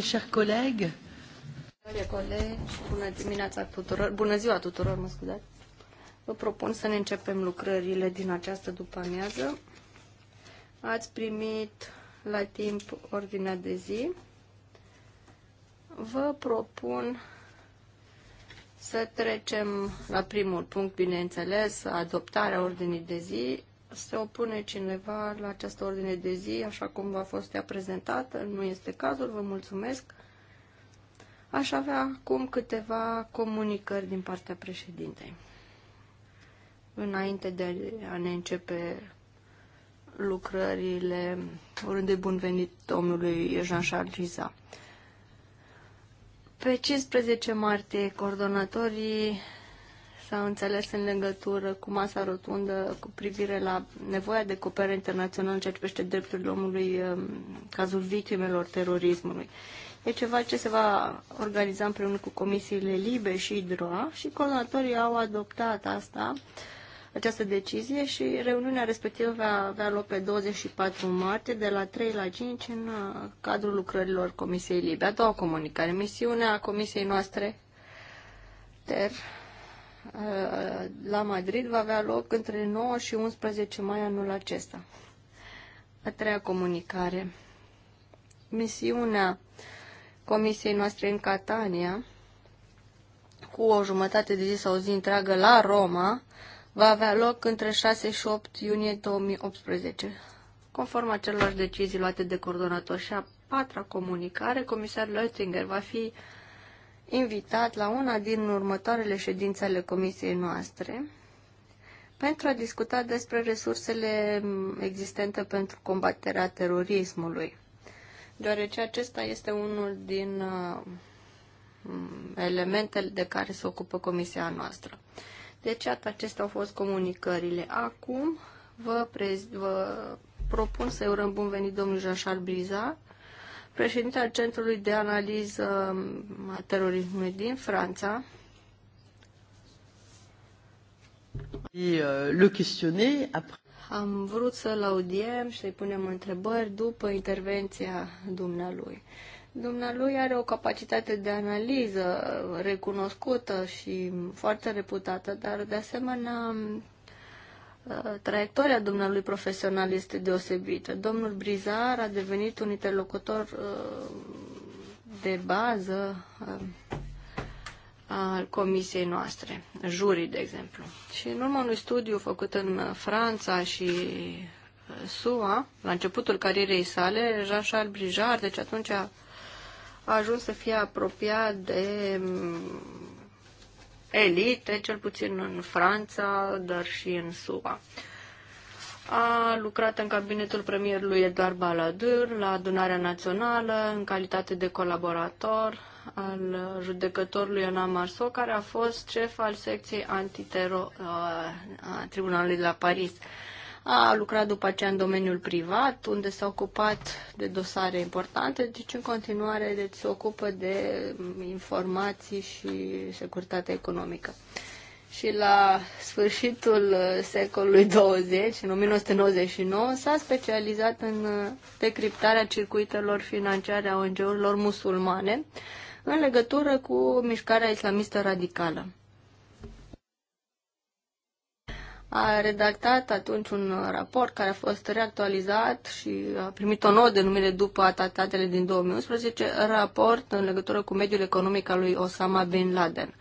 mes chers collègues. colegi, bună dimineața tuturor, bună ziua tuturor, mă scuzați. Vă propun să ne începem lucrările din această după-amiază. Ați primit la timp ordinea de zi. Vă propun să trecem la primul punct, bineînțeles, adoptarea ordinii de zi se opune cineva la această ordine de zi, așa cum v-a fost ea prezentată, nu este cazul, vă mulțumesc. Aș avea acum câteva comunicări din partea președintei. Înainte de a ne începe lucrările, urând de bun venit domnului Jean-Charles Giza. Pe 15 martie, coordonatorii s-a înțeles în legătură cu masa rotundă cu privire la nevoia de cooperare internațională în ceea ce privește drepturile omului um, cazul victimelor terorismului. E ceva ce se va organiza împreună cu comisiile LIBE și DROA și coordonatorii au adoptat asta, această decizie și reuniunea respectivă va avea loc pe 24 martie de la 3 la 5 în uh, cadrul lucrărilor comisiei LIBE. A doua comunicare, misiunea comisiei noastre ter la Madrid va avea loc între 9 și 11 mai anul acesta. A treia comunicare. Misiunea comisiei noastre în Catania, cu o jumătate de zi sau zi întreagă la Roma, va avea loc între 6 și 8 iunie 2018. Conform acelor decizii luate de coordonator și a patra comunicare, comisarul Oettinger va fi uh, invitat la una din următoarele ședințe ale comisiei noastre pentru a discuta despre resursele existente pentru combaterea terorismului, deoarece acesta este unul din uh, mm, elementele de care se ocupă comisia noastră. Deci, atât acestea au fost comunicările. Acum vă, prez- vă propun să urăm bun venit domnul Jașar Briza, președintele Centrului de Analiză a Terorismului din Franța. Euh, Am vrut să-l audiem și să-i punem întrebări după intervenția dumnealui. Dumnealui are o capacitate de analiză recunoscută și foarte reputată, dar de asemenea Uh, traiectoria dumnealui profesional este deosebită. Domnul Brizar a devenit un interlocutor uh, de bază uh, al comisiei noastre, jurii, de exemplu. Și în urma unui studiu făcut în Franța și SUA, la începutul carierei sale, Jean-Charles Brijard, deci atunci a, a ajuns să fie apropiat de mm, elite, cel puțin în Franța, dar și în SUA. A lucrat în cabinetul premierului Eduard Baladur la adunarea națională în calitate de colaborator al judecătorului Ana Marso, care a fost șef al secției antitero a Tribunalului de la Paris a lucrat după aceea în domeniul privat, unde s-a ocupat de dosare importante, deci în continuare deci, se ocupă de informații și securitate economică. Și la sfârșitul secolului 20, în 1999, s-a specializat în decriptarea circuitelor financiare a ONG-urilor musulmane în legătură cu mișcarea islamistă radicală. a redactat atunci un raport care a fost reactualizat și a primit o nouă denumire după atentatele din 2011, raport în legătură cu mediul economic al lui Osama Bin Laden.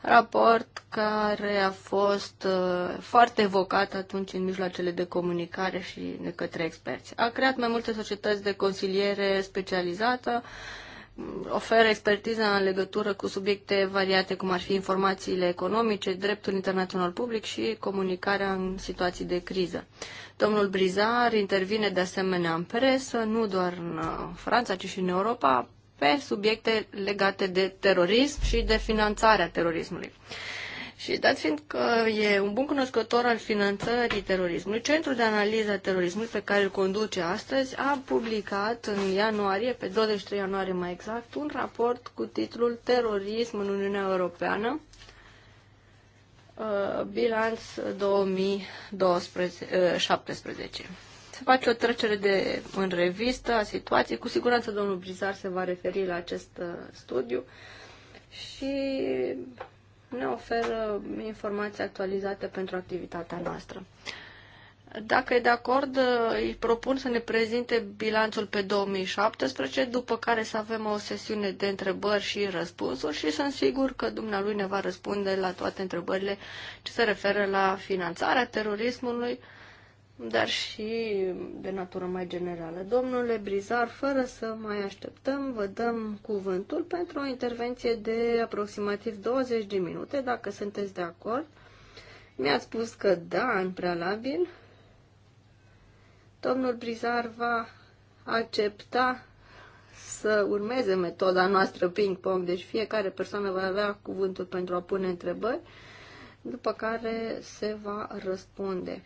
Raport care a fost uh, foarte evocat atunci în mijloacele de comunicare și de către experți. A creat mai multe societăți de consiliere specializată, uh, oferă expertiza în legătură cu subiecte variate, cum ar fi informațiile economice, dreptul internațional public și comunicarea în situații de criză. Domnul Brizar intervine de asemenea în presă, nu doar în uh, Franța, ci și în Europa, pe subiecte legate de terorism și de finanțarea terorismului. Și dat fiind că e un bun cunoscător al finanțării terorismului, Centrul de Analiză a Terorismului pe care îl conduce astăzi a publicat în ianuarie, pe 23 ianuarie mai exact, un raport cu titlul Terorism în Uniunea Europeană, uh, bilanț 2017. Uh, se face o trecere de, în revistă a situației. Cu siguranță domnul Brizar se va referi la acest uh, studiu. Și ne oferă informații actualizate pentru activitatea noastră. Dacă e de acord, îi propun să ne prezinte bilanțul pe 2017, după care să avem o sesiune de întrebări și răspunsuri și sunt sigur că dumnealui ne va răspunde la toate întrebările ce se referă la finanțarea terorismului, dar și de natură mai generală. Domnule Brizar, fără să mai așteptăm, vă dăm cuvântul pentru o intervenție de aproximativ 20 de minute, dacă sunteți de acord. Mi-ați spus că da, în prealabil. Domnul Brizar va accepta să urmeze metoda noastră ping-pong, deci fiecare persoană va avea cuvântul pentru a pune întrebări, după care se va răspunde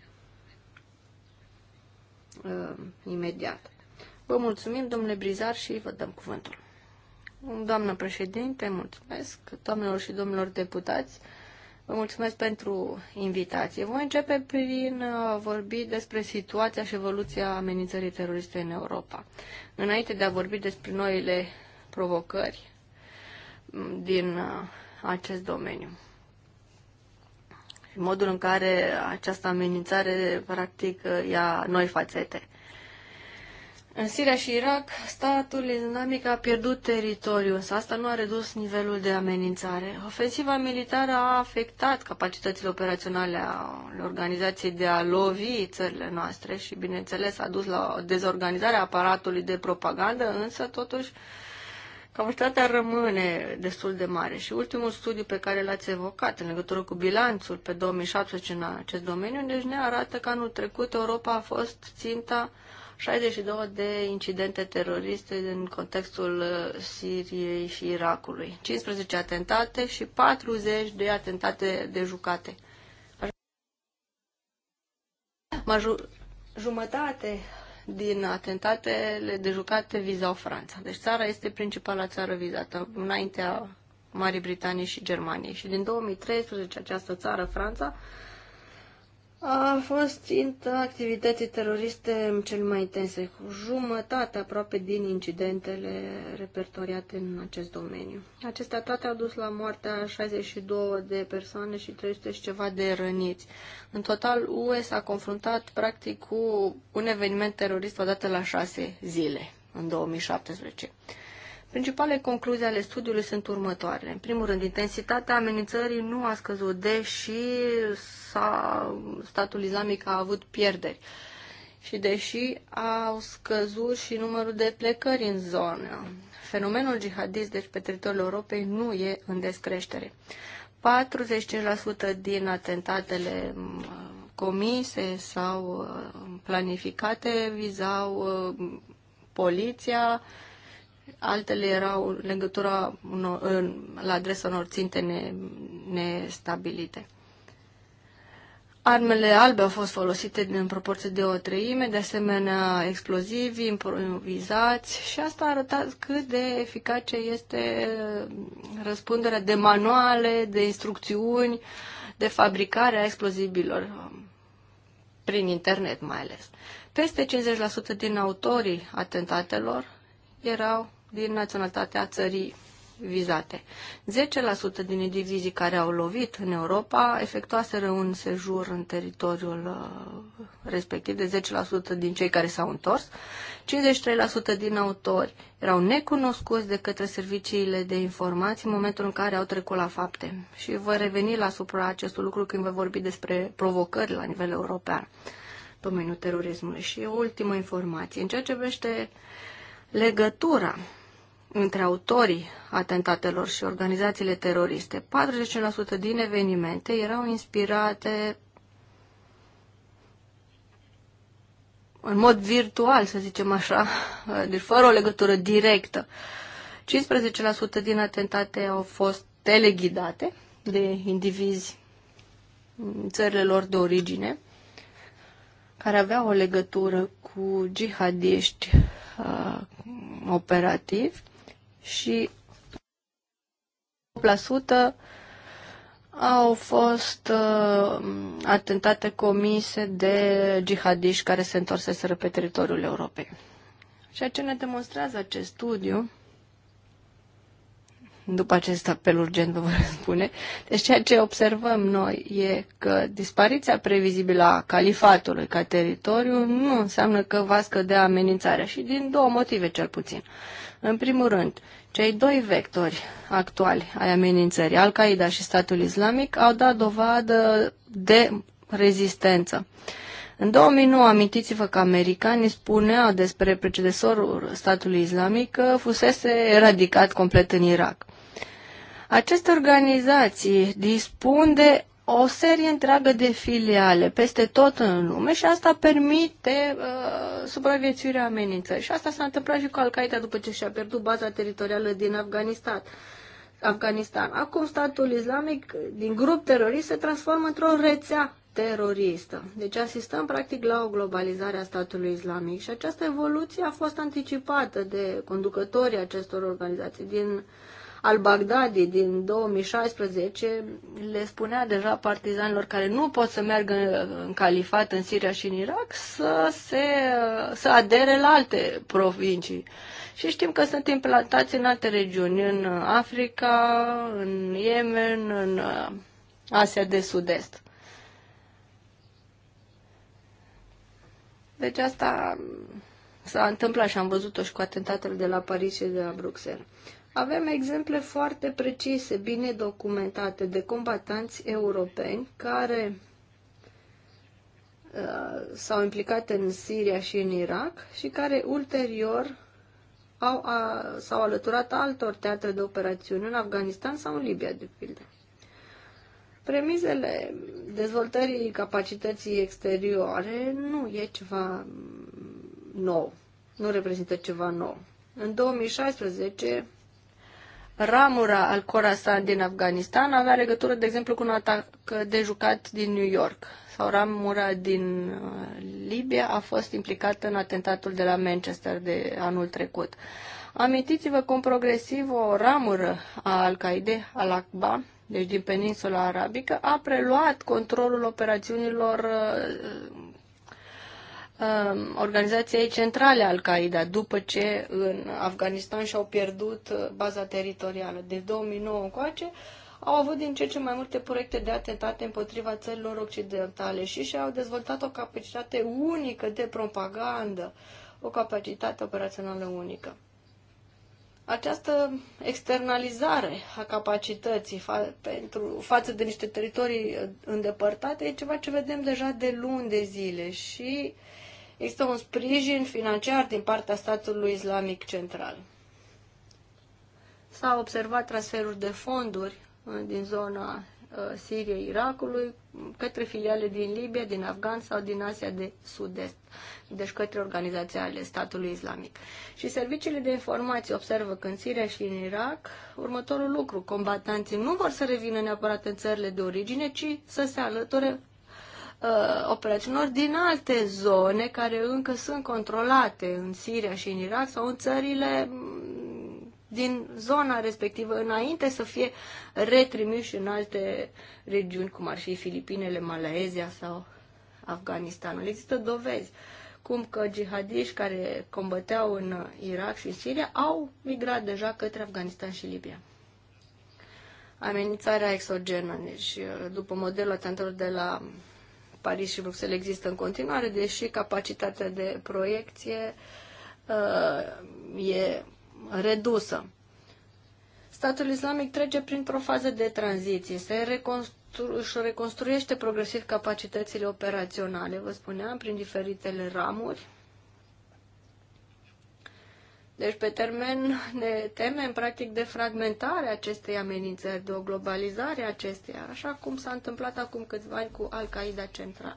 uh, imediat. Vă mulțumim, domnule Brizar, și vă dăm cuvântul. Doamnă președinte, mulțumesc, doamnelor și domnilor deputați, vă mulțumesc pentru invitație. Voi începe prin a vorbi despre situația și evoluția amenințării teroriste în Europa. Înainte de a vorbi despre noile provocări din uh, acest domeniu modul în care această amenințare, practic, ia noi fațete. În Siria și Irak, statul islamic a pierdut teritoriu, însă asta nu a redus nivelul de amenințare. Ofensiva militară a afectat capacitățile operaționale ale organizației de a lovi țările noastre și, bineînțeles, a dus la dezorganizarea aparatului de propagandă, însă, totuși, capacitatea rămâne destul de mare și ultimul studiu pe care l-ați evocat în legătură cu bilanțul pe 2017 în acest domeniu, deci ne arată că anul trecut Europa a fost ținta 62 de incidente teroriste în contextul uh, Siriei și Irakului, 15 atentate și 40 de atentate de jucate. jumătate din atentatele de jucate vizau Franța. Deci țara este principala țară vizată înaintea Marii Britanii și Germaniei. Și din 2013 această țară, Franța, a fost țintă activității teroriste cel mai intense, cu jumătate aproape din incidentele repertoriate în acest domeniu. Acestea toate au dus la moartea 62 de persoane și 300 și ceva de răniți. În total, UE s-a confruntat practic cu un eveniment terorist odată la șase zile, în 2017. Principalele concluzii ale studiului sunt următoarele. În primul rând, intensitatea amenințării nu a scăzut, deși s-a, statul islamic a avut pierderi. Și deși au scăzut și numărul de plecări în zonă, fenomenul jihadist, deci pe teritoriul Europei, nu e în descreștere. 45% din atentatele uh, comise sau uh, planificate vizau uh, poliția, altele erau legătura unor, în, la adresa unor ținte ne, nestabilite. Armele albe au fost folosite în proporție de o treime, de asemenea explozivi improvizați și asta a arătat cât de eficace este uh, răspunderea de manuale, de instrucțiuni, de fabricare a explozibilor, um, prin internet mai ales. Peste 50% din autorii atentatelor erau din naționalitatea țării vizate. 10% din indivizii care au lovit în Europa efectuaseră un sejur în teritoriul uh, respectiv, de 10% din cei care s-au întors. 53% din autori erau necunoscuți de către serviciile de informații în momentul în care au trecut la fapte. Și voi reveni la supra acestui lucru când voi vorbi despre provocări la nivel european domeniul terorismului. Și o ultimă informație. În ceea ce vește legătura între autorii atentatelor și organizațiile teroriste. 40% din evenimente erau inspirate în mod virtual, să zicem așa, deci fără o legătură directă. 15% din atentate au fost teleghidate de indivizi în țările lor de origine, care aveau o legătură cu jihadiști uh, operativi și 8% au fost uh, atentate comise de jihadiști care se întorseseră pe teritoriul Europei. Ceea ce ne demonstrează acest studiu, după acest apel urgent vă voi spune, deci ceea ce observăm noi e că dispariția previzibilă a califatului ca teritoriu nu înseamnă că va scădea amenințarea și din două motive cel puțin. Uh, în primul rând, cei doi vectori actuali ai amenințării, Al-Qaeda și statul islamic, au dat dovadă de rezistență. În 2009, amintiți-vă că americanii spuneau despre precedesorul statului islamic că fusese eradicat complet în Irak. Aceste organizații dispun de o serie întreagă de filiale peste tot în lume și asta permite uh, supraviețuirea amenințării. Și asta s-a întâmplat și cu Al-Qaeda după ce și-a pierdut baza teritorială din Afganistan. Afganistan. Acum statul islamic din grup terorist se transformă într-o rețea teroristă. Deci asistăm practic la o globalizare a statului islamic și această evoluție a fost anticipată de conducătorii acestor organizații din uh, al Bagdadi din 2016 le spunea deja partizanilor care nu pot să meargă în califat în Siria și în Irak să, se, să adere la alte provincii. Și știm că sunt implantați în alte regiuni, în Africa, în Yemen, în uh, Asia de Sud-Est. Deci asta s-a întâmplat și am văzut-o și cu atentatele de la Paris și de la Bruxelles. Avem exemple foarte precise, bine documentate, de combatanți europeni care uh, s-au implicat în Siria și în Irak și care ulterior au, a, s-au alăturat altor teatre de operațiuni în Afganistan sau în Libia, de pildă. Premizele dezvoltării capacității exterioare nu e ceva nou, nu reprezintă ceva nou. În 2016, ramura al Khorasan din Afganistan avea legătură, de exemplu, cu un atac de jucat din New York sau ramura din uh, Libia a fost implicată în atentatul de la Manchester de anul trecut. Amintiți-vă cum progresiv o ramură a Al-Qaeda, Al-Aqba, deci din peninsula arabică, a preluat controlul operațiunilor uh, Um, organizației centrale Al-Qaeda după ce în Afganistan și-au pierdut uh, baza teritorială. De 2009 încoace au avut din ce ce mai multe proiecte de atentate împotriva țărilor occidentale și și-au dezvoltat o capacitate unică de propagandă, o capacitate operațională unică. Această externalizare a capacității fa- pentru, față de niște teritorii uh, îndepărtate e ceva ce vedem deja de luni de zile și uh, există un sprijin financiar din partea statului islamic central. S-au observat transferuri de fonduri uh, din zona uh, Siriei, Irakului, către filiale din Libia, din Afgan sau din Asia de Sud-Est, deci către organizația ale statului islamic. Și serviciile de informații observă că în Siria și în Irak următorul lucru, combatanții nu vor să revină neapărat în țările de origine, ci să se alăture uh, operațiunilor din alte zone care încă sunt controlate în Siria și în Irak sau în țările mm, din zona respectivă înainte să fie retrimiși în alte regiuni, cum ar fi Filipinele, Malaezia sau Afganistanul. Există dovezi cum că jihadiști care combăteau în Irak și în Siria au migrat deja către Afganistan și Libia. Amenințarea exogenă, deci după modelul atentelor de la Paris și Bruxelles există în continuare, deși capacitatea de proiecție uh, e redusă. Statul islamic trece printr-o fază de tranziție, se reconstru- își reconstruiește progresiv capacitățile operaționale, vă spuneam, prin diferitele ramuri, deci, pe termen, ne temem, practic, de fragmentarea acestei amenințări, de o globalizare acesteia, așa cum s-a întâmplat acum câțiva ani cu Al-Qaeda central.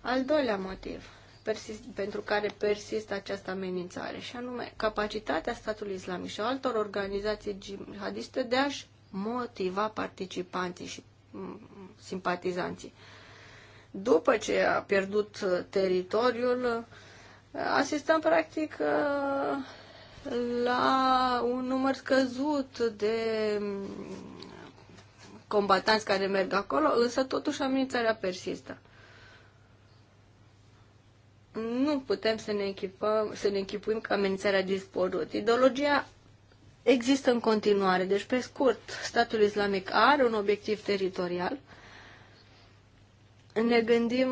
Al doilea motiv persist, pentru care persistă această amenințare, și anume capacitatea statului islamic și altor organizații jihadiste de a-și motiva participanții și mm, simpatizanții. După ce a pierdut teritoriul, asistăm practic uh, la un număr scăzut de combatanți care merg acolo, însă totuși amenințarea persistă. Nu putem să ne, echipăm, să ne echipuim că amenințarea a dispărut. Ideologia există în continuare. Deci, pe scurt, statul islamic are un obiectiv teritorial – ne gândim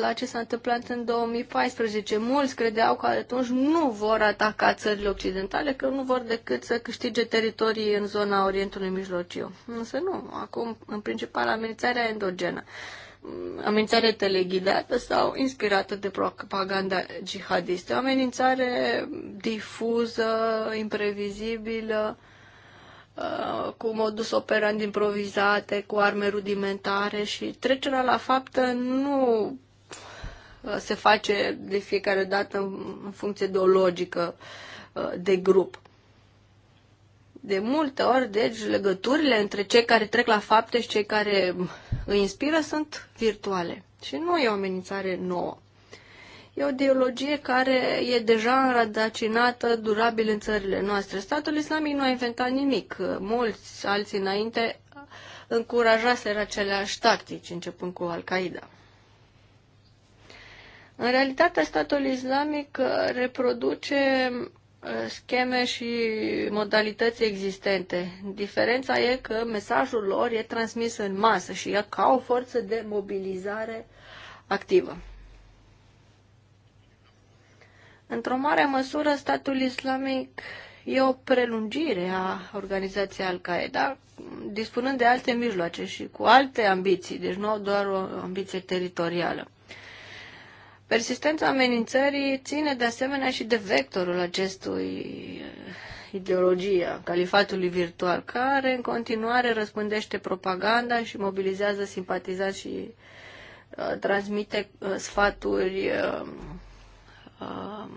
la ce s-a întâmplat în 2014. Mulți credeau că atunci nu vor ataca țările occidentale, că nu vor decât să câștige teritorii în zona Orientului Mijlociu. Însă nu. Acum, în principal, amenințarea endogenă. Amenințare teleghidată sau inspirată de propaganda jihadistă. O amenințare difuză, imprevizibilă, Uh, cu modus operandi improvizate, cu arme rudimentare și trecerea la faptă nu uh, se face de fiecare dată în funcție de o logică uh, de grup. De multe ori, deci, legăturile între cei care trec la fapte și cei care îi inspiră sunt virtuale. Și nu e o amenințare nouă. E o ideologie care e deja înrădăcinată durabil în țările noastre. Statul islamic nu a inventat nimic. Mulți alții înainte încurajaseră aceleași tactici, începând cu Al-Qaeda. În realitate, statul islamic uh, reproduce uh, scheme și modalități existente. Diferența e că mesajul lor e transmis în masă și e ca o forță de mobilizare activă. Într-o mare măsură, statul islamic e o prelungire a organizației Al-Qaeda, dispunând de alte mijloace și cu alte ambiții, deci nu au doar o ambiție teritorială. Persistența amenințării ține de asemenea și de vectorul acestui eh, ideologie califatului virtual, care în continuare răspândește propaganda și mobilizează simpatizați și uh, transmite uh, sfaturi uh, Um,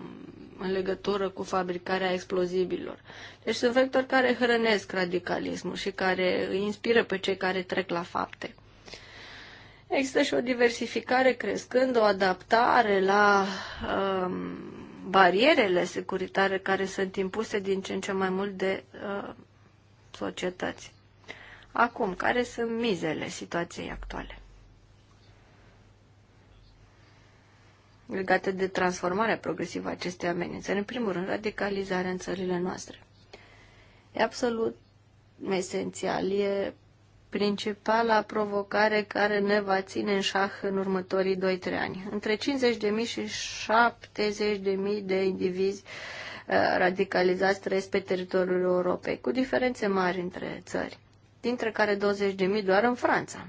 în legătură cu fabricarea explozibilor. Deci sunt vectori care hrănesc radicalismul și care îi inspiră pe cei care trec la fapte. Există și o diversificare crescând, o adaptare la um, barierele securitare care sunt impuse din ce în ce mai mult de uh, societăți. Acum, care sunt mizele situației actuale? legate de transformarea progresivă a acestei amenințări, în primul rând radicalizarea în țările noastre. E absolut esențial, e principala provocare care ne va ține în șah în următorii 2-3 ani. Între 50.000 și 70.000 de indivizi uh, radicalizați trăiesc pe teritoriul Europei, cu diferențe mari între țări, dintre care 20.000 doar în Franța.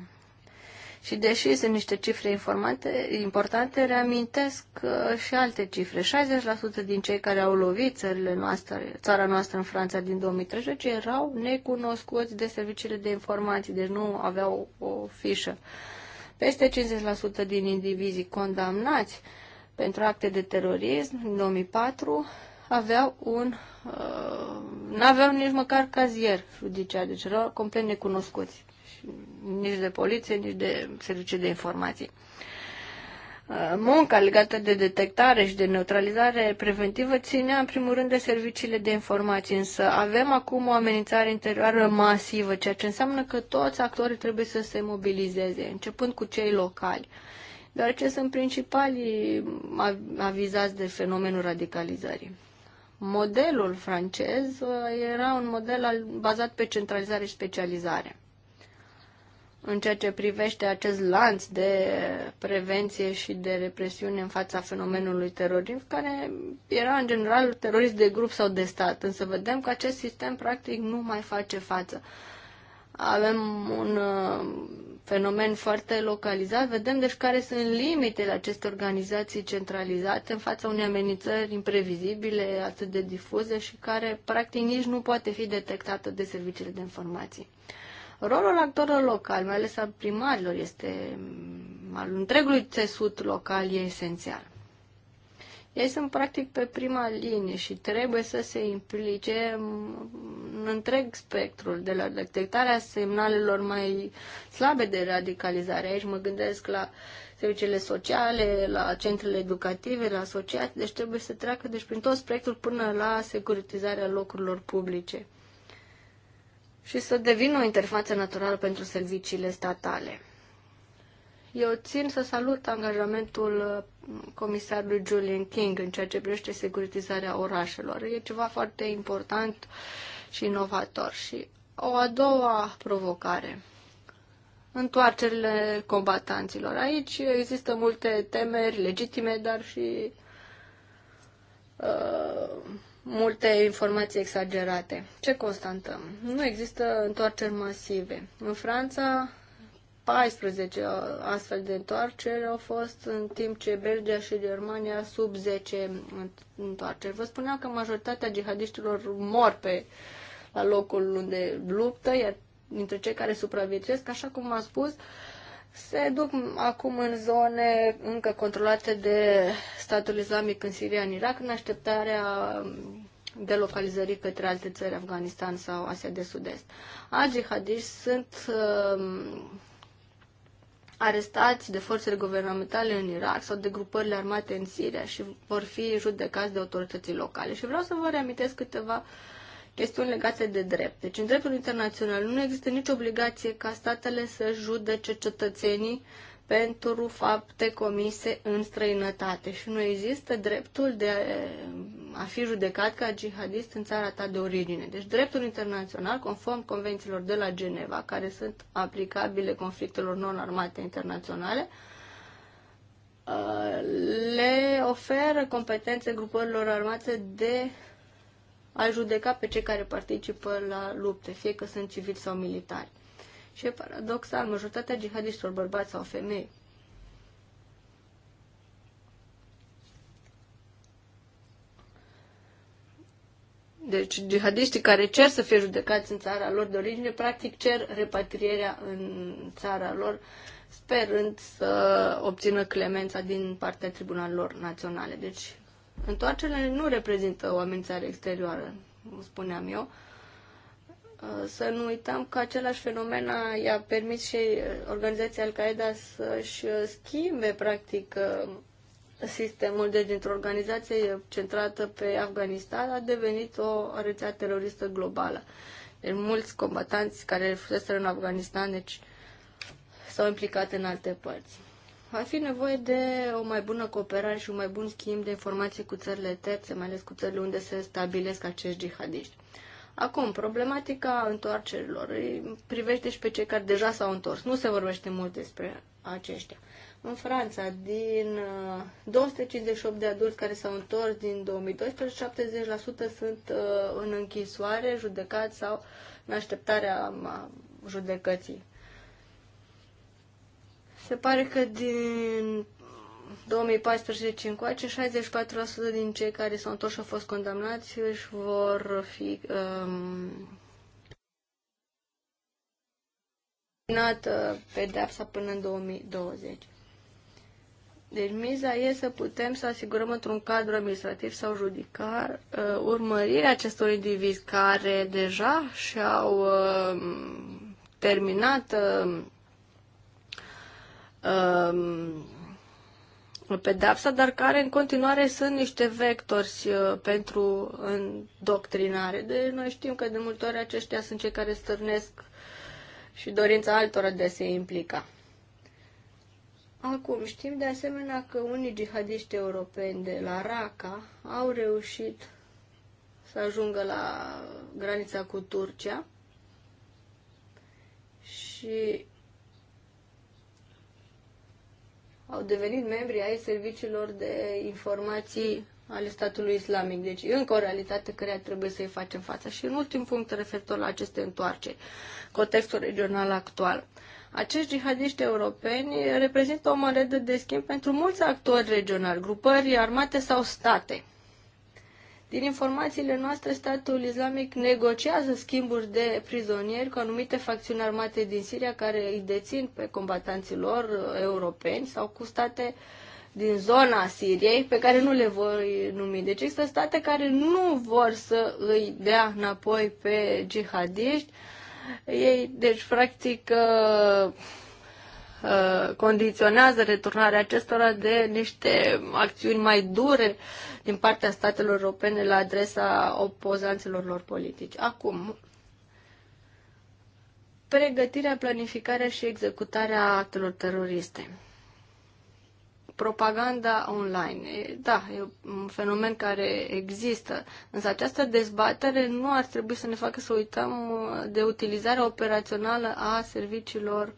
Și deși sunt niște cifre informate, importante, reamintesc uh, și alte cifre. 60% din cei care au lovit țările noastre, țara noastră în Franța din 2013 erau necunoscuți de serviciile de informații, deci nu aveau o fișă. Peste 50% din indivizii condamnați pentru acte de terorism în 2004 aveau un... Uh, n-aveau nici măcar cazier judiciar, deci erau complet necunoscuți nici de poliție, nici de serviciu de informații. Uh, Munca legată de detectare și de neutralizare preventivă ținea în primul rând de serviciile de informații, însă avem acum o amenințare interioară masivă, ceea ce înseamnă că toți actorii trebuie să se mobilizeze, începând cu cei locali, deoarece sunt principalii avizați de fenomenul radicalizării. Modelul francez uh, era un model bazat pe centralizare și specializare în ceea ce privește acest lanț de prevenție și de represiune în fața fenomenului terorism, care era în general terorist de grup sau de stat. Însă vedem că acest sistem practic nu mai face față. Avem un uh, fenomen foarte localizat, vedem deci care sunt limitele acestei organizații centralizate în fața unei amenințări imprevizibile, atât de difuze și care practic nici nu poate fi detectată de serviciile de informații. Rolul actorilor locali, mai ales al primarilor, este al întregului țesut local, e esențial. Ei sunt practic pe prima linie și trebuie să se implice în întreg spectrul, de la detectarea semnalelor mai slabe de radicalizare. Aici mă gândesc la serviciile sociale, la centrele educative, la asociații, deci trebuie să treacă deci, prin tot spectrul până la securitizarea locurilor publice și să devină o interfață naturală pentru serviciile statale. Eu țin să salut angajamentul uh, comisarului Julian King în ceea ce privește securitizarea orașelor. E ceva foarte important și inovator. Și o a doua provocare, întoarcerile combatanților. Aici există multe temeri legitime, dar și uh, multe informații exagerate. Ce constatăm? Nu există întoarceri masive. În Franța, 14 uh, astfel de întoarceri au fost, în timp ce Belgia și Germania sub 10 întoarceri. Vă spuneam că majoritatea jihadiștilor mor pe la locul unde luptă, iar dintre cei care supraviețuiesc, așa cum am spus, uh, se duc acum în zone încă controlate de statul islamic în Siria, în Irak, în așteptarea localizări către alte țări, Afganistan sau Asia de Sud-Est. al sunt uh, arestați de forțele guvernamentale în Irak sau de grupările armate în Siria și vor fi judecați de autorității locale. Și vreau să vă reamintesc câteva uh, chestiuni legate de drept. Deci, în dreptul internațional nu există nicio obligație ca statele să judece cetățenii pentru fapte comise în străinătate și nu există dreptul de a fi judecat ca jihadist în țara ta de origine. Deci dreptul internațional, conform convențiilor de la Geneva, care sunt aplicabile conflictelor non-armate internaționale, uh, le oferă competențe grupărilor armate de a judeca pe cei care participă la lupte, fie că sunt civili sau militari. Și e paradoxal, majoritatea jihadiștilor bărbați sau femei. Deci, jihadiștii care cer să fie judecați în țara lor de origine, practic cer repatrierea în țara lor, sperând să obțină clemența din partea tribunalelor naționale. Deci, Întoarcerile nu reprezintă o amenințare exterioară, spuneam eu. Uh, să nu uităm că același fenomen i-a permis și uh, organizația Al-Qaeda să-și uh, schimbe, practic, sistemul, deci dintr-o organizație centrată pe Afganistan a devenit o rețea teroristă globală. Deci mulți combatanți care fuseseră în Afganistan deci, s-au implicat în alte părți. Va fi nevoie de o mai bună cooperare și un mai bun schimb de informații cu țările terțe, mai ales cu țările unde se stabilesc acești jihadiști. Acum, problematica întoarcerilor privește și pe cei care deja s-au întors. Nu se vorbește mult despre aceștia. În Franța, din 258 uh, de adulți care s-au întors din 2012, 70% sunt uh, în închisoare, judecați sau în așteptarea um, judecății. Se pare că din 2014 încoace, 64% din cei care s-au întors și au fost condamnați își vor fi um, uh, pedeapsa până în 2020. Deci miza e să putem să asigurăm într-un cadru administrativ sau judicar uh, urmărirea acestor indivizi care deja și-au uh, terminat uh, Um, pedapsa, dar care în continuare sunt niște vectori uh, pentru îndoctrinare. De noi știm că de multe ori aceștia sunt cei care stârnesc și dorința altora de a se implica. Acum, știm de asemenea că unii jihadiști europeni de la Raqqa au reușit să ajungă la granița cu Turcia și au devenit membri ai serviciilor de informații ale statului islamic. Deci, încă o realitate care trebuie să-i facem față. Și în ultim punct, referitor la aceste întoarceri, contextul regional actual. Acești jihadiști europeni reprezintă o monedă de schimb pentru mulți actori regionali, grupări armate sau state. Din informațiile noastre, statul islamic negociază schimburi de prizonieri cu anumite facțiuni armate din Siria care îi dețin pe combatanții lor uh, europeni sau cu state din zona Siriei pe care nu le voi numi. Deci există state care nu vor să îi dea înapoi pe jihadiști. Ei, deci, practic, uh, Uh, condiționează returnarea acestora de niște acțiuni mai dure din partea statelor europene la adresa opozanților lor politici. Acum, pregătirea, planificarea și executarea actelor teroriste. Propaganda online. Da, e un fenomen care există, însă această dezbatere nu ar trebui să ne facă să uităm uh, de utilizarea operațională a serviciilor uh,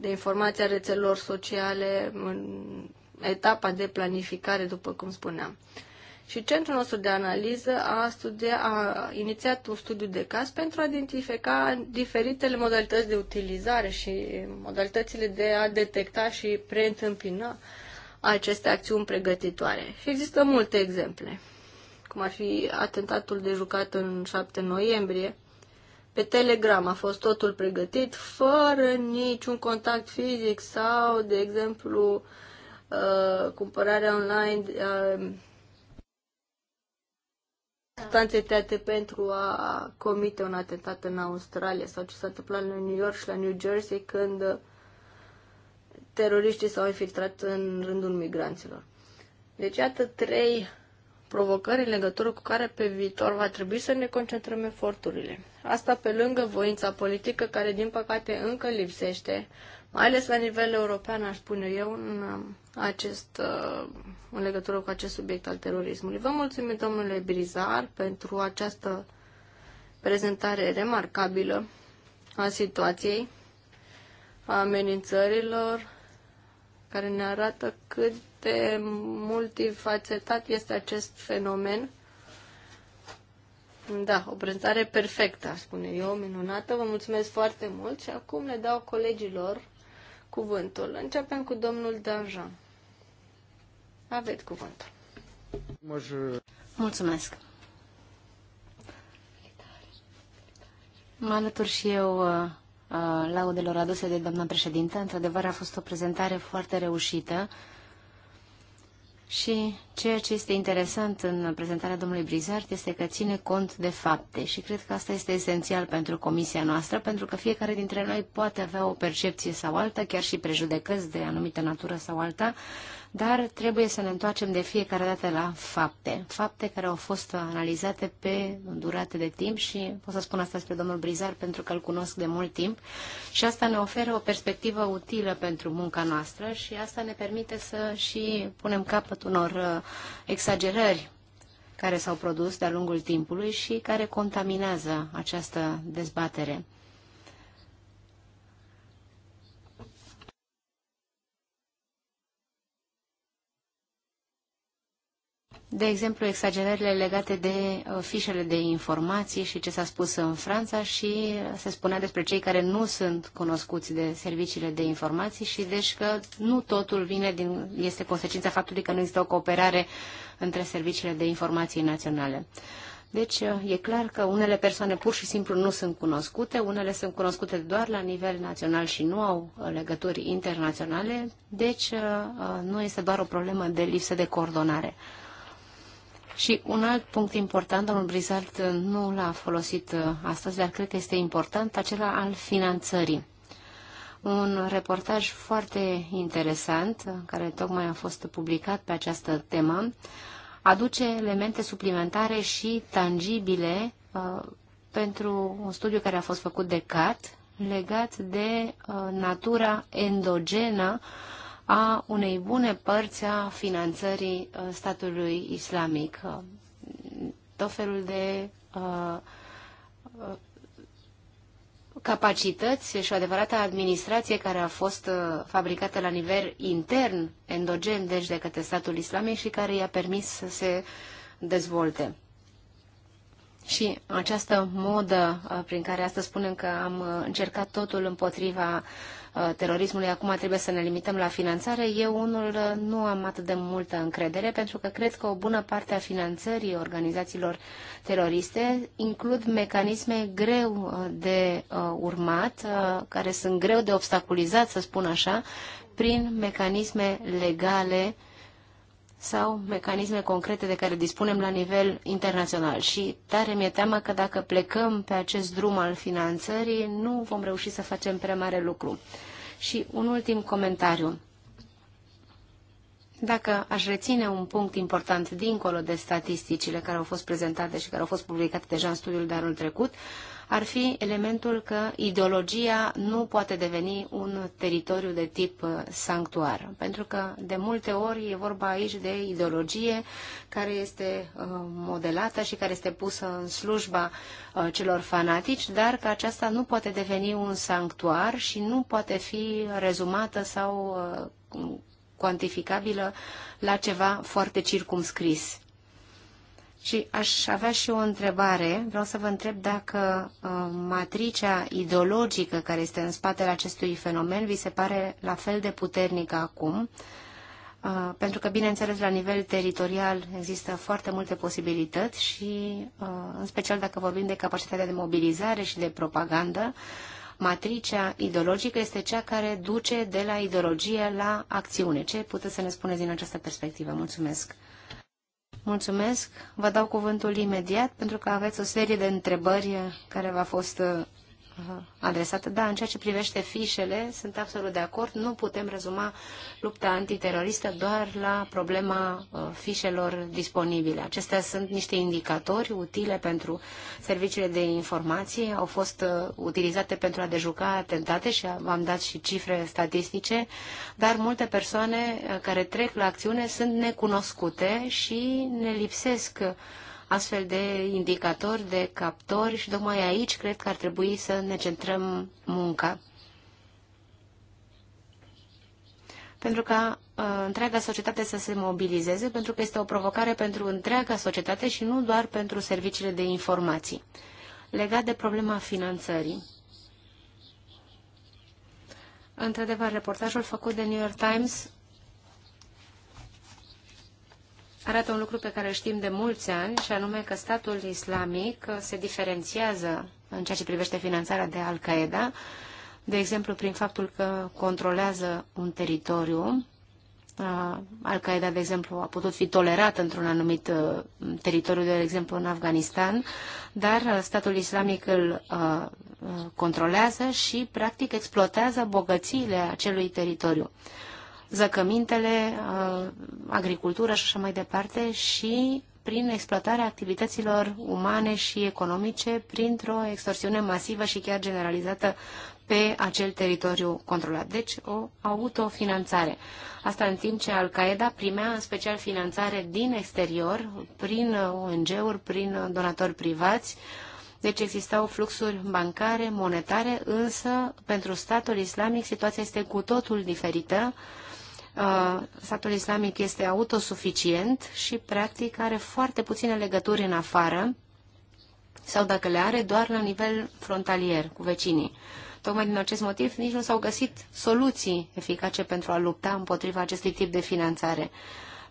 de informația rețelor sociale în etapa de planificare, după cum spuneam. Și centrul nostru de analiză a, studia, a inițiat un studiu de caz pentru a identifica diferitele modalități de utilizare și modalitățile de a detecta și preîntâmpina aceste acțiuni pregătitoare. Și există multe exemple, cum ar fi atentatul de jucat în 7 noiembrie, pe Telegram a fost totul pregătit, fără niciun contact fizic sau, de exemplu, uh, cumpărarea online uh, substanțe teate pentru a comite un atentat în Australia sau ce s-a întâmplat în New York și la New Jersey când teroriștii s-au infiltrat în rândul migranților. Deci, iată trei provocări în legătură cu care pe viitor va trebui să ne concentrăm eforturile. Asta pe lângă voința politică care, din păcate, încă lipsește, mai ales la nivel european, aș spune eu, în, um, acest, uh, în legătură cu acest subiect al terorismului. Vă mulțumim, domnule Brizar, pentru această prezentare remarcabilă a situației, a amenințărilor, care ne arată cât de multifacetat este acest fenomen. Da, o prezentare perfectă, spune eu, minunată. Vă mulțumesc foarte mult și acum le dau colegilor cuvântul. Începem cu domnul Danjean. Aveți cuvântul. Mulțumesc. Mă alătur și eu uh, uh, laudelor aduse de doamna președintă. Într-adevăr, a fost o prezentare foarte reușită și ceea ce este interesant în prezentarea domnului Brizart este că ține cont de fapte și cred că asta este esențial pentru comisia noastră, pentru că fiecare dintre noi poate avea o percepție sau alta, chiar și prejudecăți de anumită natură sau alta, dar trebuie să ne întoarcem de fiecare dată la fapte. Fapte care au fost analizate pe durate de timp și pot să spun asta spre domnul Brizar pentru că îl cunosc de mult timp și asta ne oferă o perspectivă utilă pentru munca noastră și asta ne permite să și punem capăt unor uh, exagerări care s-au produs de-a lungul timpului și care contaminează această dezbatere. de exemplu, exagerările legate de uh, fișele de informații și ce s-a spus în Franța și se spunea despre cei care nu sunt cunoscuți de serviciile de informații și deci că nu totul vine din, este consecința faptului că nu există o cooperare între serviciile de informații naționale. Deci uh, e clar că unele persoane pur și simplu nu sunt cunoscute, unele sunt cunoscute doar la nivel național și nu au uh, legături internaționale, deci nu este doar o problemă de lipsă de coordonare. Și un alt punct important, domnul Brizard nu l-a folosit uh, astăzi, dar cred că este important, acela al finanțării. Un reportaj foarte interesant, uh, care tocmai a fost publicat pe această temă, aduce elemente suplimentare și tangibile uh, pentru un studiu care a fost făcut de CAT legat de uh, natura endogenă uh, a unei bune părți a finanțării uh, statului islamic. Uh, tot felul de uh, capacități și o adevărată administrație care a fost fabricată la nivel intern, endogen, deci de către statul islamic și care i-a permis să se dezvolte. Și această modă prin care astăzi spunem că am încercat totul împotriva uh, Uh, terorismului, acum trebuie să ne limităm la finanțare, eu unul uh, nu am atât de multă încredere, pentru că cred că o bună parte a finanțării organizațiilor teroriste includ mecanisme greu uh, de urmat, care sunt greu de obstaculizat, să spun așa, prin mecanisme legale uh, sau mecanisme concrete de care dispunem la nivel internațional. Și tare mi-e teamă că dacă plecăm pe acest drum al finanțării, nu vom reuși să facem prea mare lucru. Și un ultim comentariu. Dacă aș reține un punct important dincolo de statisticile care au fost prezentate și care au fost publicate deja în studiul de anul trecut, uh, ar fi elementul că ideologia nu poate deveni un teritoriu de tip uh, sanctuar, pentru că de multe ori e vorba aici de ideologie care este uh, modelată și care este pusă în slujba uh, celor fanatici, dar că aceasta nu poate deveni un sanctuar și nu poate fi rezumată sau cuantificabilă la ceva foarte circumscris. Și aș avea și o întrebare. Vreau să vă întreb dacă uh, matricea ideologică care este în spatele acestui fenomen vi se pare la fel de puternică acum, uh, pentru că, bineînțeles, la nivel teritorial există foarte multe posibilități și, uh, în special dacă vorbim de capacitatea de mobilizare și de propagandă, matricea ideologică este cea care duce de la ideologie la acțiune. Ce puteți să ne spuneți din această perspectivă? Mulțumesc! Mulțumesc. Vă dau cuvântul imediat pentru că aveți o serie de întrebări care v-a fost adresată. Da, în ceea ce privește fișele, sunt absolut de acord. Nu putem rezuma lupta antiteroristă doar la problema uh, fișelor disponibile. Acestea sunt niște indicatori utile pentru serviciile de informație. Au fost uh, utilizate pentru a dejuca atentate și v-am dat și cifre statistice, dar multe persoane uh, care trec la acțiune sunt necunoscute și ne lipsesc astfel de indicatori, de captori și tocmai aici cred că ar trebui să ne centrăm munca. Pentru ca uh, întreaga societate să se mobilizeze, pentru că este o provocare pentru întreaga societate și nu doar pentru serviciile de informații. Legat de problema finanțării. Într-adevăr, reportajul făcut de New York Times arată un lucru pe care îl știm de mulți ani, și anume că statul islamic uh, se diferențiază în ceea ce privește finanțarea de Al-Qaeda, de exemplu prin faptul că controlează un teritoriu. Uh, Al-Qaeda, de exemplu, a putut fi tolerată într-un anumit uh, teritoriu, de exemplu în Afganistan, dar statul islamic îl controlează și, practic, exploatează bogățiile acelui teritoriu zăcămintele, uh, agricultura și așa mai departe și prin exploatarea activităților umane și economice printr-o extorsiune masivă și chiar generalizată pe acel teritoriu controlat. Deci o autofinanțare. Asta în timp ce Al-Qaeda primea în special finanțare din exterior, prin ONG-uri, prin donatori privați, deci existau fluxuri bancare, monetare, însă pentru statul islamic situația este cu totul diferită statul uh, islamic este autosuficient și practic are foarte puține legături în afară sau dacă le are, doar la nivel frontalier cu vecinii. Tocmai din acest motiv nici nu s-au găsit soluții eficace pentru a lupta împotriva acestui tip de finanțare.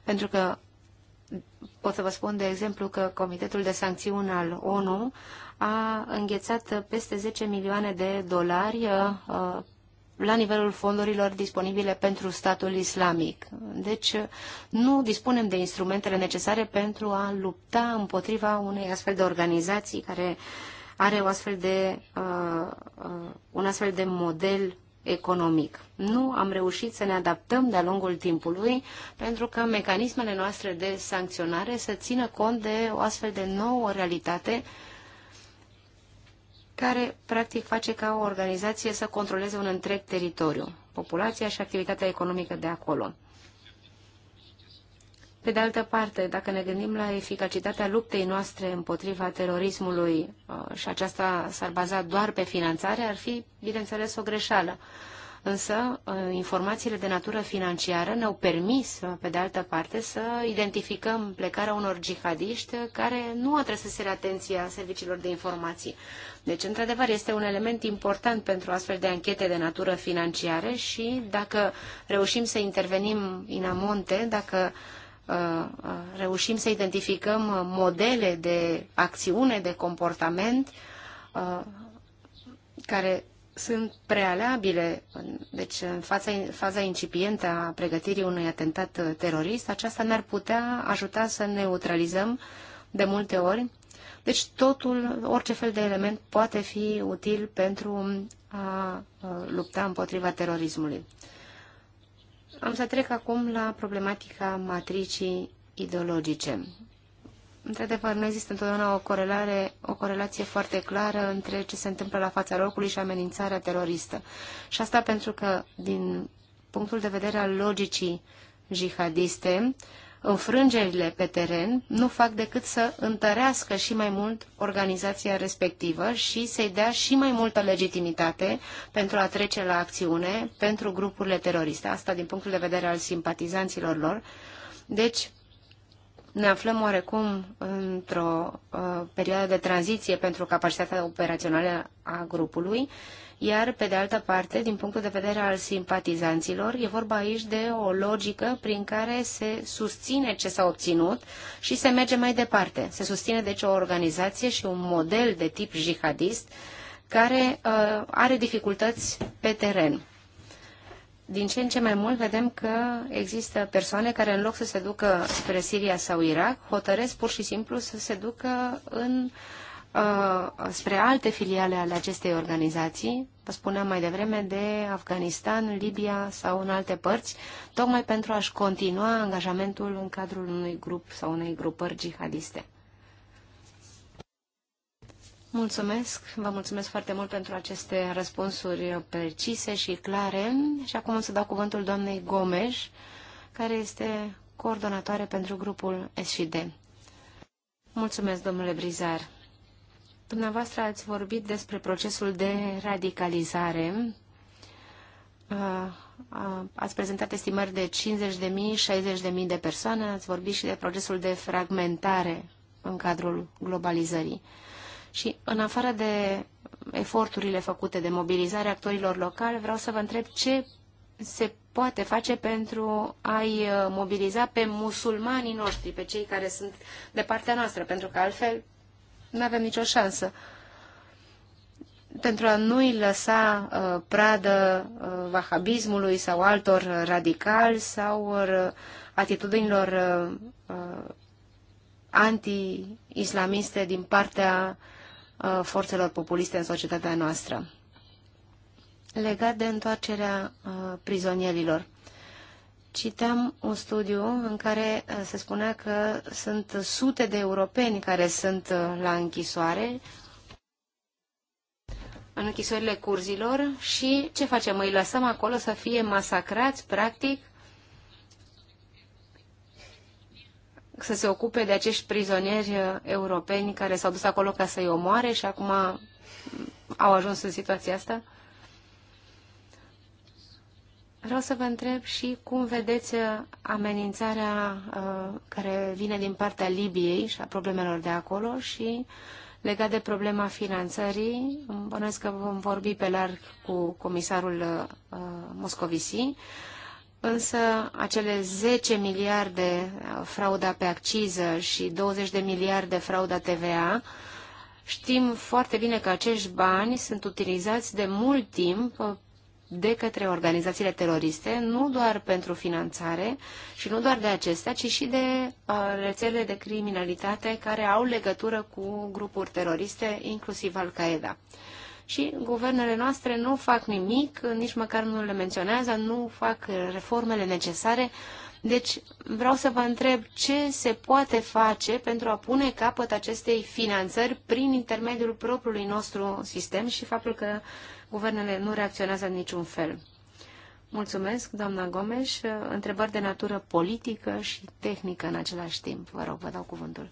Pentru că pot să vă spun, de exemplu, că Comitetul de Sancțiuni al ONU a înghețat peste 10 milioane de dolari uh, la nivelul fondurilor disponibile pentru statul islamic. Deci nu dispunem de instrumentele necesare pentru a lupta împotriva unei astfel de organizații care are o astfel de, uh, uh, un astfel de model economic. Nu am reușit să ne adaptăm de-a lungul timpului pentru că mecanismele noastre de sancționare să țină cont de o astfel de nouă realitate uh, care practic face ca o organizație să controleze un întreg teritoriu, populația și activitatea economică de acolo. Pe de altă parte, dacă ne gândim la eficacitatea luptei noastre împotriva terorismului uh, și aceasta s-ar baza doar pe finanțare, ar fi, bineînțeles, o greșeală însă uh, informațiile de natură financiară ne-au permis, uh, pe de altă parte, să identificăm plecarea unor jihadiști care nu atrăsesele atenția serviciilor de informații. Deci, într-adevăr, este un element important pentru astfel de anchete de natură financiară și dacă reușim să intervenim în amonte, dacă uh, reușim să identificăm modele de acțiune, de comportament care sunt prealabile, deci în fața, faza incipientă a pregătirii unui atentat uh, terorist, aceasta ne-ar putea ajuta să neutralizăm de multe ori. Deci totul, orice fel de element poate fi util pentru a lupta împotriva terorismului. Am să trec acum la problematica matricii ideologice într-adevăr, nu există întotdeauna o, corelare, o corelație foarte clară între ce se întâmplă la fața locului și amenințarea teroristă. Și asta pentru că, din punctul de vedere al logicii jihadiste, înfrângerile pe teren nu fac decât să întărească și mai mult organizația respectivă și să-i dea și mai multă legitimitate pentru a trece la acțiune pentru grupurile teroriste. Asta din punctul de vedere al simpatizanților lor. Deci, ne aflăm oarecum într-o uh, perioadă de tranziție pentru capacitatea operațională a grupului, iar, pe de altă parte, din punctul de vedere al simpatizanților, e vorba aici de o logică prin care se susține ce s-a obținut și se merge mai departe. Se susține, deci, o organizație și un model de tip jihadist care uh, are dificultăți pe teren din ce în ce mai mult vedem că există persoane care în loc să se ducă spre Siria sau Irak, hotăresc pur și simplu să se ducă în, uh, spre alte filiale ale acestei organizații, vă spuneam mai devreme, de Afganistan, Libia sau în alte părți, tocmai pentru a-și continua angajamentul în cadrul unui grup sau unei grupări jihadiste. Mulțumesc, vă mulțumesc foarte mult pentru aceste răspunsuri precise și clare. Și acum o să dau cuvântul doamnei Gomes, care este coordonatoare pentru grupul SD. Mulțumesc, domnule Brizar. Dumneavoastră ați vorbit despre procesul de radicalizare. Ați prezentat estimări de 50.000, 60.000 de persoane, ați vorbit și de procesul de fragmentare în cadrul globalizării. Și în afară de eforturile făcute de mobilizare actorilor locali, vreau să vă întreb ce se poate face pentru a-i uh, mobiliza pe musulmanii noștri, pe cei care sunt de partea noastră, pentru că altfel nu avem nicio șansă. Pentru a nu-i lăsa uh, pradă uh, vahabismului sau altor radicali sau uh, atitudinilor uh, uh, anti-islamiste din partea uh, Uh, forțelor populiste în societatea noastră. Legat de întoarcerea uh, prizonierilor, citeam un studiu în care uh, se spunea că sunt sute de europeni care sunt la închisoare, în închisorile curzilor și ce facem? Îi lăsăm acolo să fie masacrați, practic, să se ocupe de acești prizonieri uh, europeni care s-au dus acolo ca să-i omoare și acum mm, au ajuns în situația asta? Vreau să vă întreb și cum vedeți uh, amenințarea uh, care vine din partea Libiei și a problemelor de acolo și legat de problema finanțării, bănuiesc că vom vorbi pe larg cu comisarul uh, Moscovici însă acele 10 miliarde uh, frauda pe acciză și 20 de miliarde frauda TVA, știm foarte bine că acești bani sunt utilizați de mult timp uh, de către organizațiile teroriste, nu doar pentru finanțare și nu doar de acestea, ci și de uh, rețele de criminalitate care au legătură cu grupuri teroriste, inclusiv Al-Qaeda și guvernele noastre nu fac nimic, nici măcar nu le menționează, nu fac reformele necesare. Deci vreau să vă întreb ce se poate face pentru a pune capăt acestei finanțări prin intermediul propriului nostru sistem și faptul că guvernele nu reacționează în niciun fel. Mulțumesc, doamna Gomes. Întrebări de natură politică și tehnică în același timp. Vă rog, vă dau cuvântul.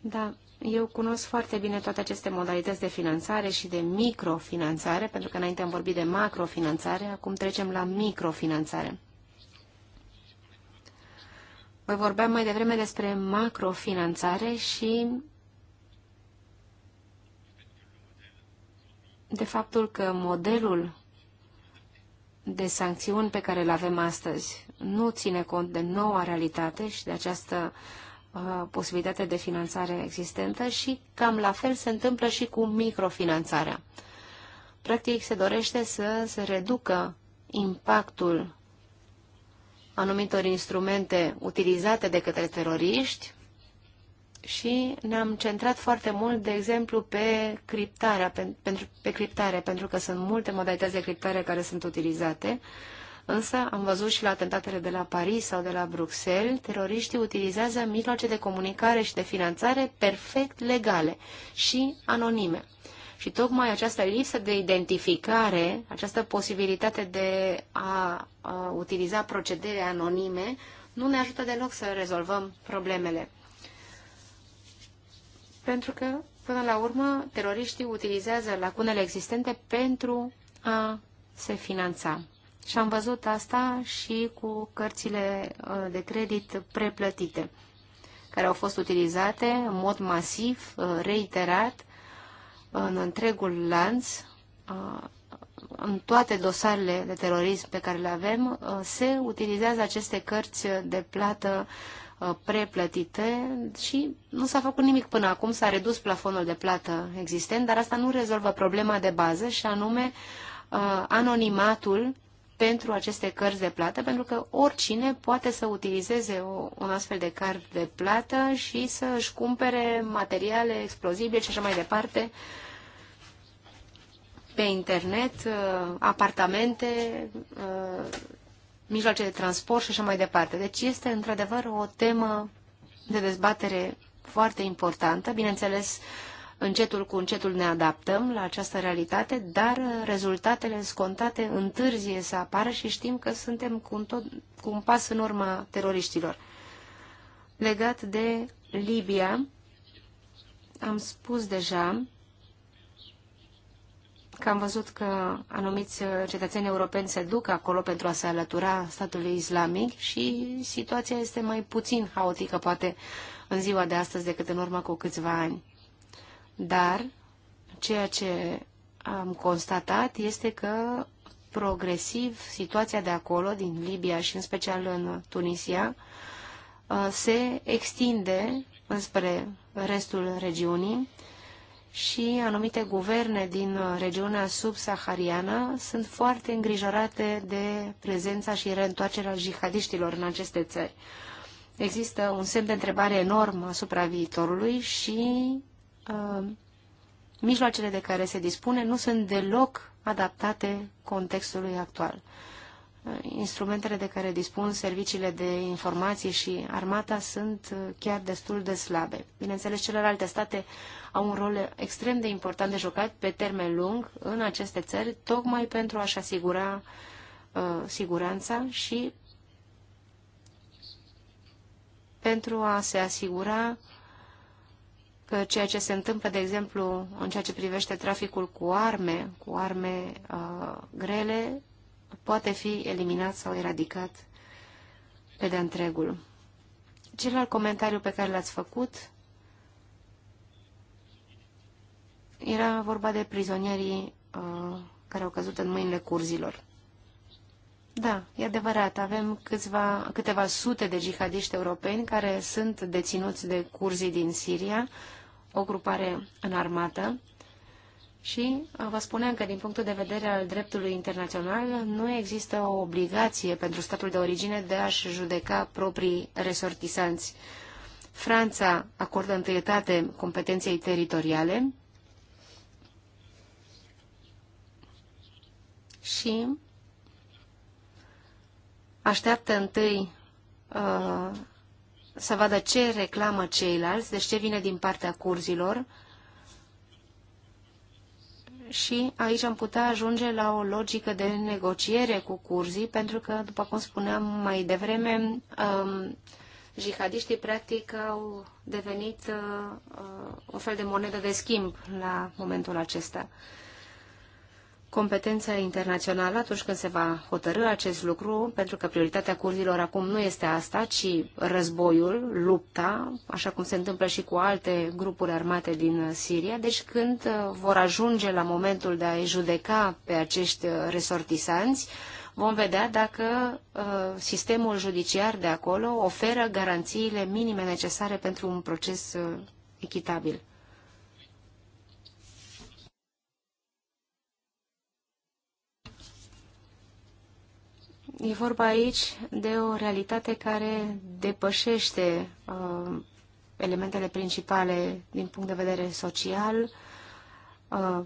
Da, eu cunosc foarte bine toate aceste modalități de finanțare și de microfinanțare, pentru că înainte am vorbit de macrofinanțare, acum trecem la microfinanțare. Voi vorbeam mai devreme despre macrofinanțare și de faptul că modelul de sancțiuni pe care îl avem astăzi nu ține cont de noua realitate și de această uh, Uh, posibilitatea de finanțare existentă și cam la fel se întâmplă și cu microfinanțarea. Practic se dorește să se reducă impactul anumitor instrumente utilizate de către teroriști și ne-am centrat foarte mult, de exemplu, pe criptarea, pe, pentru, pe criptare, pentru că sunt multe modalități de criptare care sunt utilizate. Uh, Însă am văzut și la atentatele de la Paris sau de la Bruxelles, teroriștii utilizează mijloace de comunicare și de finanțare perfect legale și anonime. Și tocmai această lipsă de identificare, această posibilitate de a, a utiliza procedere anonime, nu ne ajută deloc să rezolvăm problemele. Pentru că, până la urmă, teroriștii utilizează lacunele existente pentru a se finanța. Și am văzut asta și cu cărțile uh, de credit preplătite, care au fost utilizate în mod masiv, uh, reiterat, în întregul lanț, uh, în toate dosarele de terorism pe care le avem, se utilizează aceste cărți de plată preplătite și nu s-a făcut nimic până acum, s-a redus plafonul de plată existent, dar asta nu rezolvă problema de bază și anume anonimatul pentru aceste cărți de plată, pentru că oricine poate să utilizeze o, un astfel de card de plată și să își cumpere materiale explozibile și așa mai departe pe internet, uh, apartamente, uh, mijloace de transport și așa mai departe. Deci este într-adevăr o temă de dezbatere foarte importantă. Bineînțeles, uh, Încetul cu încetul ne adaptăm la această realitate, dar rezultatele scontate întârzie să apară și știm că suntem cu un, tot, cu un pas în urma teroriștilor. Legat de Libia, am spus deja că am văzut că anumiți cetățeni europeni se duc acolo pentru a se alătura statului islamic și situația este mai puțin haotică, poate, în ziua de astăzi decât în urmă cu câțiva ani. Dar ceea ce am constatat este că progresiv situația de acolo, din Libia și în special în Tunisia, uh, se extinde înspre restul regiunii și anumite guverne din regiunea subsahariană sunt foarte îngrijorate de prezența și reîntoarcerea jihadiștilor în aceste țări. Există un semn de întrebare enorm asupra viitorului și Uh, mijloacele de care se dispune nu sunt deloc adaptate contextului actual. Uh, instrumentele de care dispun serviciile de informații și armata sunt uh, chiar destul de slabe. Bineînțeles, celelalte state au un rol extrem de important de jucat pe termen lung în aceste țări, tocmai pentru a-și asigura uh, siguranța și pentru a se asigura uh, că ceea ce se întâmplă, de exemplu, în ceea ce privește traficul cu arme, cu arme uh, grele, poate fi eliminat sau eradicat pe de întregul. Celălalt comentariu pe care l-ați făcut era vorba de prizonierii uh, care au căzut în mâinile curzilor. Da, e adevărat, avem câțiva, câteva sute de jihadiști europeni care sunt deținuți de curzii din Siria, uh, o grupare înarmată și uh, vă spuneam că din punctul de vedere al dreptului internațional nu există o obligație pentru statul de origine de a-și judeca proprii resortisanți. Franța acordă întâietate competenței teritoriale și așteaptă întâi uh, să vadă ce reclamă ceilalți, deci ce vine din partea curzilor. Și aici am putea ajunge la o logică de negociere cu curzii, pentru că, după cum spuneam mai devreme, um, jihadiștii practic au devenit uh, un uh, fel de monedă de schimb la momentul acesta. Uh, competența internațională atunci când se va hotărâ acest lucru, pentru că prioritatea curzilor acum nu este asta, ci războiul, lupta, așa cum se întâmplă și cu alte grupuri armate din Siria. Deci când uh, vor ajunge la momentul de a-i judeca pe acești uh, resortisanți, vom vedea dacă uh, sistemul judiciar de acolo oferă garanțiile minime necesare pentru un proces echitabil. E vorba aici de o realitate care depășește uh, elementele principale din punct de vedere social. Uh,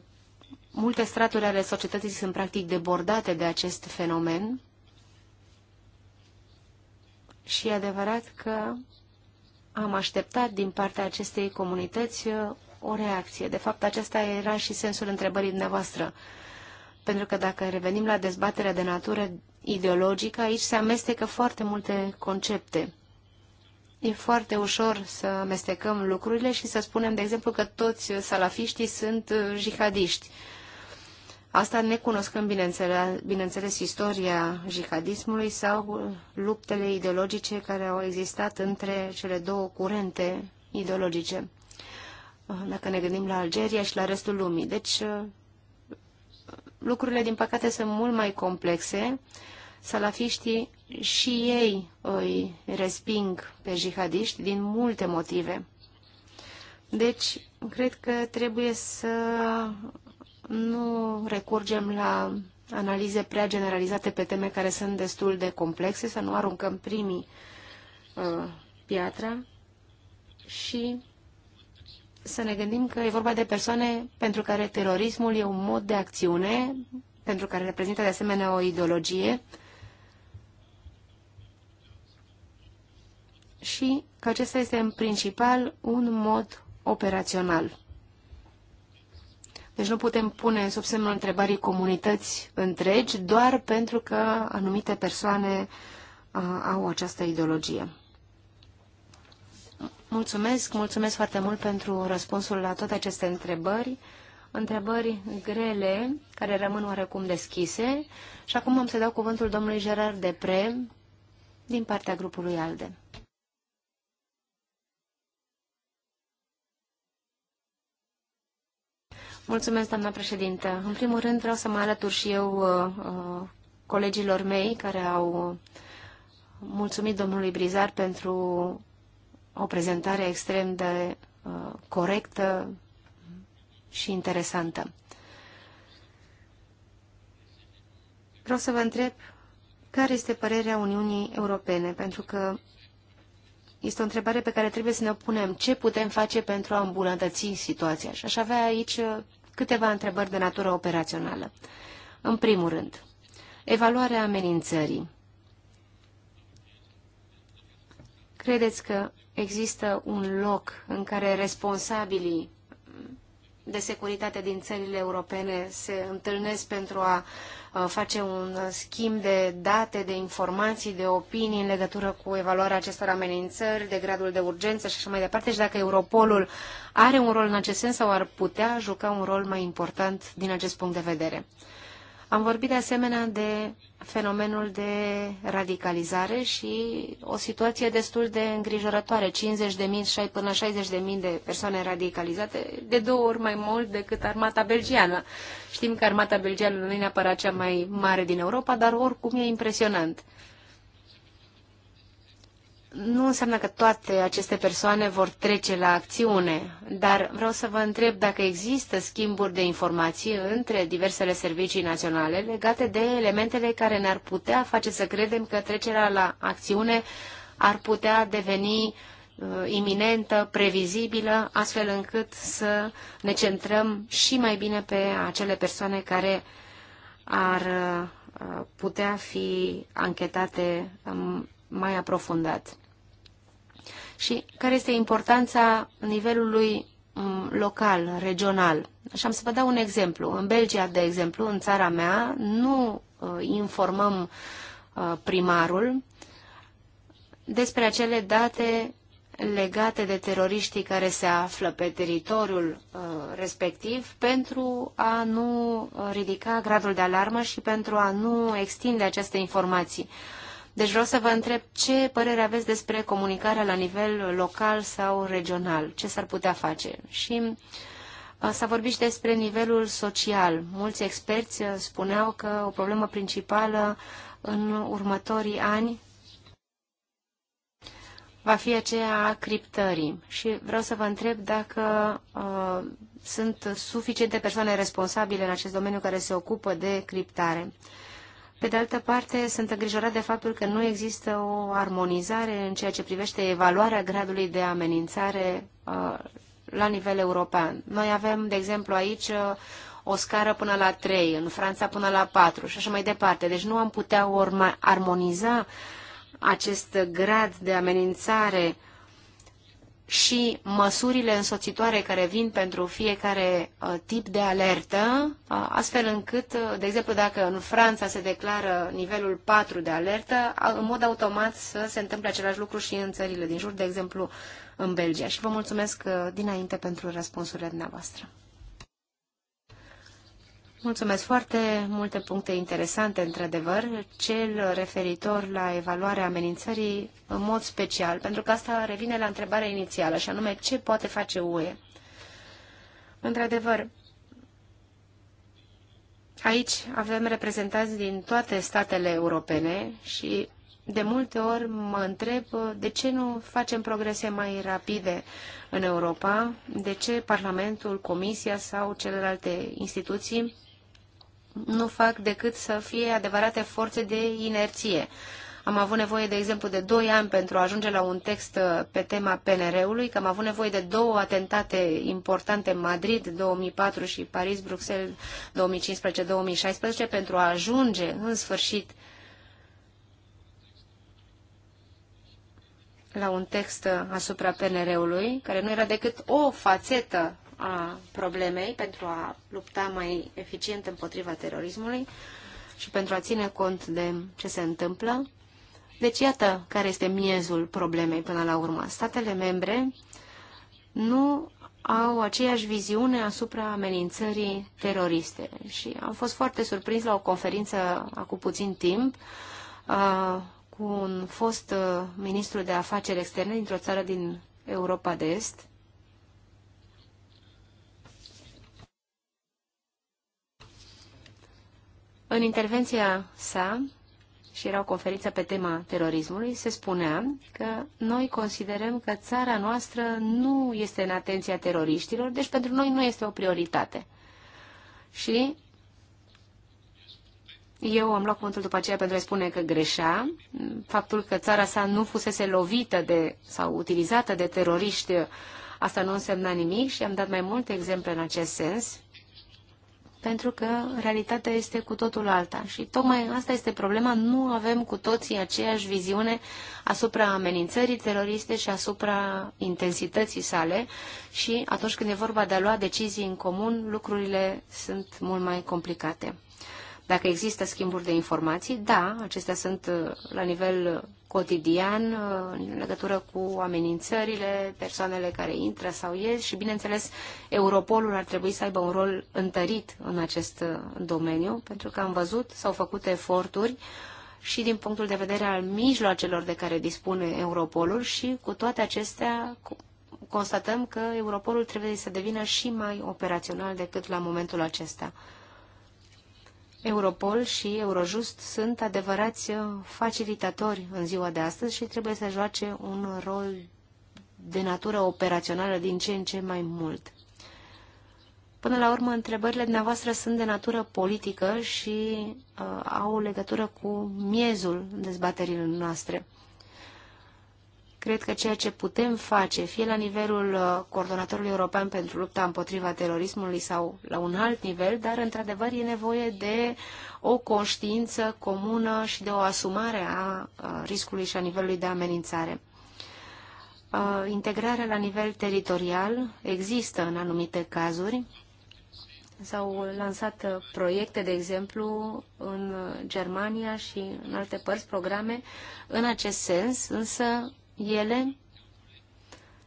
multe straturi ale societății sunt practic debordate de acest fenomen și e adevărat că am așteptat din partea acestei comunități uh, o reacție. De fapt, acesta era și sensul întrebării dumneavoastră. Pentru că dacă revenim la dezbaterea de natură ideologică, aici se amestecă foarte multe concepte. E foarte ușor să amestecăm lucrurile și să spunem, de exemplu, că toți salafiștii sunt uh, jihadiști. Asta ne cunoscând, bineînțeles, bineînțeles, istoria jihadismului sau luptele ideologice care au existat între cele două curente ideologice, uh, dacă ne gândim la Algeria și la restul lumii. Deci, uh, lucrurile, din păcate, sunt mult mai complexe. Salafiștii și ei îi resping pe jihadiști din multe motive. Deci, cred că trebuie să nu recurgem la analize prea generalizate pe teme care sunt destul de complexe, să nu aruncăm primii uh, piatra și să ne gândim că e vorba de persoane pentru care terorismul e un mod de acțiune, pentru care reprezintă de asemenea o ideologie și că acesta este în principal un mod operațional. Deci nu putem pune sub semnul întrebării comunități întregi doar pentru că anumite persoane uh, au această ideologie. Mulțumesc, mulțumesc foarte mult pentru răspunsul la toate aceste întrebări, întrebări grele, care rămân oarecum deschise. Și acum am să dau cuvântul domnului Gerard Depre, din partea grupului ALDE. Mulțumesc, doamna președintă. În primul rând vreau să mă alătur și eu uh, uh colegilor mei care au mulțumit domnului Brizar pentru o prezentare extrem de uh, corectă și interesantă. Vreau să vă întreb care este părerea Uniunii Europene, pentru că este o întrebare pe care trebuie să ne punem. Ce putem face pentru a îmbunătăți situația? Și aș avea aici uh, câteva întrebări de natură operațională. În primul rând, evaluarea amenințării. Credeți că există un loc în care responsabilii de securitate din țările europene se întâlnesc pentru a face un schimb de date, de informații, de opinii în legătură cu evaluarea acestor amenințări, de gradul de urgență și așa mai departe și dacă Europolul are un rol în acest sens sau ar putea juca un rol mai important din acest punct de vedere. Am vorbit de asemenea de fenomenul de radicalizare și o situație destul de îngrijorătoare. 50.000 până 60.000 de persoane radicalizate, de două ori mai mult decât armata belgiană. Știm că armata belgiană nu e neapărat cea mai mare din Europa, dar oricum e impresionant nu înseamnă că toate aceste persoane vor trece la acțiune, dar vreau să vă întreb dacă există schimburi de informații între diversele servicii naționale legate de elementele care ne-ar putea face să credem că trecerea la acțiune ar putea deveni uh, iminentă, previzibilă, astfel încât să ne centrăm și mai bine pe acele persoane care ar uh, putea fi anchetate um, mai aprofundat și care este importanța nivelului mm, local, regional. Și am să vă dau un exemplu. În Belgia, de exemplu, în țara mea, nu uh, informăm uh, primarul despre acele date legate de teroriștii care se află pe teritoriul uh, respectiv pentru a nu ridica gradul de alarmă și pentru a nu extinde aceste informații. Uh, deci vreau să vă întreb ce părere aveți despre comunicarea la nivel local sau regional, ce s-ar putea face. Și uh, S-a vorbit și despre nivelul social. Mulți experți uh, spuneau că o problemă principală în următorii ani va fi aceea a criptării. Și vreau să vă întreb dacă uh, sunt suficiente persoane responsabile în acest domeniu care se ocupă de criptare. Pe de altă parte, sunt îngrijorat de faptul că nu există o armonizare în ceea ce privește evaluarea gradului de amenințare uh, la nivel european. Noi avem, de exemplu, aici uh, o scară până la 3, în Franța până la 4 și așa mai departe. Deci nu am putea armoniza acest grad de amenințare uh, și măsurile însoțitoare care vin pentru fiecare uh, tip de alertă, uh, astfel încât, uh, de exemplu, dacă în Franța se declară nivelul 4 de alertă, în mod automat să se întâmple același lucru și în țările din jur, de exemplu, în Belgia. Și vă mulțumesc dinainte pentru răspunsurile dumneavoastră. Mulțumesc foarte multe puncte interesante, într-adevăr, cel referitor la evaluarea amenințării în mod special, pentru că asta revine la întrebarea inițială, și anume ce poate face UE. Într-adevăr, aici avem reprezentanți din toate statele europene și de multe ori mă întreb de ce nu facem progrese mai rapide în Europa, de ce Parlamentul, Comisia sau celelalte instituții nu fac decât să fie adevărate forțe de inerție. Am avut nevoie, de exemplu, de doi ani pentru a ajunge la un text uh, pe tema PNR-ului, că am avut nevoie de două atentate importante, Madrid 2004 și Paris-Bruxelles 2015-2016, pentru a ajunge, în sfârșit, la un text uh, asupra PNR-ului, care nu era decât o fațetă a problemei pentru a lupta mai eficient împotriva terorismului și pentru a ține cont de ce se întâmplă. Deci iată care este miezul problemei până la urmă. Statele membre nu au aceeași viziune asupra amenințării teroriste. Și am fost foarte surprins la o conferință acum puțin timp cu un fost ministru de afaceri externe dintr-o țară din Europa de Est, În intervenția sa, și era o conferință pe tema terorismului, se spunea că noi considerăm că țara noastră nu este în atenția teroriștilor, deci pentru noi nu este o prioritate. Și eu am luat cuvântul după aceea pentru a spune că greșea. Faptul că țara sa nu fusese lovită de, sau utilizată de teroriști, asta nu însemna nimic și am dat mai multe exemple în acest sens pentru că realitatea este cu totul alta. Și tocmai asta este problema, nu avem cu toții aceeași viziune asupra amenințării teroriste și asupra intensității sale și atunci când e vorba de a lua decizii în comun, lucrurile sunt mult mai complicate. Dacă există schimburi de informații, da, acestea sunt uh, la nivel cotidian uh, în legătură cu amenințările, persoanele care intră sau ies și, bineînțeles, Europolul ar trebui să aibă un rol întărit în acest uh, domeniu, pentru că am văzut, s-au făcut eforturi și din punctul de vedere al mijloacelor de care dispune Europolul și cu toate acestea constatăm că Europolul trebuie să devină și mai operațional decât la momentul acesta. Europol și Eurojust sunt adevărați facilitatori în ziua de astăzi și trebuie să joace un rol de natură operațională din ce în ce mai mult. Până la urmă, întrebările dumneavoastră sunt de natură politică și uh, au legătură cu miezul dezbaterilor noastre. Cred că ceea ce putem face, fie la nivelul uh, coordonatorului european pentru lupta împotriva terorismului sau la un alt nivel, dar într-adevăr e nevoie de o conștiință comună și de o asumare a uh, riscului și a nivelului de amenințare. Uh, integrarea la nivel teritorial există în anumite cazuri, S-au lansat proiecte, de exemplu, în Germania și în alte părți, programe în acest sens, însă ele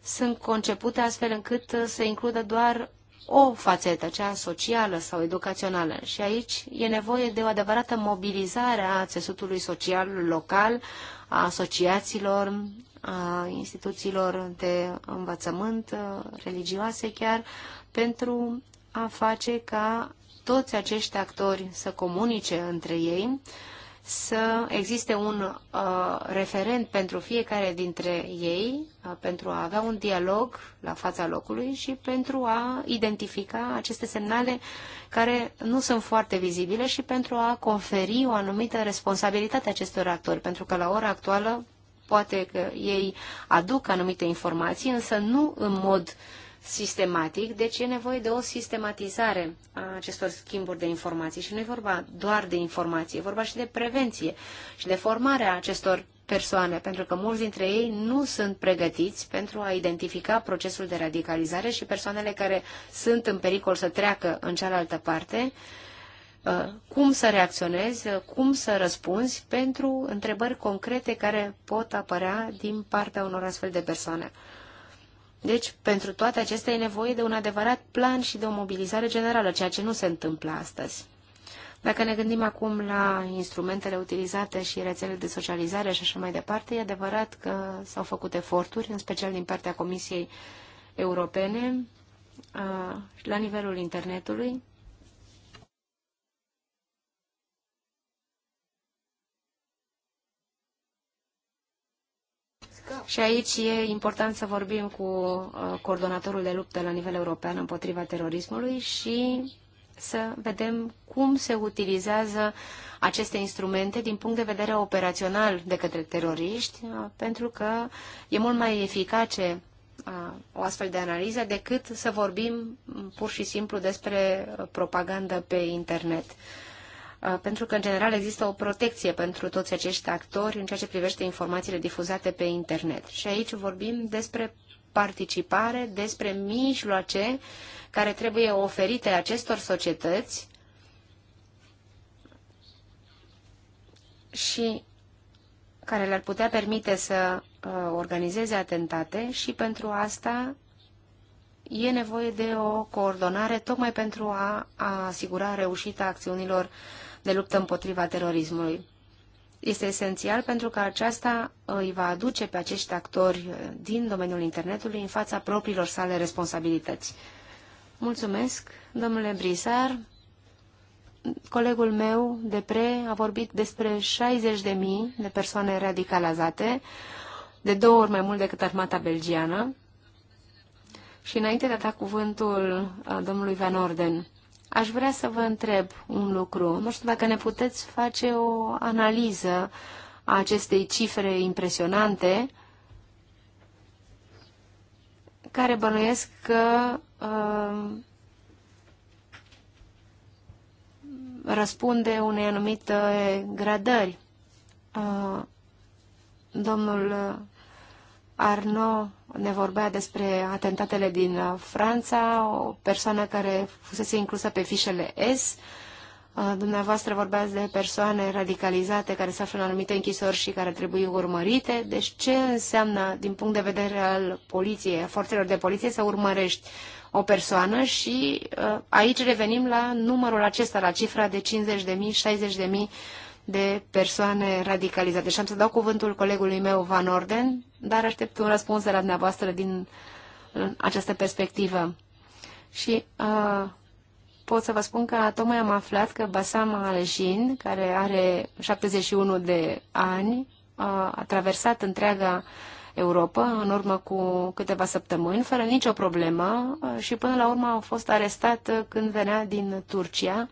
sunt concepute astfel încât să includă doar o fațetă, cea socială sau educațională. Și aici e nevoie de o adevărată mobilizare a țesutului social local, a asociațiilor, a instituțiilor de învățământ religioase chiar, pentru a face ca toți acești actori să comunice între ei, să existe un uh, referent pentru fiecare dintre ei, uh, pentru a avea un dialog la fața locului și pentru a identifica aceste semnale care nu sunt foarte vizibile și pentru a conferi o anumită responsabilitate acestor actori, pentru că la ora actuală poate că ei aduc anumite informații, însă nu în mod uh, sistematic, deci e nevoie de o sistematizare a acestor schimburi de informații. Și nu e vorba doar de informație, e vorba și de prevenție și de formarea acestor persoane, pentru că mulți dintre ei nu sunt pregătiți pentru a identifica procesul de radicalizare și persoanele care sunt în pericol să treacă în cealaltă parte, uh, cum să reacționezi, uh, cum să răspunzi pentru întrebări concrete care pot apărea din partea unor astfel de persoane. Deci, pentru toate acestea e nevoie de un adevărat plan și de o mobilizare generală, ceea ce nu se întâmplă astăzi. Dacă ne gândim acum la instrumentele utilizate și rețelele de socializare și așa mai departe, e adevărat că s-au făcut eforturi, în special din partea Comisiei Europene, la nivelul internetului, Și aici e important să vorbim cu uh, coordonatorul de luptă la nivel european împotriva terorismului și să vedem cum se utilizează aceste instrumente din punct de vedere operațional de către teroriști, uh, pentru că e mult mai eficace uh, o astfel de analiză decât să vorbim pur și simplu despre propagandă pe internet. Uh, pentru că, în general, există o protecție pentru toți acești actori în ceea ce privește informațiile difuzate pe internet. Și aici vorbim despre participare, despre mijloace care trebuie oferite acestor societăți și care le-ar putea permite să uh, organizeze atentate și pentru asta e nevoie de o coordonare tocmai pentru a, a asigura reușita acțiunilor de luptă împotriva terorismului. Este esențial pentru că aceasta uh, îi va aduce pe acești actori uh, din domeniul internetului în fața propriilor sale responsabilități. Mulțumesc, domnule Brisar. Colegul meu, de pre a vorbit despre 60.000 de persoane radicalizate, de două ori mai mult decât armata belgiană. Și înainte de a da cuvântul uh, domnului Van Orden, Aș vrea să vă întreb un lucru. Nu știu dacă ne puteți face o analiză a acestei cifre impresionante care bănuiesc că uh, răspunde unei anumite gradări. Uh, domnul Arnaud ne vorbea despre atentatele din uh, Franța, o persoană care fusese inclusă pe fișele S. Uh, dumneavoastră vorbeați de persoane radicalizate care se află în anumite închisori și care trebuie urmărite. Deci ce înseamnă, din punct de vedere al poliției, a forțelor de poliție, să urmărești o persoană și uh, aici revenim la numărul acesta, la cifra de 50.000, 60.000 de persoane radicalizate. Și am să dau cuvântul colegului meu, Van Orden, dar aștept un răspuns de la dumneavoastră din această perspectivă. Și uh, pot să vă spun că tocmai am aflat că Basam Alejin, care are 71 de ani, uh, a traversat întreaga Europa în urmă cu câteva săptămâni, fără nicio problemă uh, și până la urmă a fost arestat uh, când venea din Turcia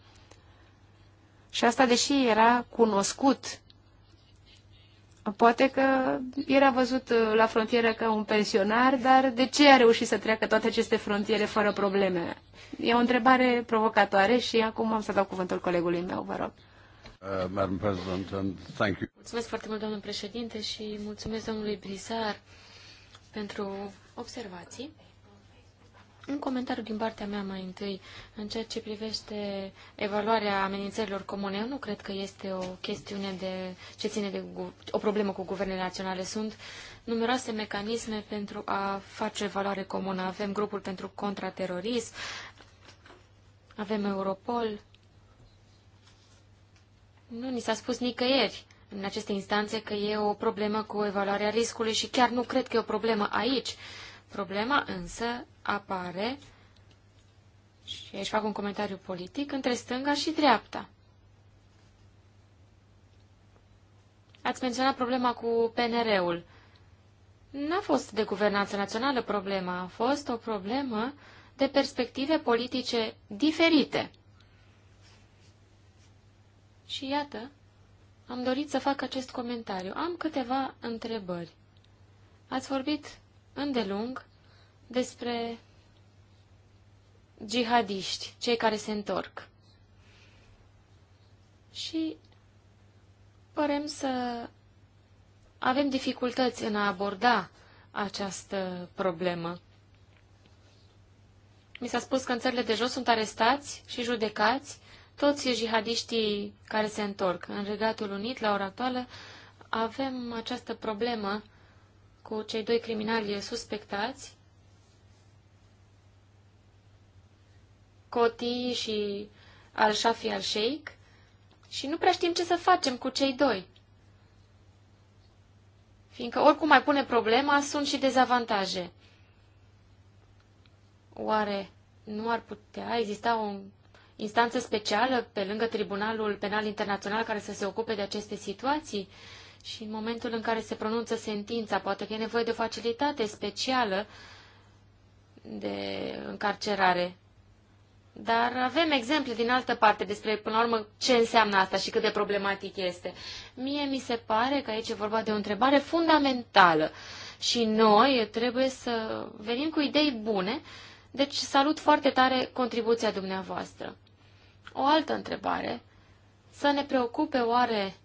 și asta deși era cunoscut, poate că era văzut uh, la frontieră ca un pensionar, dar de ce a reușit să treacă toate aceste frontiere fără probleme? E o întrebare provocatoare și acum am să dau cuvântul colegului meu, vă rog. Uh, mulțumesc foarte mult, domnul președinte, și mulțumesc domnului Brizar pentru observații. Un comentariu din partea mea mai întâi, în ceea ce privește evaluarea amenințărilor comune, eu nu cred că este o chestiune de, ce ține de o problemă cu guvernele naționale. Sunt numeroase mecanisme pentru a face evaluare comună. Avem grupul pentru contraterorism, avem Europol. Nu ni s-a spus nicăieri în aceste instanțe că e o problemă cu evaluarea riscului și chiar nu cred că e o problemă aici. Problema însă apare, și aici fac un comentariu politic, între stânga și dreapta. Ați menționat problema cu PNR-ul. N-a fost de guvernanță națională problema, a fost o problemă de perspective politice diferite. Și iată, am dorit să fac acest comentariu. Am câteva întrebări. Ați vorbit îndelung despre jihadiști, cei care se întorc. Și părem să avem dificultăți în a aborda această problemă. Mi s-a spus că în țările de jos sunt arestați și judecați toți jihadiștii care se întorc. În Regatul Unit, la ora actuală, avem această problemă cu cei doi criminali suspectați, Coti și Al-Shafi al-Sheikh, și nu prea știm ce să facem cu cei doi. Fiindcă oricum mai pune problema, sunt și dezavantaje. Oare nu ar putea exista o instanță specială pe lângă Tribunalul Penal Internațional care să se ocupe de aceste situații? și în momentul în care se pronunță sentința, poate că e nevoie de o facilitate specială de încarcerare. Dar avem exemple din altă parte despre, până la urmă, ce înseamnă asta și cât de problematic este. Mie mi se pare că aici e vorba de o întrebare fundamentală și noi trebuie să venim cu idei bune, deci salut foarte tare contribuția dumneavoastră. O altă întrebare, să ne preocupe oare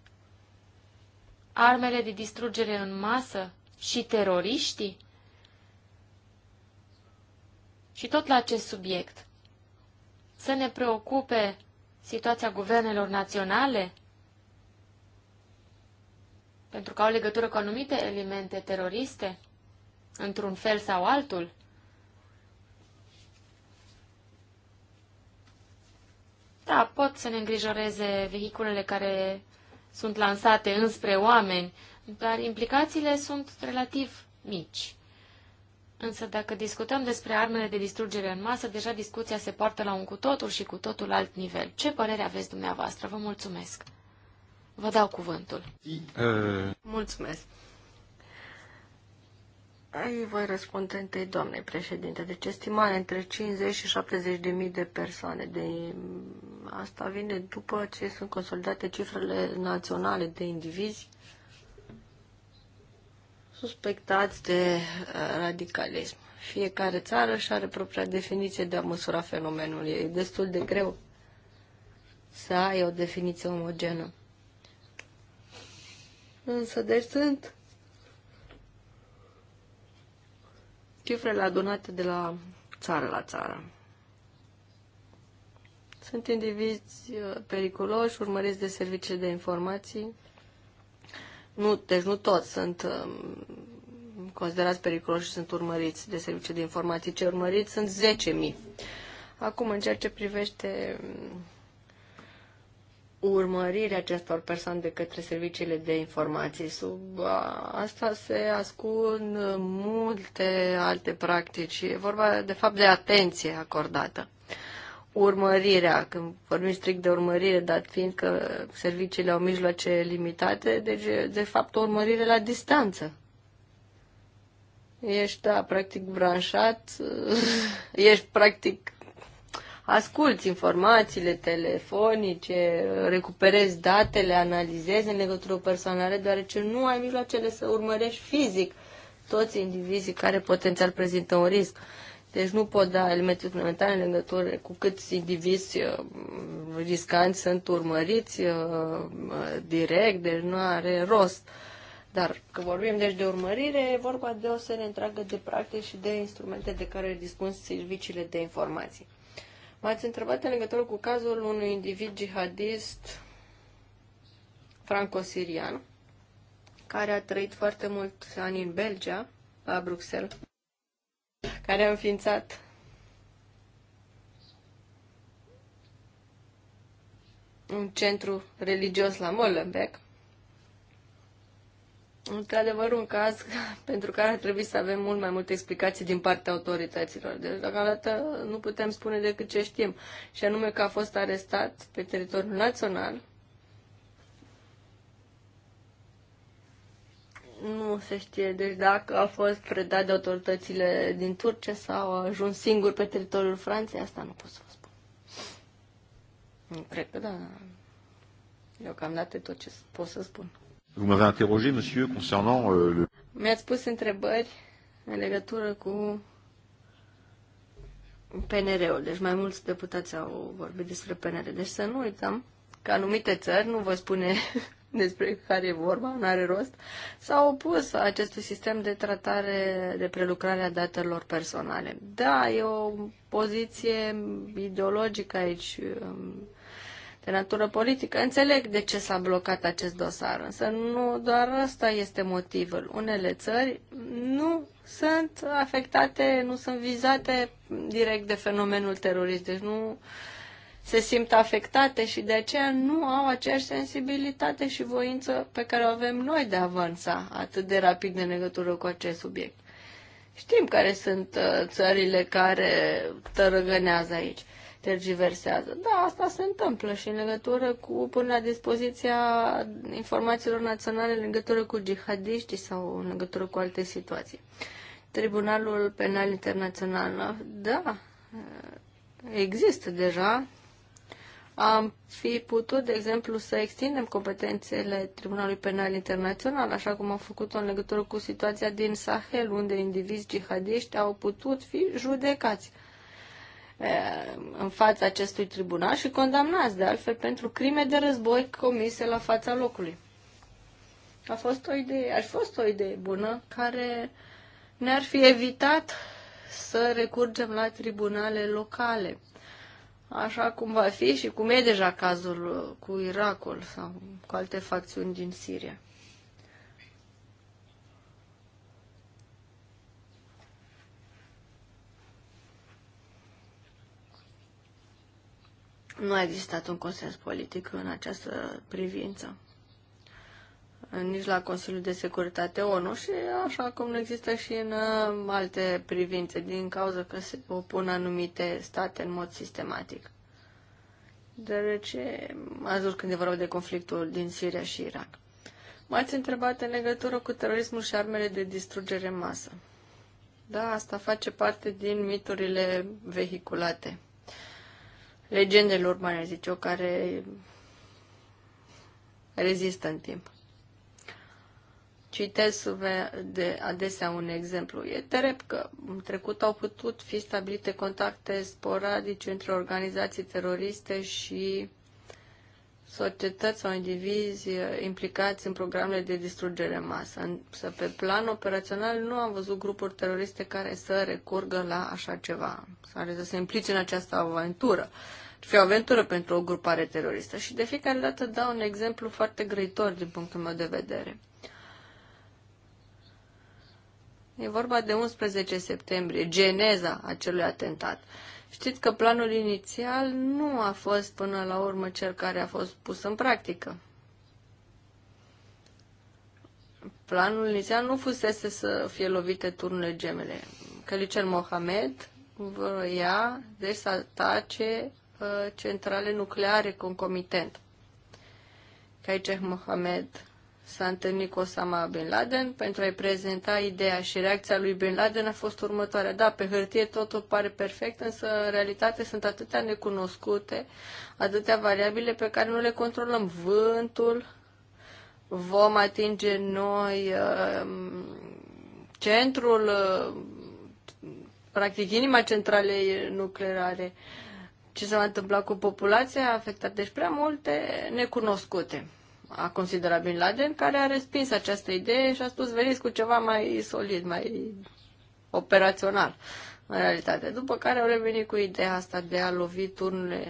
armele de distrugere în masă și teroriștii? Și tot la acest subiect. Să ne preocupe situația guvernelor naționale? Pentru că au legătură cu anumite elemente teroriste, într-un fel sau altul? Da, pot să ne îngrijoreze vehiculele care sunt lansate înspre oameni, dar implicațiile sunt relativ mici. Însă dacă discutăm despre armele de distrugere în masă, deja discuția se poartă la un cu totul și cu totul alt nivel. Ce părere aveți dumneavoastră? Vă mulțumesc. Vă dau cuvântul. Mulțumesc ai voi răspunde întâi doamne președinte. Deci estimare între 50 și 70 de mii de persoane. De... Asta vine după ce sunt consolidate cifrele naționale de indivizi suspectați de uh, radicalism. Fiecare țară și are propria definiție de a măsura fenomenul. E destul de greu să ai o definiție omogenă. Însă, deci sunt cifrele adunate de la țară la țară. Sunt indivizi uh, periculoși, urmăriți de servicii de informații. Nu, deci nu toți sunt um, considerați periculoși și sunt urmăriți de servicii de informații. Ce urmăriți sunt 10.000. Acum, în ceea ce privește um, urmărirea acestor persoane de către serviciile de informații. Sub asta se ascund multe alte practici. E vorba, de fapt, de atenție acordată. Urmărirea, când vorbim strict de urmărire, dat fiind că serviciile au mijloace limitate, deci, de fapt, o urmărire la distanță. Ești, da, practic branșat, ești, practic, asculți informațiile telefonice, recuperezi datele, analizezi în legătură cu persoanele, deoarece nu ai mijloacele să urmărești fizic toți indivizii care potențial prezintă un risc. Deci nu pot da elemente suplimentare în legătură cu câți indivizi uh, riscanți sunt urmăriți uh, uh, direct, deci nu are rost. Dar că vorbim deci de urmărire, e vorba de o serie întreagă de practici și de instrumente de care dispun serviciile de informații. M-ați întrebat în legătură cu cazul unui individ jihadist franco-sirian care a trăit foarte mult ani în Belgia, la Bruxelles, care a înființat un centru religios la Molenbeek într-adevăr un caz pentru care ar trebui să avem mult mai multe explicații din partea autorităților. Deci, deocamdată, nu putem spune decât ce știm. Și anume că a fost arestat pe teritoriul național. Nu se știe, deci dacă a fost predat de autoritățile din Turcia sau a ajuns singur pe teritoriul Franței, asta nu pot să vă spun. Nu cred că da. Deocamdată e tot ce pot să spun. Vous m'avez interrogé, monsieur, concernant euh, le... Mi-ați pus întrebări în legătură cu PNR-ul. Deci mai mulți deputați au vorbit despre PNR. Deci să nu uităm că anumite țări, nu vă spune despre care e vorba, nu are rost, s-au opus acestui sistem de tratare, de prelucrare a datelor personale. Da, e o poziție ideologică aici um, de natură politică. Înțeleg de ce s-a blocat acest dosar, însă nu doar ăsta este motivul. Unele țări nu sunt afectate, nu sunt vizate direct de fenomenul terorist, deci nu se simt afectate și de aceea nu au aceeași sensibilitate și voință pe care o avem noi de a avansa atât de rapid în legătură cu acest subiect. Știm care sunt uh, țările care tărăgânează aici tergiversează. Da, asta se întâmplă și în legătură cu punerea la dispoziția informațiilor naționale în legătură cu jihadiști sau în legătură cu alte situații. Tribunalul Penal Internațional, da, există deja. Am fi putut, de exemplu, să extindem competențele Tribunalului Penal Internațional, așa cum am făcut-o în legătură cu situația din Sahel, unde indivizi jihadiști au putut fi judecați în fața acestui tribunal și condamnați de altfel pentru crime de război comise la fața locului. A fost o idee, a fost o idee bună care ne-ar fi evitat să recurgem la tribunale locale, așa cum va fi și cum e deja cazul cu Irakul sau cu alte facțiuni din Siria. Nu a existat un consens politic în această privință. Nici la Consiliul de Securitate ONU și așa cum nu există și în uh, alte privințe, din cauza că se opun anumite state în mod sistematic. Deoarece, atunci când e vorba de conflictul din Siria și Irak. M-ați întrebat în legătură cu terorismul și armele de distrugere în masă. Da, asta face parte din miturile vehiculate legendele urbane, zic eu, care rezistă în timp. Citesc de adesea un exemplu. E drept că în trecut au putut fi stabilite contacte sporadice între organizații teroriste și societăți sau indivizi eh, implicați în programele de distrugere masă. Însă, pe plan operațional, nu am văzut grupuri teroriste care să recurgă la așa ceva, care să se implice în această aventură. Deci, fi o aventură pentru o grupare teroristă. Și de fiecare dată dau un exemplu foarte grăitor din punctul meu de vedere. E vorba de 11 septembrie, geneza acelui atentat. Uh, Știți că planul inițial nu a fost până la urmă cel care a fost pus în practică. Planul inițial nu fusese să fie lovite turnurile gemele. Călicel Mohamed vroia deci să atace uh, centrale nucleare concomitent. Călicel Mohamed s-a întâlnit cu Osama Bin Laden pentru a-i prezenta ideea și reacția lui Bin Laden a fost următoarea. Da, pe hârtie totul pare perfect, însă în realitate sunt atâtea necunoscute, atâtea variabile pe care nu le controlăm. Vântul, vom atinge noi um, centrul, uh, practic inima centralei nucleare, ce se va întâmpla cu populația afectată. Deci prea multe necunoscute a considerat Bin Laden, care a respins această idee și a spus veniți cu ceva mai solid, mai operațional, în realitate. După care au revenit cu ideea asta de a lovi turnurile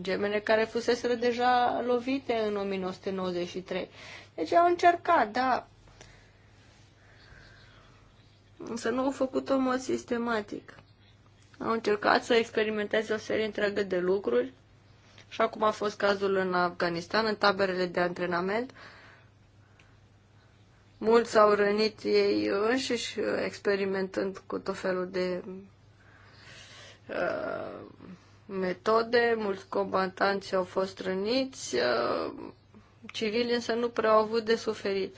gemene care fuseseră deja lovite în 1993. Deci au încercat, da. Însă nu au făcut-o în mod sistematic. Au încercat să experimenteze o serie întreagă de lucruri așa cum a fost cazul în Afganistan, în taberele de antrenament. Mulți au rănit ei înșiși experimentând cu tot felul de uh, metode, mulți combatanți au fost răniți, uh, civili însă nu prea au avut de suferit.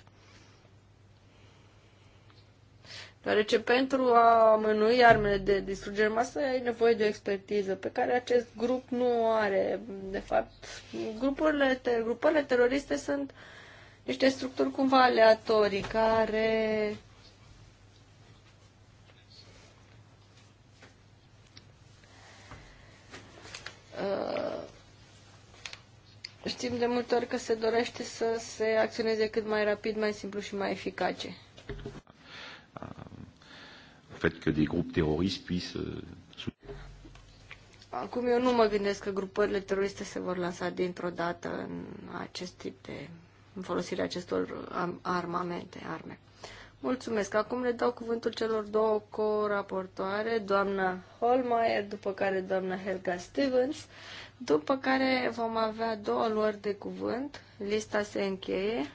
Deoarece pentru a mânui armele de distrugere masă ai nevoie de o expertiză pe care acest grup nu o are. De fapt, grupurile, te- grupurile teroriste sunt niște structuri cumva aleatorii care Uh, știm de multe ori că se dorește să se acționeze cât mai rapid, mai simplu și mai eficace. Uh, fait que des groupes terroristes puissent... Euh, Acum eu nu mă gândesc că grupările teroriste se vor lansa dintr-o dată în acest tip de... în folosirea acestor armamente, arme. Mulțumesc. Acum le dau cuvântul celor două co-raportoare, doamna Holmeyer, după care doamna Helga Stevens, după care vom avea două luări de cuvânt. Lista se încheie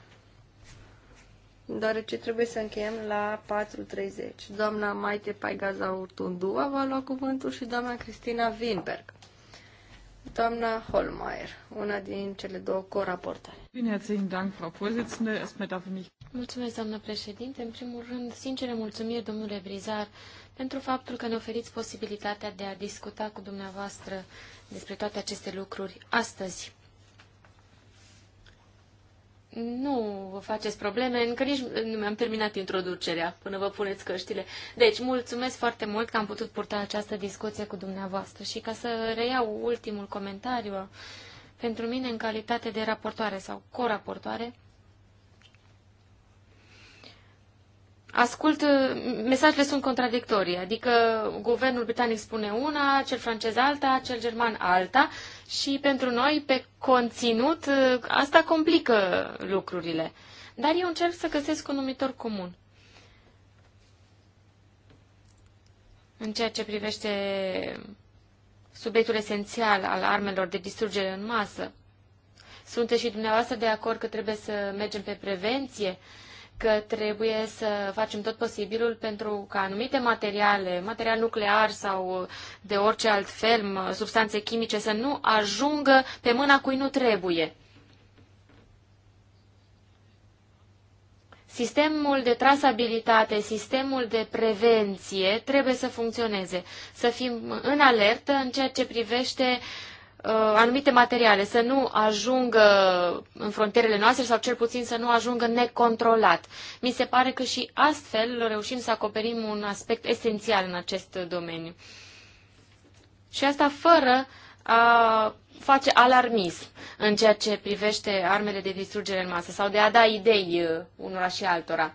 deoarece trebuie să încheiem la 4.30. Doamna Maite Paigaza Urtundua va lua cuvântul și doamna Cristina Winberg. Doamna Holmeier, una din cele două coraportări. Bine, herzlichen Dank, Frau Vorsitzende. Erstmal Mulțumesc, doamnă președinte. În primul rând, sincere mulțumiri, domnule Brizar, pentru faptul că ne oferiți posibilitatea de a discuta cu dumneavoastră despre toate aceste lucruri astăzi. Nu vă faceți probleme, încă nici nu mi-am terminat introducerea până vă puneți căștile. Deci, mulțumesc foarte mult că am putut purta această discuție cu dumneavoastră și ca să reiau ultimul comentariu, pentru mine, în calitate de raportoare sau coraportoare, ascult, mesajele sunt contradictorii, adică guvernul britanic spune una, cel francez alta, cel german alta, și pentru noi, pe conținut, asta complică lucrurile. Dar eu încerc să găsesc un numitor comun. În ceea ce privește subiectul esențial al armelor de distrugere în masă, sunteți și dumneavoastră de acord că trebuie să mergem pe prevenție, că trebuie să facem tot posibilul pentru ca anumite materiale, material nuclear sau de orice alt fel, substanțe chimice, să nu ajungă pe mâna cui nu trebuie. Sistemul de trasabilitate, sistemul de prevenție trebuie să funcționeze, să fim în alertă în ceea ce privește Uh, anumite materiale să nu ajungă în frontierele noastre sau cel puțin să nu ajungă necontrolat. Mi se pare că și astfel reușim să acoperim un aspect esențial în acest domeniu. Și asta fără a face alarmism în ceea ce privește armele de distrugere în masă sau de a da idei uh, unora și altora.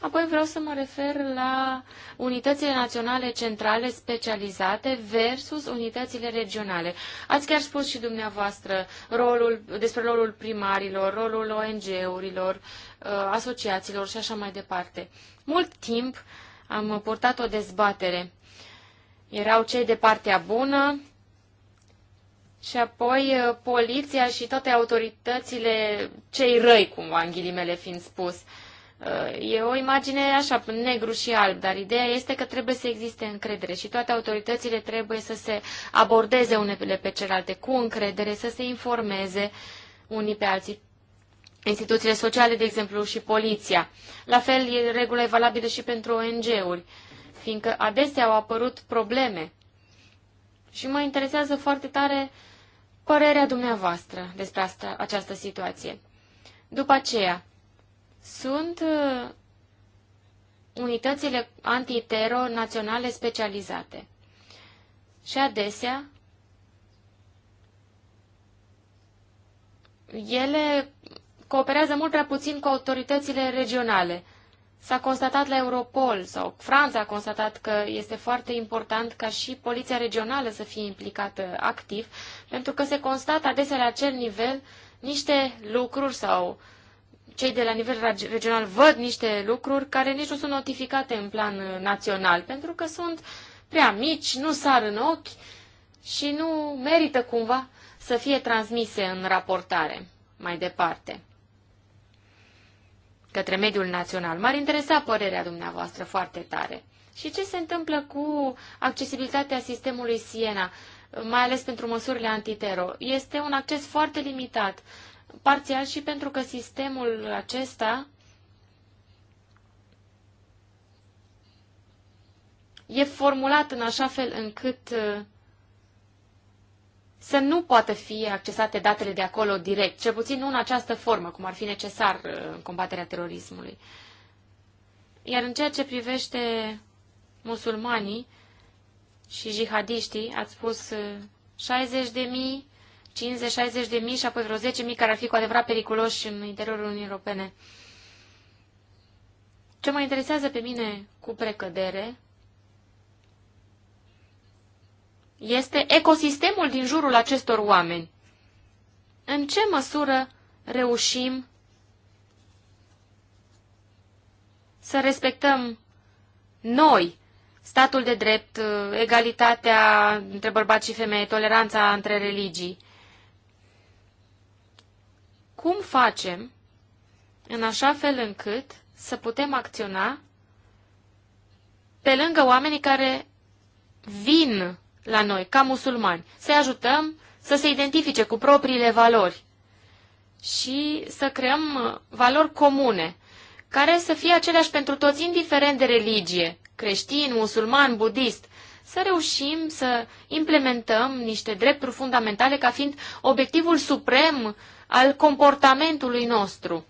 Apoi vreau să mă refer la unitățile naționale centrale specializate versus unitățile regionale. Ați chiar spus și dumneavoastră rolul, despre rolul primarilor, rolul ONG-urilor, uh, asociațiilor și așa mai departe. Mult timp am purtat o dezbatere. Erau cei de partea bună, și apoi uh, poliția și toate autoritățile, cei răi, cumva, în ghilimele fiind spus. Uh, E o imagine așa, negru și alb, dar ideea este că trebuie să existe încredere și toate autoritățile trebuie să se abordeze unele pe celelalte cu încredere, să se informeze unii pe alții. Instituțiile sociale, de exemplu, și poliția. La fel, e regula e valabilă și pentru ONG-uri, fiindcă adesea au apărut probleme. Și mă interesează foarte tare părerea dumneavoastră despre asta, această situație. După aceea, sunt uh, unitățile antiteror naționale specializate. Și adesea, ele cooperează mult prea puțin cu autoritățile regionale. S-a constatat la Europol sau Franța a constatat că este foarte important ca și poliția regională să fie implicată activ, pentru că se constată adesea la acel nivel niște lucruri sau uh, cei de la nivel regional văd niște lucruri care nici nu sunt notificate în plan uh, național, pentru că sunt prea mici, nu sar în ochi și nu merită cumva să fie transmise în raportare mai departe către mediul național. M-ar interesa părerea dumneavoastră foarte tare. Și ce se întâmplă cu accesibilitatea sistemului Siena, mai ales pentru măsurile antitero? Este un acces foarte limitat parțial și pentru că sistemul acesta e formulat în așa fel încât uh, să nu poată fi accesate datele de acolo direct, cel puțin nu în această formă, cum ar fi necesar uh, în combaterea terorismului. Iar în ceea ce privește musulmanii și jihadiștii, ați spus 60 uh, de mii 50-60 de mii și apoi vreo 10 mii care ar fi cu adevărat periculoși în interiorul Uniunii Europene. Ce mă interesează pe mine cu precădere este ecosistemul din jurul acestor oameni. În ce măsură reușim să respectăm noi statul de drept, egalitatea între bărbați și femei, toleranța între religii cum facem în așa fel încât să putem acționa pe lângă oamenii care vin la noi ca musulmani, să-i ajutăm să se identifice cu propriile valori și să creăm uh, valori comune, care să fie aceleași pentru toți, indiferent de religie, creștin, musulman, budist, să reușim să implementăm niște drepturi fundamentale ca fiind obiectivul suprem al comportamentului nostru.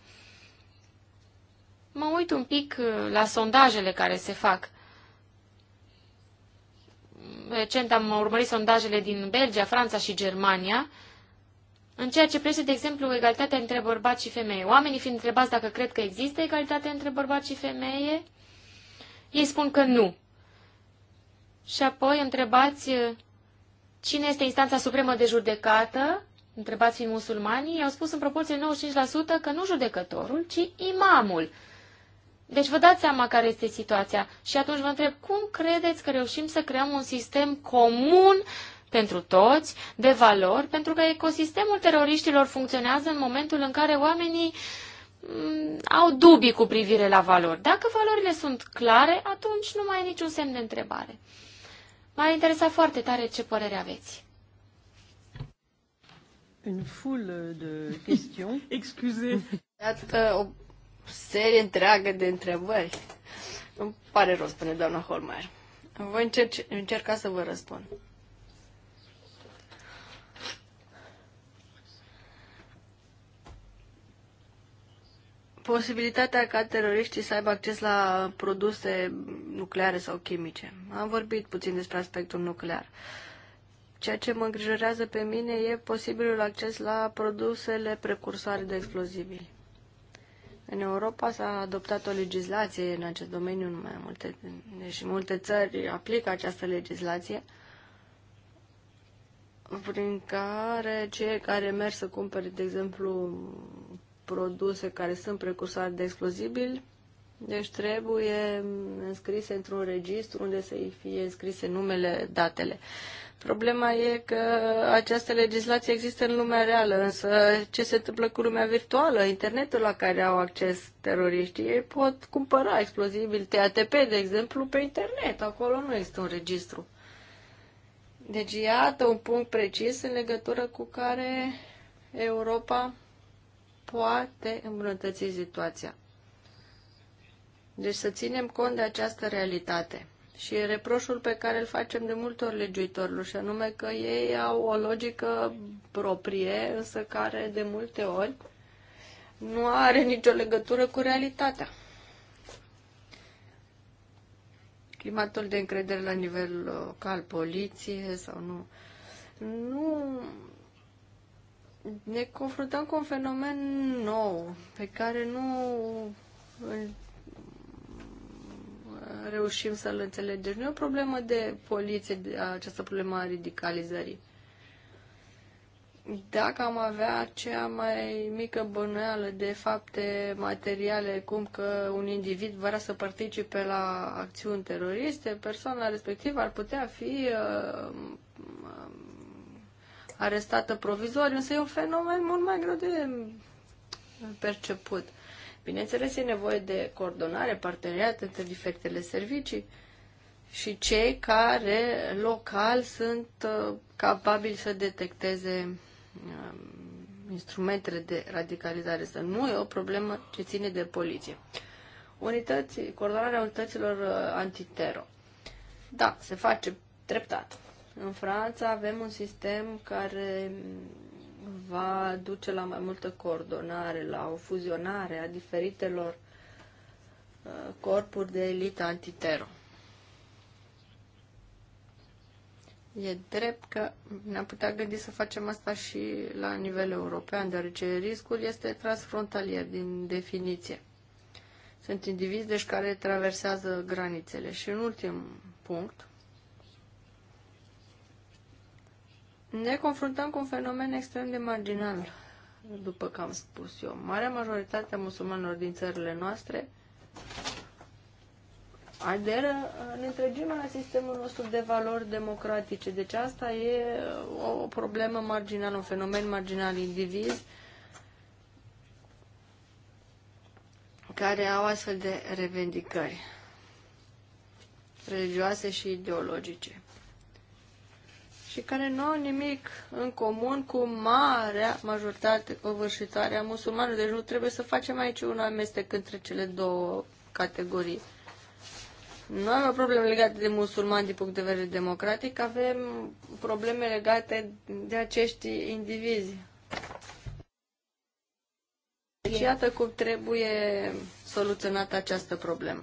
Mă uit un pic uh, la sondajele care se fac. Recent am urmărit sondajele din Belgia, Franța și Germania, în ceea ce privește, de exemplu, egalitatea între bărbați și femei. Oamenii fiind întrebați dacă cred că există egalitate între bărbați și femeie, ei spun că nu. Și apoi întrebați uh, cine este instanța supremă de judecată întrebați fi musulmani, i-au spus în proporție 95% că nu judecătorul, ci imamul. Deci vă dați seama care este situația. Și atunci vă întreb, cum credeți că reușim să creăm un sistem comun pentru toți, de valori, pentru că ecosistemul teroriștilor funcționează în momentul în care oamenii mm, au dubii cu privire la valori. Dacă valorile sunt clare, atunci nu mai e niciun semn de întrebare. M-a interesat foarte tare ce părere aveți une foule de questions. Excusez. Iată o serie întreagă de întrebări. Îmi pare rău, spune doamna Holmeier. Voi încerc, încerca să vă răspund. Posibilitatea ca teroriștii să aibă acces la produse nucleare sau chimice. Am vorbit puțin despre aspectul nuclear. Uh, Ceea ce mă îngrijorează pe mine e posibilul acces la produsele precursoare de explozibili. În Europa s-a adoptat o legislație în acest domeniu, mai multe, deși multe țări aplică această legislație, prin care cei care merg să cumpere, de exemplu, produse care sunt precursoare de explozibili, deci trebuie înscrise într-un registru unde să-i fie înscrise numele, datele. Problema e că această legislație există în lumea reală, însă ce se întâmplă cu lumea virtuală, internetul la care au acces teroriștii, ei pot cumpăra explozibili TATP, de exemplu, pe internet. Acolo nu există un registru. Deci iată un punct precis în legătură cu care Europa poate îmbunătăți situația. Deci să ținem cont de această realitate. Și e reproșul pe care îl facem de multe ori legiuitorilor, și anume că ei au o logică proprie, însă care de multe ori nu are nicio legătură cu realitatea. Climatul de încredere la nivel local, poliție sau nu. Nu ne confruntăm cu un fenomen nou pe care nu îl reușim să-l înțelegem. Nu e o problemă de poliție, această problemă a radicalizării. Dacă am avea cea mai mică bănuială de fapte materiale, cum că un individ vrea să participe la acțiuni teroriste, persoana respectivă ar putea fi uh, um, arestată provizoriu, însă e un fenomen mult mai greu de perceput. Bineînțeles, e nevoie de coordonare, parteneriat între diferitele servicii și cei care local sunt uh, capabili să detecteze um, instrumentele de radicalizare. Să nu e o problemă ce ține de poliție. Unități, coordonarea unităților uh, antitero. Da, se face treptat. În Franța avem un sistem care va duce la mai multă coordonare, la o fuzionare a diferitelor uh, corpuri de elită antitero. E drept că ne-am putea gândi să facem asta și la nivel european, deoarece riscul este transfrontalier din definiție. Sunt indivizi, deci, care traversează granițele. Și în ultim punct, ne confruntăm cu un fenomen extrem de marginal, după cum am spus eu. Marea majoritate a musulmanilor din țările noastre aderă în întregime la sistemul nostru de valori democratice. Deci asta e uh, o problemă marginală, un fenomen marginal indiviz care au astfel de revendicări religioase și ideologice și care nu au nimic în comun cu marea majoritate covârșitoare a musulmanilor. Deci nu trebuie să facem aici un amestec între cele două categorii. Nu avem probleme legate de musulmani din punct de vedere democratic, avem probleme legate de acești indivizi. Deci iată cum trebuie soluționată această problemă.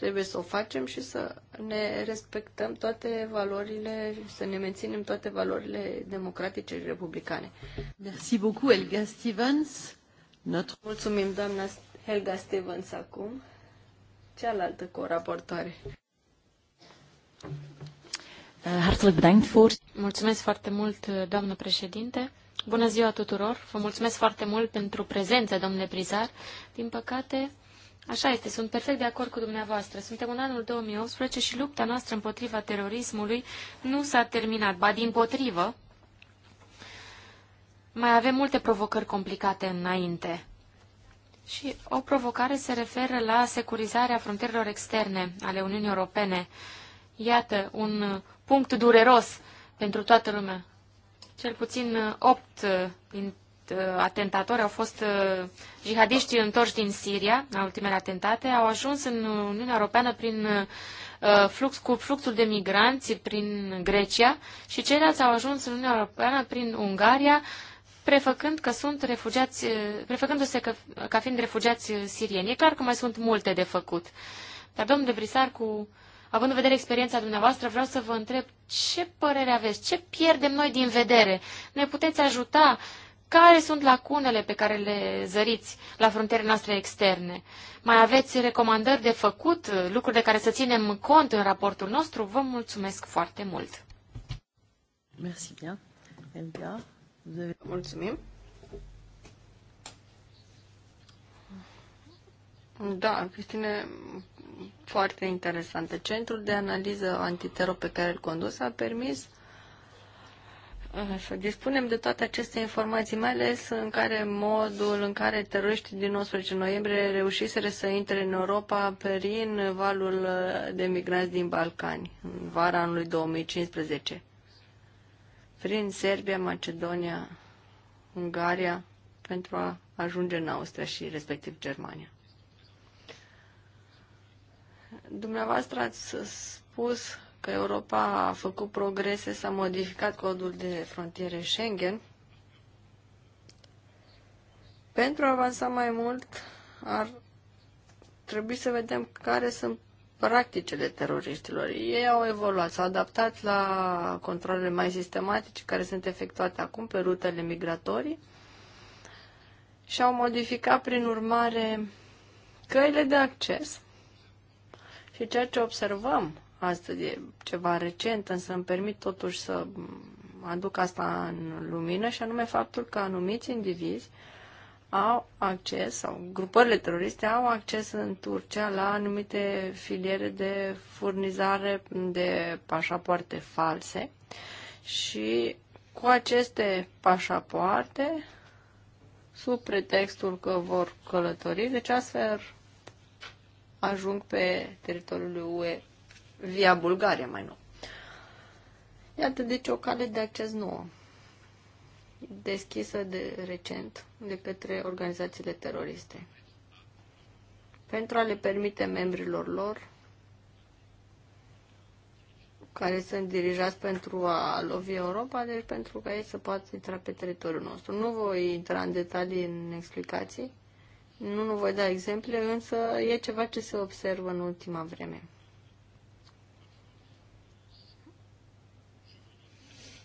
Trebuie să o facem și să ne respectăm toate valorile, să ne menținem toate valorile democratice și republicane. Merci beaucoup, Helga Stevens. Notre... Mulțumim, doamna Helga Stevens, acum. Cealaltă coraportoare. Eh, hartelijk bedankt voor. Mulțumesc foarte mult, eh, doamnă președinte. Bună ziua tuturor! Vă mulțumesc foarte mult pentru prezență, domnule Prizar. Din păcate, Așa este, sunt perfect de acord cu dumneavoastră. Suntem în anul 2018 și lupta noastră împotriva terorismului nu s-a terminat, ba din potrivă. Mai avem multe provocări complicate înainte. Și o provocare se referă la securizarea frontierelor externe ale Uniunii Europene. Iată, un punct dureros pentru toată lumea. Cel puțin 8 din Uh, atentatori au fost uh, jihadiști întorși din Siria, la ultimele atentate, au ajuns în Uniunea Europeană prin uh, flux, cu fluxul de migranți prin Grecia și ceilalți au ajuns în Uniunea Europeană prin Ungaria, prefăcând că sunt refugiați, prefăcându-se că, ca fiind refugiați sirieni. E clar că mai sunt multe de făcut. Dar, domnule Brisar, cu, având în vedere experiența dumneavoastră, vreau să vă întreb ce părere aveți, ce pierdem noi din vedere? Ne puteți ajuta care sunt lacunele pe care le zăriți la frontierele noastre externe? Mai aveți recomandări de făcut, lucruri de care să ținem cont în raportul nostru? Vă mulțumesc foarte mult! Mersi bien. Elga, vous Mulțumim. Da, Cristine, foarte interesante. Centrul de analiză antiteror pe care îl condus a permis să dispunem de toate aceste informații, mai ales în care modul în care teroriștii din 19 noiembrie reușiseră să intre în Europa prin valul uh, de migranți din Balcani, în vara anului 2015, prin Serbia, Macedonia, Ungaria, pentru a ajunge în Austria și respectiv Germania. Dumneavoastră ați spus că Europa a făcut progrese, s-a modificat codul de frontiere Schengen. Pentru a avansa mai mult, ar trebui să vedem care sunt practicile teroriștilor. Ei au evoluat, s-au adaptat la controlele mai sistematice care sunt efectuate acum pe rutele migratorii și au modificat prin urmare căile de acces. Și ceea ce observăm asta e ceva recent, însă îmi permit totuși să aduc asta în lumină și anume faptul că anumiți indivizi au acces sau grupările teroriste au acces în Turcia la anumite filiere de furnizare de pașapoarte false și cu aceste pașapoarte sub pretextul că vor călători, deci astfel ajung pe teritoriul UE via Bulgaria mai nou. Iată, deci o cale de acces nouă, deschisă de recent de către organizațiile teroriste, pentru a le permite membrilor lor care sunt dirijați pentru a lovi Europa, deci pentru ca ei să poată intra pe teritoriul nostru. Nu voi intra în detalii, în explicații, nu, nu voi da exemple, însă e ceva ce se observă în ultima vreme.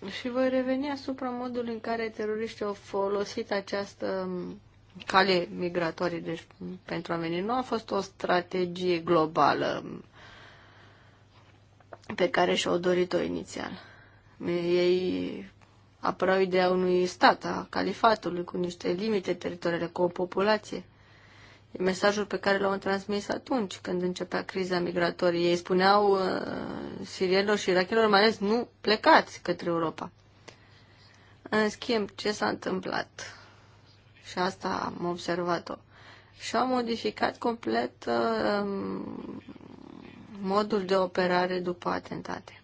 Și voi reveni asupra modului în care teroriștii au folosit această cale migratorie deci, pentru a veni. Nu a fost o strategie globală pe care și-au dorit-o inițial. Ei apărau ideea unui stat, a califatului, cu niște limite teritoriale, cu o populație E mesajul pe care l-au transmis atunci când începea criza migratorie. Ei spuneau uh, sirienilor și irachilor, mai ales, nu plecați către Europa. În schimb, ce s-a întâmplat? Și asta am observat-o. Și-au modificat complet uh, modul de operare după atentate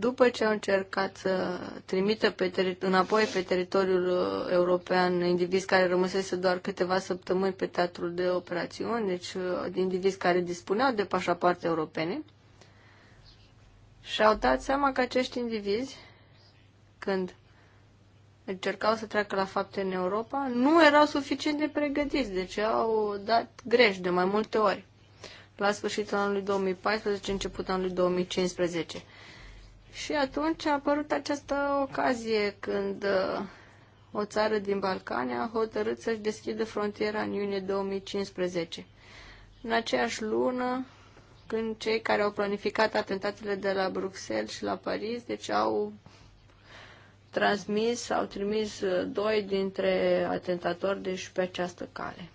după ce au încercat să trimită pe înapoi pe teritoriul uh, european indivizi care rămăsese doar câteva săptămâni pe teatrul de operațiuni, deci uh, indivizi care dispuneau de pașapoarte europene, și-au dat seama că acești indivizi, când încercau să treacă la fapte în Europa, nu erau suficient de pregătiți, deci au dat greș de mai multe ori. La sfârșitul anului 2014, începutul anului 2015 și atunci a apărut această ocazie când uh, o țară din Balcani a hotărât să-și deschidă frontiera în iunie 2015. În aceeași lună, când cei care au planificat atentatele de la Bruxelles și la Paris, deci au transmis, au trimis uh, doi dintre atentatori, deci pe această cale.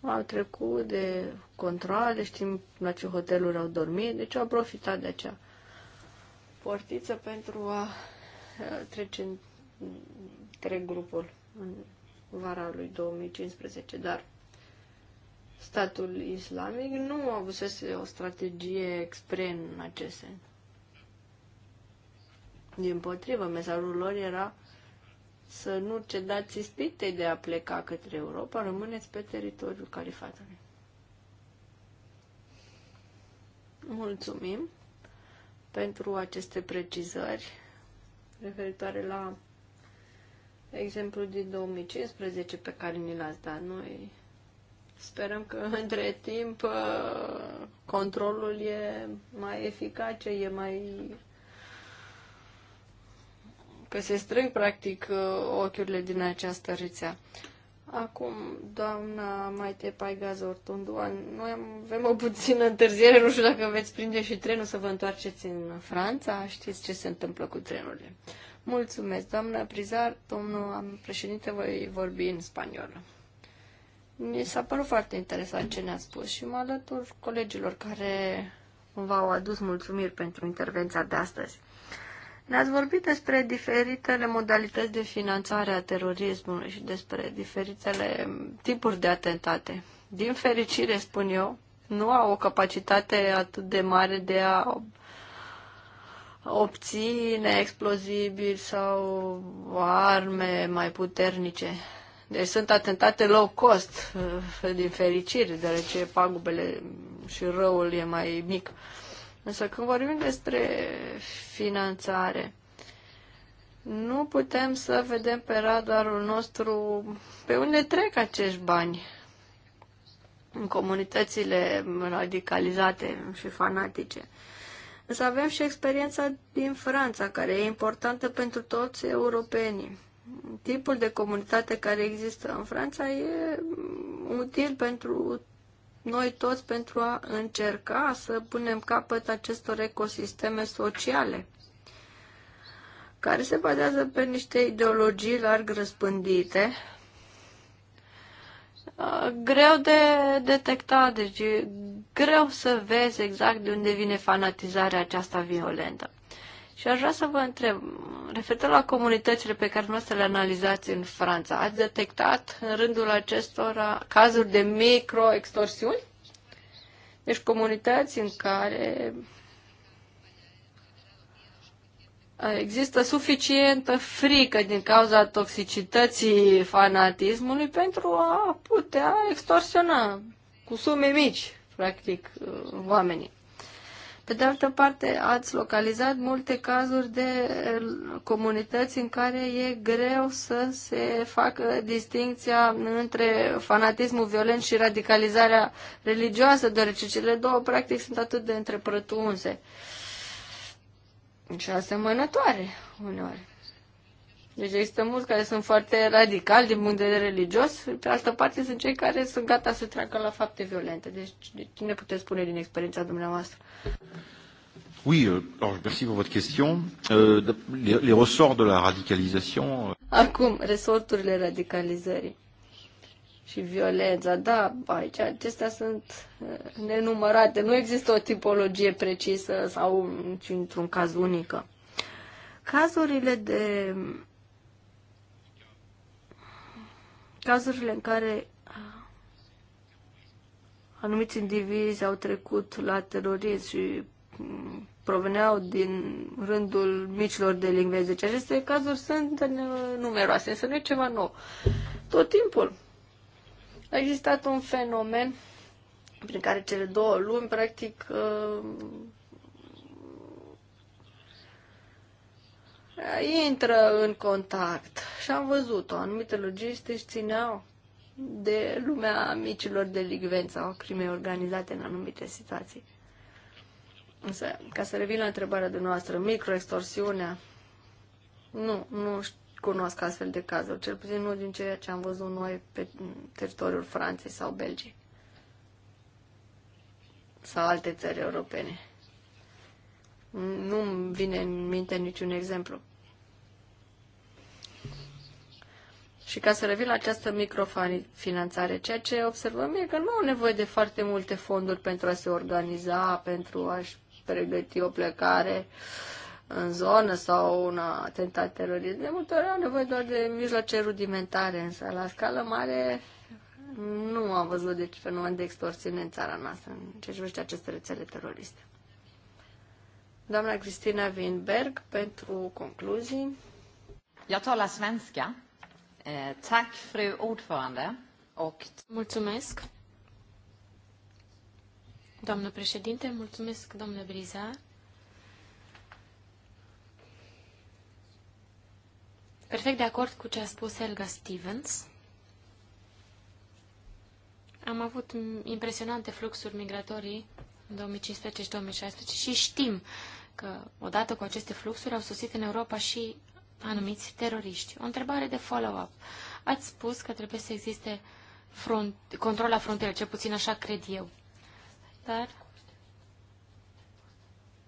Au trecut de controle, știm la ce hoteluri au dormit, deci au profitat de aceea portiță pentru a trece între grupul în vara lui 2015, dar statul islamic nu a avut o strategie expre în acest sens. Din potrivă, mesajul lor era să nu cedați ispitei de a pleca către Europa, rămâneți pe teritoriul califatului. Mulțumim! pentru aceste precizări referitoare la exemplul din 2015 pe care ni l-ați dat. Noi sperăm că între timp uh, controlul e mai eficace, e mai că se strâng practic uh, ochiurile din această rețea. Acum, doamna Maite Paigaz Ortundua, noi avem o puțină întârziere, nu știu dacă veți prinde și trenul să vă întoarceți în Franța, știți ce se întâmplă cu trenurile. Mulțumesc, doamna Prizar, domnul președinte, voi vorbi în spaniolă. Mi s-a părut foarte interesant ce ne-a spus și mă alătur colegilor care v-au adus mulțumiri pentru intervenția de astăzi. Ne-ați vorbit despre diferitele modalități de finanțare a terorismului și despre diferitele tipuri de atentate. Din fericire, spun eu, nu au o capacitate atât de mare de a obține explozibili sau arme mai puternice. Deci sunt atentate low cost, din fericire, deoarece pagubele și răul e mai mic. Însă când vorbim despre finanțare, nu putem să vedem pe radarul nostru pe unde trec acești bani în comunitățile radicalizate și fanatice. Însă avem și experiența din Franța, care e importantă pentru toți europenii. Tipul de comunitate care există în Franța e util pentru noi toți pentru a încerca să punem capăt acestor ecosisteme sociale care se bazează pe niște ideologii larg răspândite, greu de detectat, deci greu să vezi exact de unde vine fanatizarea aceasta violentă. Și aș vrea să vă întreb, referitor la comunitățile pe care noastră le analizați în Franța, ați detectat în rândul acestora cazuri de microextorsiuni? Deci comunități în care există suficientă frică din cauza toxicității fanatismului pentru a putea extorsiona cu sume mici, practic, oamenii. Pe de altă parte, ați localizat multe cazuri de eh, comunități în care e greu să se facă distinția între fanatismul violent și radicalizarea religioasă, deoarece cele două practic sunt atât de întrepătrunse și asemănătoare uneori. Deci există mulți care sunt foarte radicali din punct de vedere religios, pe altă parte sunt cei care sunt gata să treacă la fapte violente. Deci ce ne puteți spune din experiența dumneavoastră? Oui, euh, alors merci pour votre question. Euh, les, les ressorts de la radicalisation. Euh, Acum, resorturile radicalizării și violența, da, aici acestea sunt uh, nenumărate. Nu există o tipologie precisă sau într-un caz unică. Cazurile de cazurile în care ah, anumiți indivizi au trecut la terorism și mm, proveneau din rândul micilor delinvenți. Deci aceste cazuri sunt uh, numeroase, însă nu e ceva nou. Tot timpul a existat un fenomen prin care cele două lumi, practic, uh, intră în contact. Și am văzut-o, anumite își țineau de lumea micilor delicvenți sau crime organizate în anumite situații. Însă, ca să revin la întrebarea de noastră, microextorsiunea, nu, nu cunosc astfel de cazuri, cel puțin nu din ceea ce am văzut noi pe teritoriul Franței sau Belgiei sau alte țări europene. Nu-mi vine în minte niciun exemplu. Și ca să revin la această microfinanțare, ceea ce observăm e că nu au nevoie de foarte multe fonduri pentru a se organiza, pentru a-și pregăti o plecare în zonă sau un atentat terorist. De multe ori au nevoie doar de mijloace rudimentare, însă la scală mare nu am văzut deci fenomen de extorsiune în țara noastră, în ce privește aceste rețele teroriste. Doamna Cristina Winberg pentru concluzii. Jag talar svenska. Eh, tack, fru ordförande. Och... Mulțumesc. Doamnă președinte, mulțumesc, domnule Briza. Perfect de acord cu ce a spus Helga Stevens. Am avut impresionante fluxuri migratorii în 2015 și 2016 și știm că odată cu aceste fluxuri au sosit în Europa și anumiți teroriști. O întrebare de follow-up. Ați spus că trebuie să existe front, control la frontieră, cel puțin așa cred eu. Dar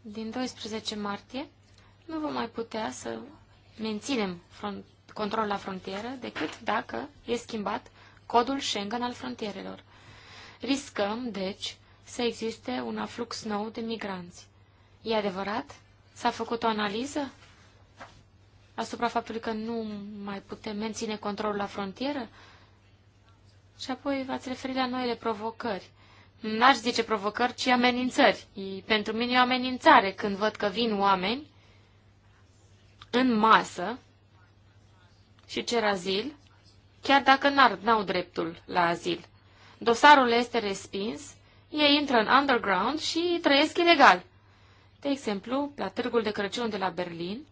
din 12 martie nu vom mai putea să menținem front, control la frontieră decât dacă e schimbat codul Schengen al frontierelor. Riscăm, deci, să existe un aflux nou de migranți. E adevărat? S-a făcut o analiză? asupra faptului că nu mai putem menține controlul la frontieră? Și apoi v-ați referit la noile provocări. N-aș zice provocări, ci amenințări. Pentru mine e o amenințare când văd că vin oameni în masă și cer azil, chiar dacă n-ar, n-au dreptul la azil. Dosarul este respins, ei intră în underground și trăiesc ilegal. De exemplu, la târgul de Crăciun de la Berlin,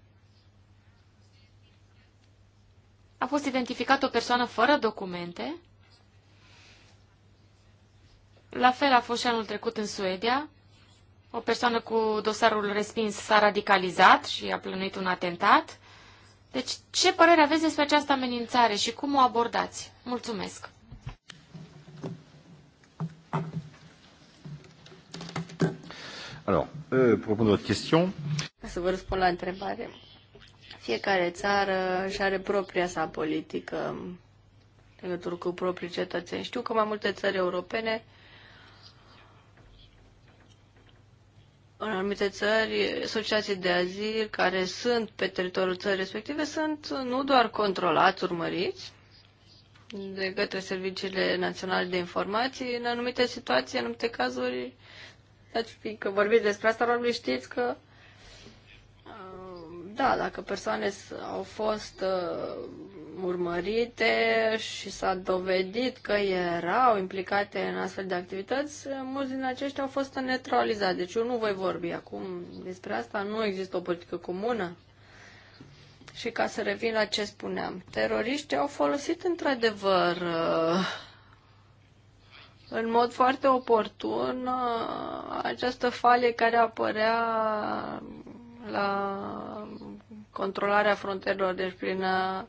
a fost identificată o persoană fără documente. La fel a fost și anul trecut în Suedia. O persoană cu dosarul respins s-a radicalizat și a plănuit un atentat. Deci, ce părere aveți despre această amenințare și cum o abordați? Mulțumesc! Alors, euh, pour répondre à votre question. Să vă răspund la întrebare. Fiecare țară și are propria sa politică în legătură cu proprii cetățeni. Știu că mai multe țări europene în anumite țări, asociații de azil care sunt pe teritoriul țării respective sunt nu doar controlați, urmăriți de către serviciile naționale de informații, în anumite situații, în anumite cazuri, dați că vorbiți despre asta, probabil știți că da, dacă persoane au fost uh, urmărite și s-a dovedit că erau implicate în astfel de activități, mulți din aceștia au fost neutralizați. Deci eu nu voi vorbi acum despre asta, nu există o politică comună. Și ca să revin la ce spuneam, teroriștii au folosit într-adevăr uh, în mod foarte oportun uh, această falie care apărea la controlarea frontierelor, deci prin uh,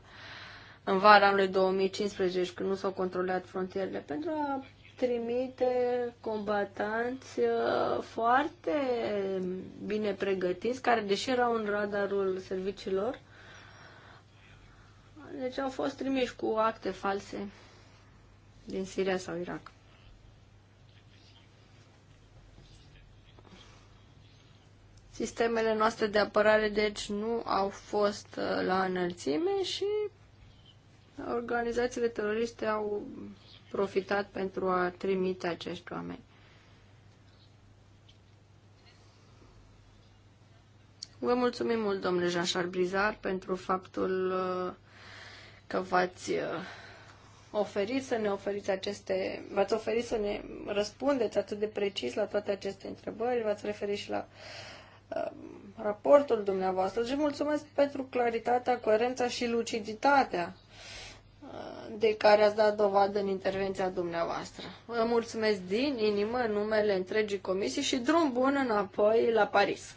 în vara anului 2015, deci când nu s-au controlat frontierele, pentru a trimite combatanți uh, foarte bine pregătiți, care, deși erau în radarul serviciilor, deci au fost trimiși cu acte false din Siria sau Irak. Sistemele noastre de apărare, deci, nu au fost uh, la înălțime și organizațiile teroriste au profitat pentru a trimite acești oameni. Vă mulțumim mult, domnule Jean-Charles Brizar, pentru faptul uh, că v-ați uh, oferit să ne oferiți aceste, v-ați oferit să ne răspundeți atât de precis la toate aceste întrebări, v-ați referit și la uh, Um, raportul dumneavoastră. Și mulțumesc pentru claritatea, coerența și luciditatea uh, de care ați dat dovadă în intervenția dumneavoastră. Vă mulțumesc din inimă în numele întregii comisii și drum bun înapoi la Paris.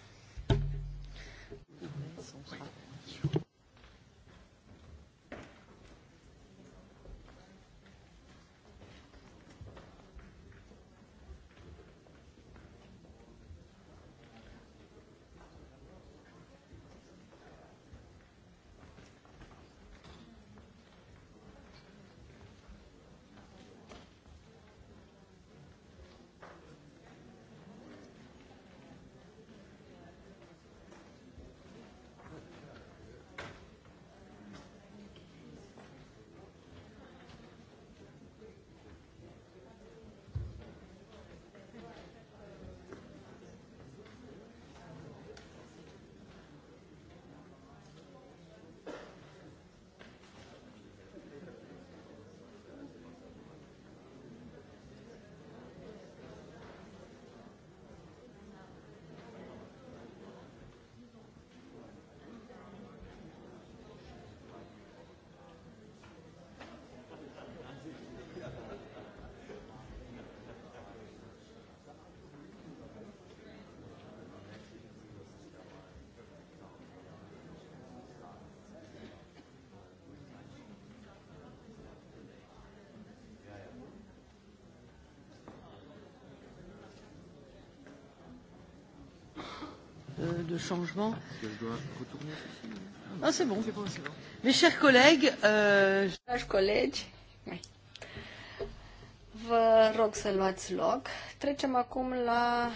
de, euh, de changement. Ah, c'est bon. bon, bon. Mes chers collègues, euh... dragi colegi, vă rog să luați loc. Trecem acum la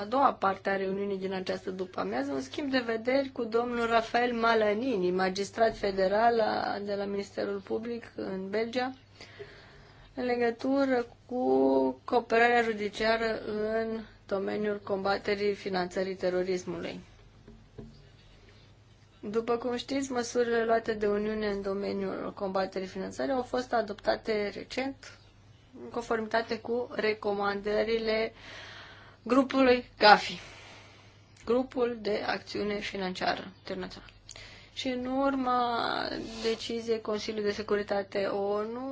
a doua parte a reuniunii din această după-amiază, un schimb de vederi cu domnul Rafael Malanini, magistrat federal de la Ministerul Public în Belgia, în legătură cu cooperarea judiciară în domeniul combaterii finanțării terorismului. După cum știți, măsurile luate de Uniune în domeniul combaterii finanțării au fost adoptate recent în conformitate cu recomandările grupului GAFI, grupul de acțiune financiară internațională. Și în urma deciziei Consiliului de Securitate ONU,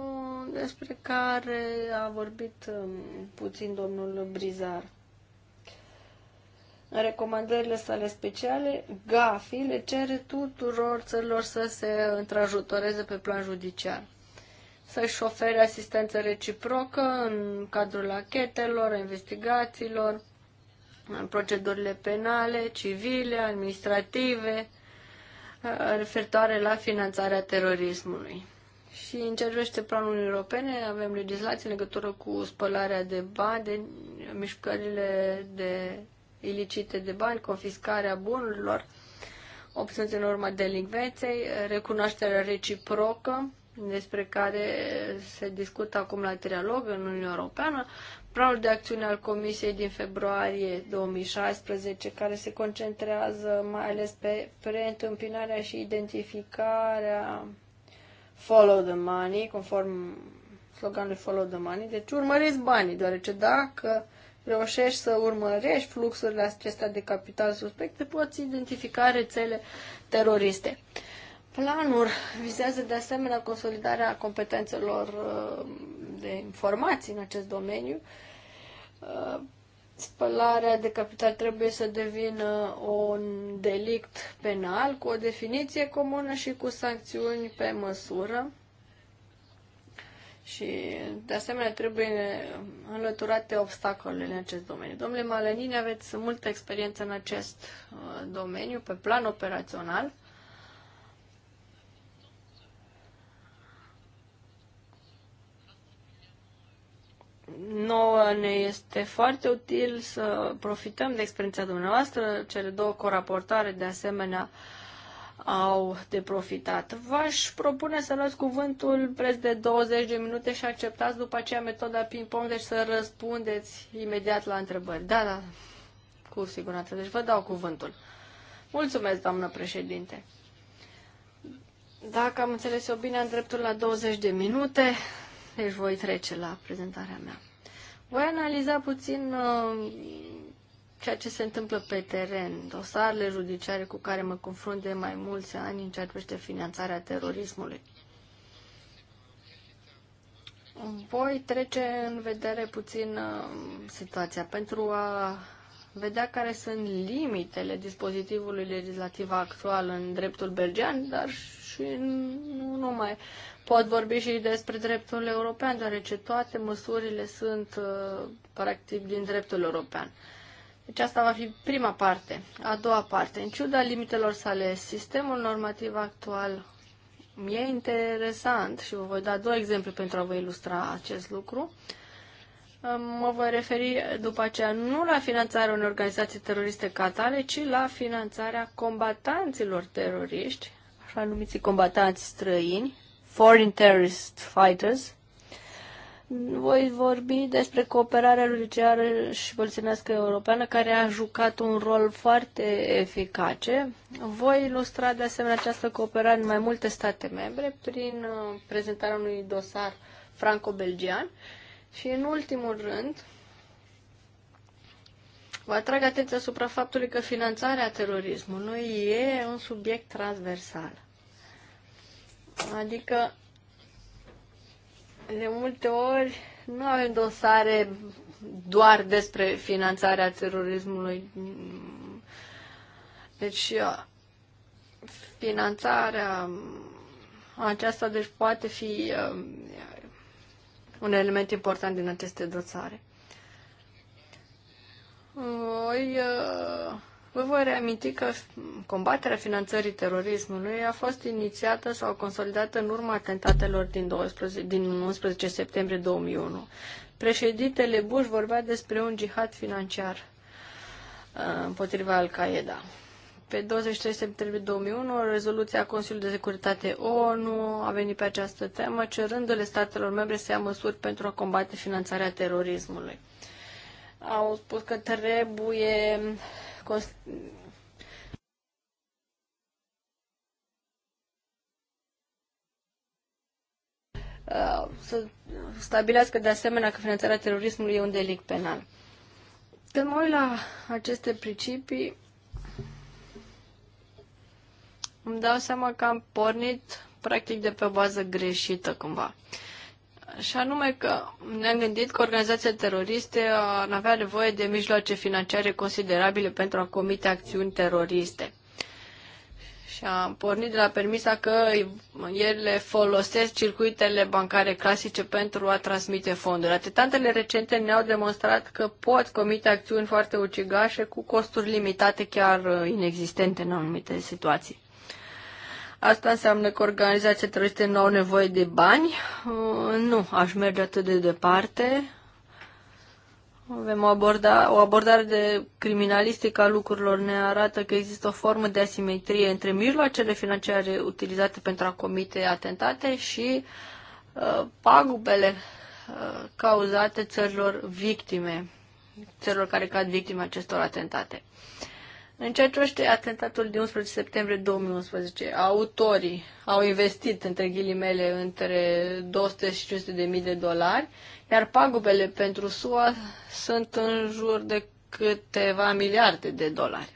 despre care a vorbit um, puțin domnul Brizar în recomandările sale speciale, GAFI le cere tuturor țărilor să se întrajutoreze pe plan judiciar, să-și ofere asistență reciprocă în cadrul achetelor, investigațiilor, în procedurile penale, civile, administrative, eh, referitoare la finanțarea terorismului. Și în ce privește planul europene, avem legislații în legătură cu spălarea de bani, de mișcările de ilicite de bani, confiscarea bunurilor, obținute în urma delinvenței, recunoașterea reciprocă, despre care se discută acum la trialog în Uniunea Europeană, planul de acțiune al Comisiei din februarie 2016, care se concentrează mai ales pe preîntâmpinarea și identificarea follow the money, conform sloganului follow the money, deci urmăriți banii, deoarece dacă reușești să urmărești fluxurile acestea de capital suspecte, poți identifica rețele teroriste. Planul vizează de asemenea consolidarea competențelor uh, de informații în acest domeniu. Uh, spălarea de capital trebuie să devină un delict penal cu o definiție comună și cu sancțiuni pe măsură și, de asemenea, trebuie înlăturate obstacolele în acest domeniu. Domnule Malenini, aveți multă experiență în acest uh, domeniu, pe plan operațional. nouă ne este foarte util să profităm de experiența dumneavoastră. Cele două coraportare, de asemenea, uh, au de profitat. V-aș propune să luați cuvântul preț de 20 de minute și acceptați după aceea metoda ping-pong, deci să răspundeți imediat la întrebări. Da, da, cu siguranță. Deci vă dau cuvântul. Mulțumesc, doamnă președinte. Dacă am înțeles eu bine, am dreptul la 20 de minute, deci voi trece la prezentarea mea. Voi analiza puțin uh, ceea ce se întâmplă pe teren, dosarele judiciare cu care mă confrunt de mai mulți ani în ceea ce privește finanțarea terorismului. Voi trece în vedere puțin uh, situația pentru a vedea care sunt limitele dispozitivului legislativ actual în dreptul belgean, dar și nu numai. Pot vorbi și despre dreptul european, deoarece toate măsurile sunt uh, practic din dreptul european. Deci asta va fi prima parte. A doua parte. În ciuda limitelor sale, sistemul normativ actual e interesant și vă voi da două exemple pentru a vă ilustra acest lucru. Mă voi referi după aceea nu la finanțarea unei organizații teroriste ca tale, ci la finanțarea combatanților teroriști, așa numiți combatanți străini, foreign terrorist fighters, voi vorbi despre cooperarea judiciară și polițienească europeană, care a jucat un rol foarte eficace. Voi ilustra de asemenea această cooperare în mai multe state membre prin uh, prezentarea unui dosar franco-belgian. Și în ultimul rând, vă atrag atenția asupra faptului că finanțarea terorismului e un subiect transversal. Adică de multe ori nu avem dosare doar despre finanțarea terorismului. Deci, uh, finanțarea uh, aceasta deci poate fi uh, un element important din aceste dosare. uh... Vă voi reaminti că combaterea finanțării terorismului a fost inițiată sau consolidată în urma atentatelor din, 12, din 11 septembrie 2001. Președintele Bush vorbea despre un jihad financiar uh, împotriva Al-Qaeda. Pe 23 septembrie 2001, rezoluția Consiliului de Securitate ONU a venit pe această temă, cerându-le statelor membre să ia măsuri pentru a combate finanțarea terorismului. Au spus că trebuie să stabilească de asemenea că finanțarea terorismului e un delict penal. Când mă uit la aceste principii, îmi dau seama că am pornit practic de pe o bază greșită cumva. Uh, și anume că ne-am gândit că organizația teroriste ar avea nevoie de mijloace financiare considerabile pentru a comite acțiuni teroriste. Și am pornit de la permisa că ele folosesc circuitele bancare clasice pentru a transmite fonduri. Atentatele recente ne-au demonstrat că pot comite acțiuni foarte ucigașe cu costuri limitate, chiar inexistente în anumite situații. Asta înseamnă că organizația teroriste nu au nevoie de bani? Uh, nu, aș merge atât de departe. Avem o, aborda, o abordare de criminalistică a lucrurilor ne arată că există o formă de asimetrie între mijloacele financiare utilizate pentru a comite atentate și uh, pagubele uh, cauzate țărilor victime, țărilor care cad victime acestor atentate. Uh, în ceea ce oște atentatul din 11 septembrie 2011, autorii au investit, între ghilimele, între 200 și 500 de mii de dolari, iar pagubele pentru SUA sunt în jur de câteva miliarde de dolari.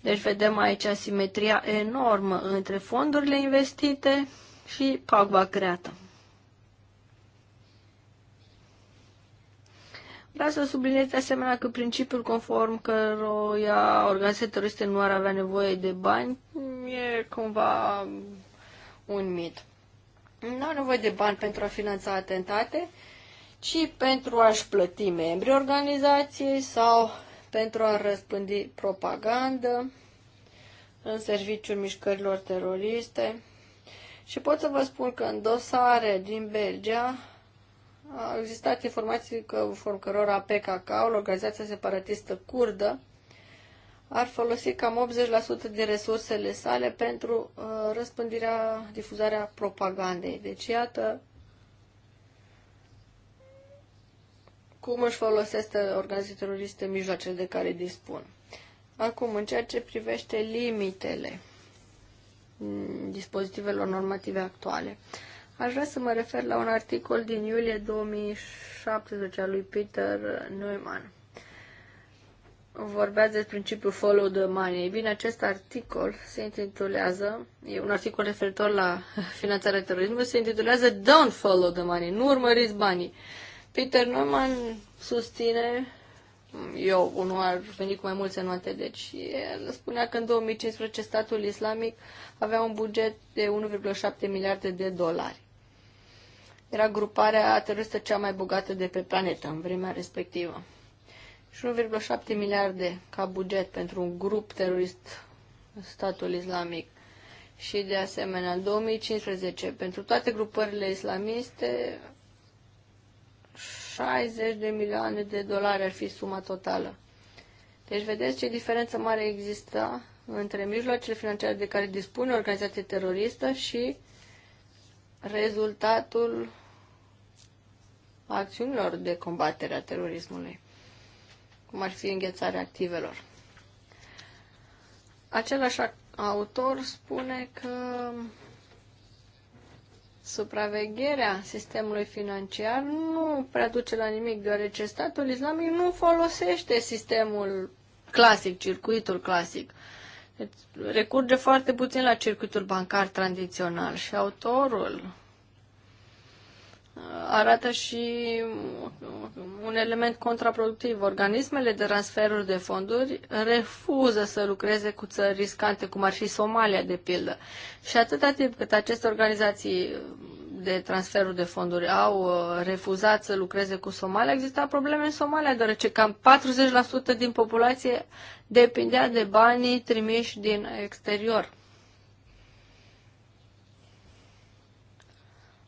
Deci vedem aici asimetria enormă între fondurile investite și paguba creată. Vreau să subliniez de asemenea că principiul conform căruia organizația teroriste nu ar avea nevoie de bani e cumva un mit. Nu au nevoie de bani pentru a finanța atentate, ci pentru a-și plăti membrii organizației sau pentru a răspândi propagandă în serviciul mișcărilor teroriste. Și pot să vă spun că în dosare din Belgia au existat informații că, conform cărora pkk o organizația separatistă kurdă, ar folosi cam 80% din resursele sale pentru uh, răspândirea, difuzarea propagandei. Deci, iată cum își folosesc organizații teroriste mijloacele de care dispun. Acum, în ceea ce privește limitele mm, dispozitivelor normative actuale, uh, Aș vrea să mă refer la un articol din iulie 2017 al lui Peter Neumann. Vorbea despre principiul follow the money. bine, acest articol se intitulează, e un articol referitor la finanțarea terorismului, se intitulează Don't follow the money, nu urmăriți banii. Peter Neumann susține eu unul ar veni cu mai multe note, deci el spunea că în 2015 statul islamic avea un buget de 1,7 miliarde de dolari. Era gruparea teroristă cea mai bogată de pe planetă în vremea respectivă. Și 1,7 miliarde ca buget pentru un grup terorist, statul islamic. Și de asemenea, în 2015, pentru toate grupările islamiste, 60 de milioane de dolari ar fi suma totală. Deci vedeți ce diferență mare există între mijloacele financiare de care dispune organizația teroristă și rezultatul acțiunilor de combatere a terorismului, cum ar fi înghețarea activelor. Același autor spune că supravegherea sistemului financiar nu prea duce la nimic, deoarece statul islamic nu folosește sistemul clasic, circuitul clasic. Deci, recurge foarte puțin la circuitul bancar tradițional și autorul arată și un element contraproductiv. Organismele de transferuri de fonduri refuză să lucreze cu țări riscante, cum ar fi Somalia, de pildă. Și atâta timp cât aceste organizații de transferuri de fonduri au uh, refuzat să lucreze cu Somalia, exista probleme în Somalia, deoarece cam 40% din populație depindea de banii trimiși din exterior.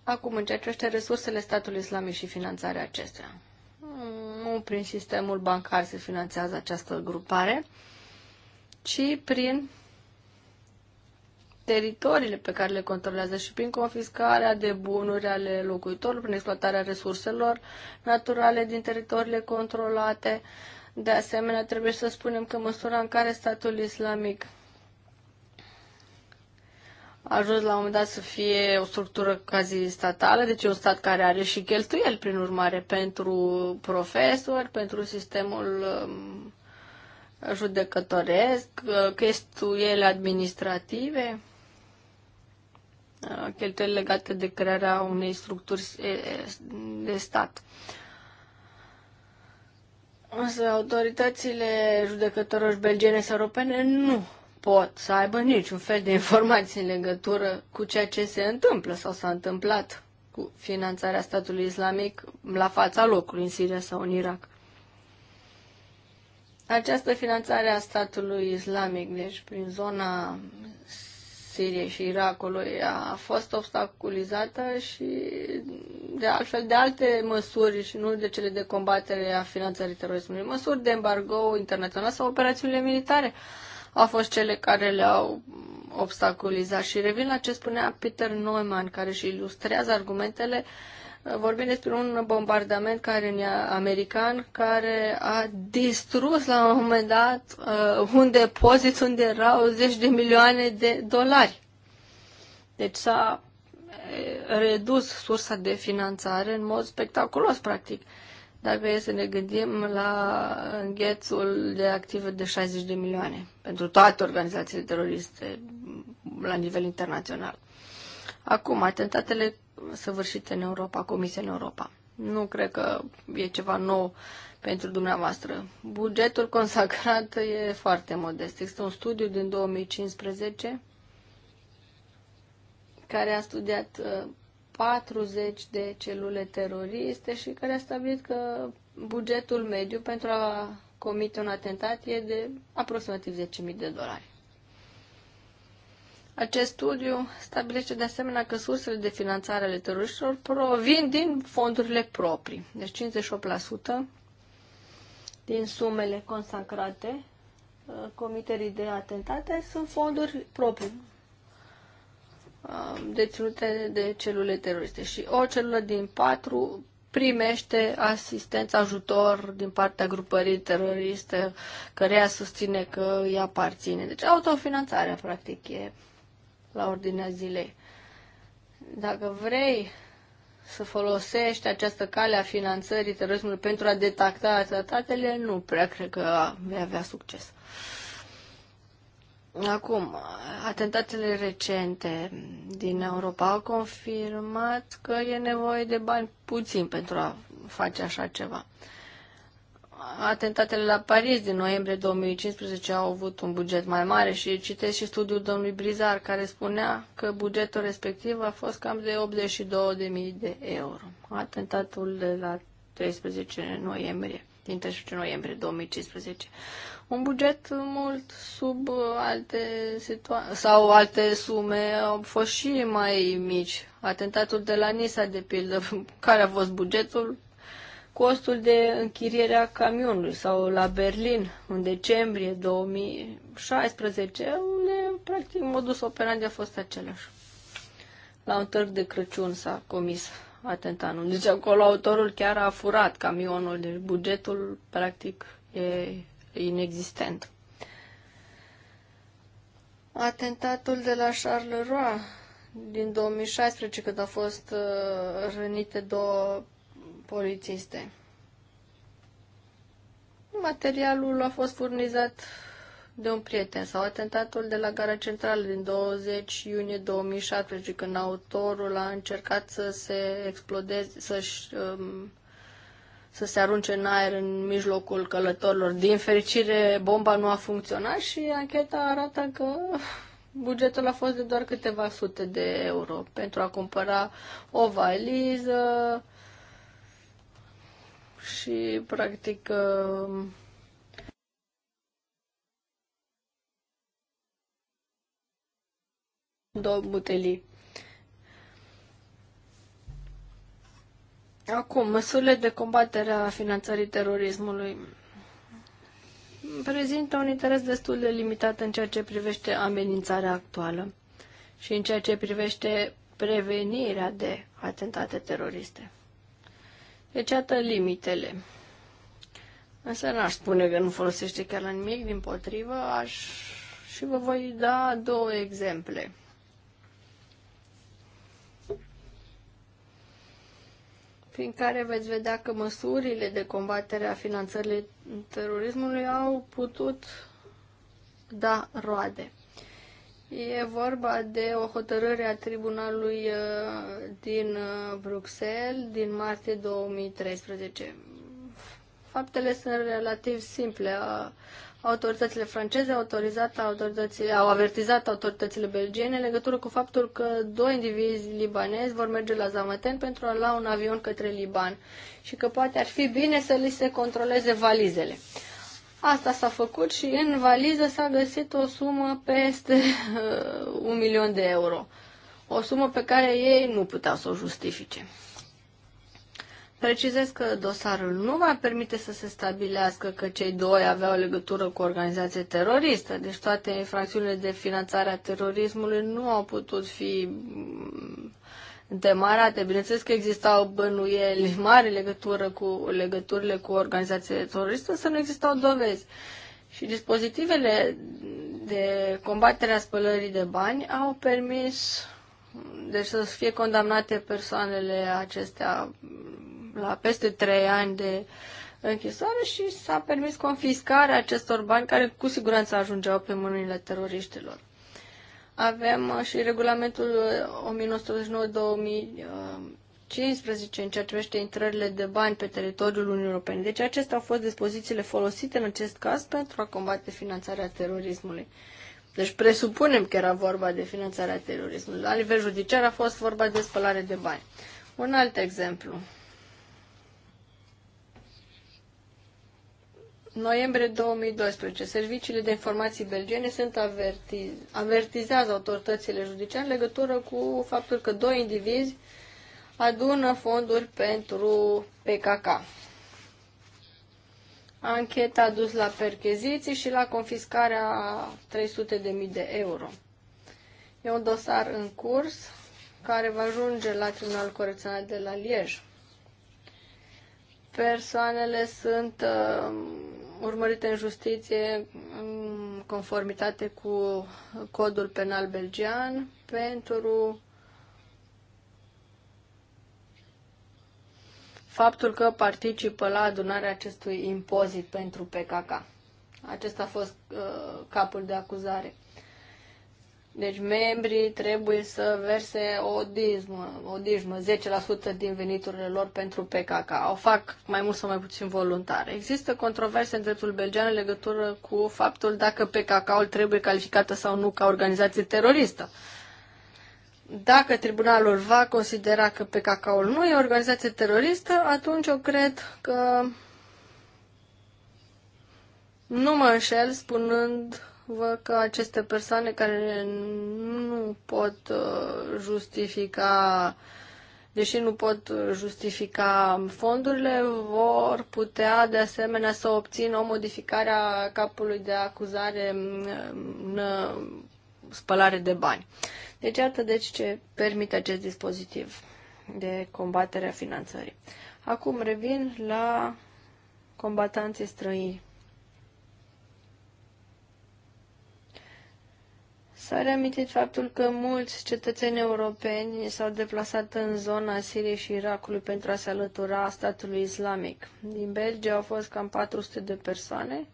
Acum, în ceea ce privește resursele statului islamic și finanțarea acestea. Nu prin sistemul bancar se finanțează această grupare, ci prin teritoriile pe care le controlează și prin confiscarea de bunuri ale locuitorilor, prin exploatarea resurselor naturale din teritoriile controlate. De asemenea, trebuie să spunem că măsura în care statul islamic a ajuns la un moment dat să fie o structură quasi statală, deci un stat care are și cheltuieli, prin urmare, pentru profesori, pentru sistemul um, judecătoresc, uh, cheltuieli administrative, uh, cheltuieli legate de crearea unei structuri de stat. Însă autoritățile judecătoroși belgene sau europene nu pot să aibă niciun fel de informații în legătură cu ceea ce se întâmplă sau s-a întâmplat cu finanțarea statului islamic la fața locului în Siria sau în Irak. Această finanțare a statului islamic, deci prin zona Siriei și Irakului, a fost obstaculizată și de altfel de alte măsuri și nu de cele de combatere a finanțării terorismului. Măsuri de embargo internațional sau operațiunile militare au fost cele care le-au obstaculizat. Și revin la ce spunea Peter Neumann, care și ilustrează argumentele vorbind despre un bombardament care în american care a distrus la un moment dat uh, un depozit unde erau zeci de milioane de dolari. Deci s-a eh, redus sursa de finanțare în mod spectaculos, practic. Uh, dacă e să ne gândim la înghețul de active de 60 de milioane pentru toate organizațiile teroriste la nivel internațional. Acum, atentatele săvârșite în Europa, comise în Europa. Nu cred că e ceva nou pentru dumneavoastră. Bugetul consacrat e foarte modest. Există un studiu din 2015 care a studiat uh, 40 de celule teroriste și care a stabilit că bugetul mediu pentru a comite un atentat e de aproximativ 10.000 de dolari. Acest studiu stabilește de asemenea că sursele de finanțare ale teroriștilor provin din fondurile proprii, deci 58% din sumele consacrate uh, comiterii de atentate sunt fonduri proprii, Uh, deținute de celule teroriste și o celulă din patru primește asistență, ajutor din partea grupării teroriste care susține că îi aparține. Deci autofinanțarea, practic, e la ordinea zilei. Dacă vrei să folosești această cale a finanțării terorismului pentru a detacta atatele nu prea cred că vei avea succes. Acum, atentatele recente din Europa au confirmat că e nevoie de bani puțin pentru a face așa ceva. Atentatele la Paris din noiembrie 2015 au avut un buget mai mare și citesc și studiul domnului Brizar care spunea că bugetul respectiv a fost cam de 82.000 de euro. Atentatul de la 13 noiembrie din 13 noiembrie 2015. Un buget mult sub alte situații sau alte sume au fost și mai mici. Atentatul de la Nisa, de pildă, care a fost bugetul? Costul de închiriere a camionului sau la Berlin în decembrie 2016, unde practic modus operandi a fost același. La un târg de Crăciun s-a comis atentanul. Deci acolo autorul chiar a furat camionul, deci bugetul practic e inexistent. Atentatul de la Charleroi din 2016, când au fost uh, rănite două polițiste. Materialul a fost furnizat de un prieten sau atentatul de la gara centrală din 20 iunie 2017, când autorul a încercat să se explodeze, să-și um, să se arunce în aer în mijlocul călătorilor. Din fericire, bomba nu a funcționat și ancheta arată că bugetul a fost de doar câteva sute de euro pentru a cumpăra o valiză și, practic, um, două butelii. Acum, măsurile de combatere a finanțării terorismului prezintă un interes destul de limitat în ceea ce privește amenințarea actuală și în ceea ce privește prevenirea de atentate teroriste. Deci, iată limitele. Însă n-aș spune că nu folosește chiar la nimic, din potrivă, aș... și vă voi da două exemple prin care veți vedea că măsurile de combatere a finanțării terorismului au putut da roade. E vorba de o hotărâre a tribunalului uh, din uh, Bruxelles din martie 2013. Faptele sunt relativ simple autoritățile franceze au autorizat autoritățile, au avertizat autoritățile belgiene în legătură cu faptul că doi indivizi libanezi vor merge la Zamaten pentru a lua un avion către Liban și că poate ar fi bine să li se controleze valizele. Asta s-a făcut și în valiză s-a găsit o sumă peste uh, un milion de euro. O sumă pe care ei nu puteau să o justifice. Precizez că dosarul nu va permite să se stabilească că cei doi aveau legătură cu organizație teroristă, deci toate infracțiunile de finanțare a terorismului nu au putut fi mm, demarate. Bineînțeles că existau bănuieli mari legătură cu legăturile cu organizație teroristă, să nu existau dovezi. Și dispozitivele de combatere a spălării de bani au permis mm, deci să fie condamnate persoanele acestea la peste trei ani de închisoare și s-a permis confiscarea acestor bani care cu siguranță ajungeau pe mâinile teroriștilor. Avem uh, și regulamentul 1989 uh, 2015 în ceea ce privește intrările de bani pe teritoriul Uniunii Europene. Deci acestea au fost dispozițiile folosite în acest caz pentru a combate finanțarea terorismului. Deci presupunem că era vorba de finanțarea terorismului. La nivel judiciar a fost vorba de spălare de bani. Un alt exemplu. noiembrie 2012, serviciile de informații belgiene sunt avertiz, avertizează autoritățile judiciare în legătură cu faptul că doi indivizi adună fonduri pentru PKK. Ancheta a dus la percheziții și la confiscarea 300.000 de euro. E un dosar în curs care va ajunge la Tribunalul Corecțional de la Liege. Persoanele sunt uh, urmărite în justiție în conformitate cu codul penal belgian pentru faptul că participă la adunarea acestui impozit pentru PKK. Acesta a fost uh, capul de acuzare. Deci membrii trebuie să verse o dismă, o dismă, 10% din veniturile lor pentru PKK. O fac mai mult sau mai puțin voluntar. Există controverse în dreptul belgean în legătură cu faptul dacă PKK-ul trebuie calificată sau nu ca organizație teroristă. Dacă tribunalul va considera că PKK-ul nu e o organizație teroristă, atunci eu cred că nu mă înșel spunând văd că aceste persoane care nu pot uh, justifica, deși nu pot justifica fondurile, vor putea de asemenea să obțină o modificare a capului de acuzare în mm, mm, spălare de bani. Deci iată deci ce permite acest dispozitiv de combatere a finanțării. Acum revin la combatanții străini. S-a reamintit faptul că mulți cetățeni europeni s-au deplasat în zona Siriei și Irakului pentru a se alătura statului islamic. Din Belgia au fost cam 400 de persoane.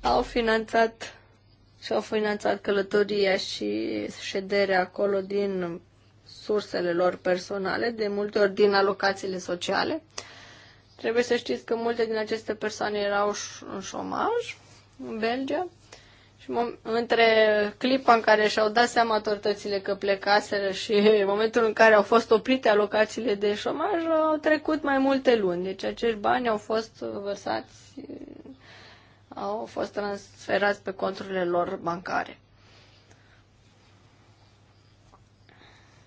Au finanțat și au finanțat călătoria și șederea acolo din sursele lor personale, de multe ori din alocațiile sociale. Trebuie să știți că multe din aceste persoane erau în șomaj în Belgia, și între clipa în care și-au dat seama tortățile că plecaseră și momentul în care au fost oprite alocațiile de șomaj, au trecut mai multe luni. Deci acești bani au fost vărsați, au fost transferați pe conturile lor bancare.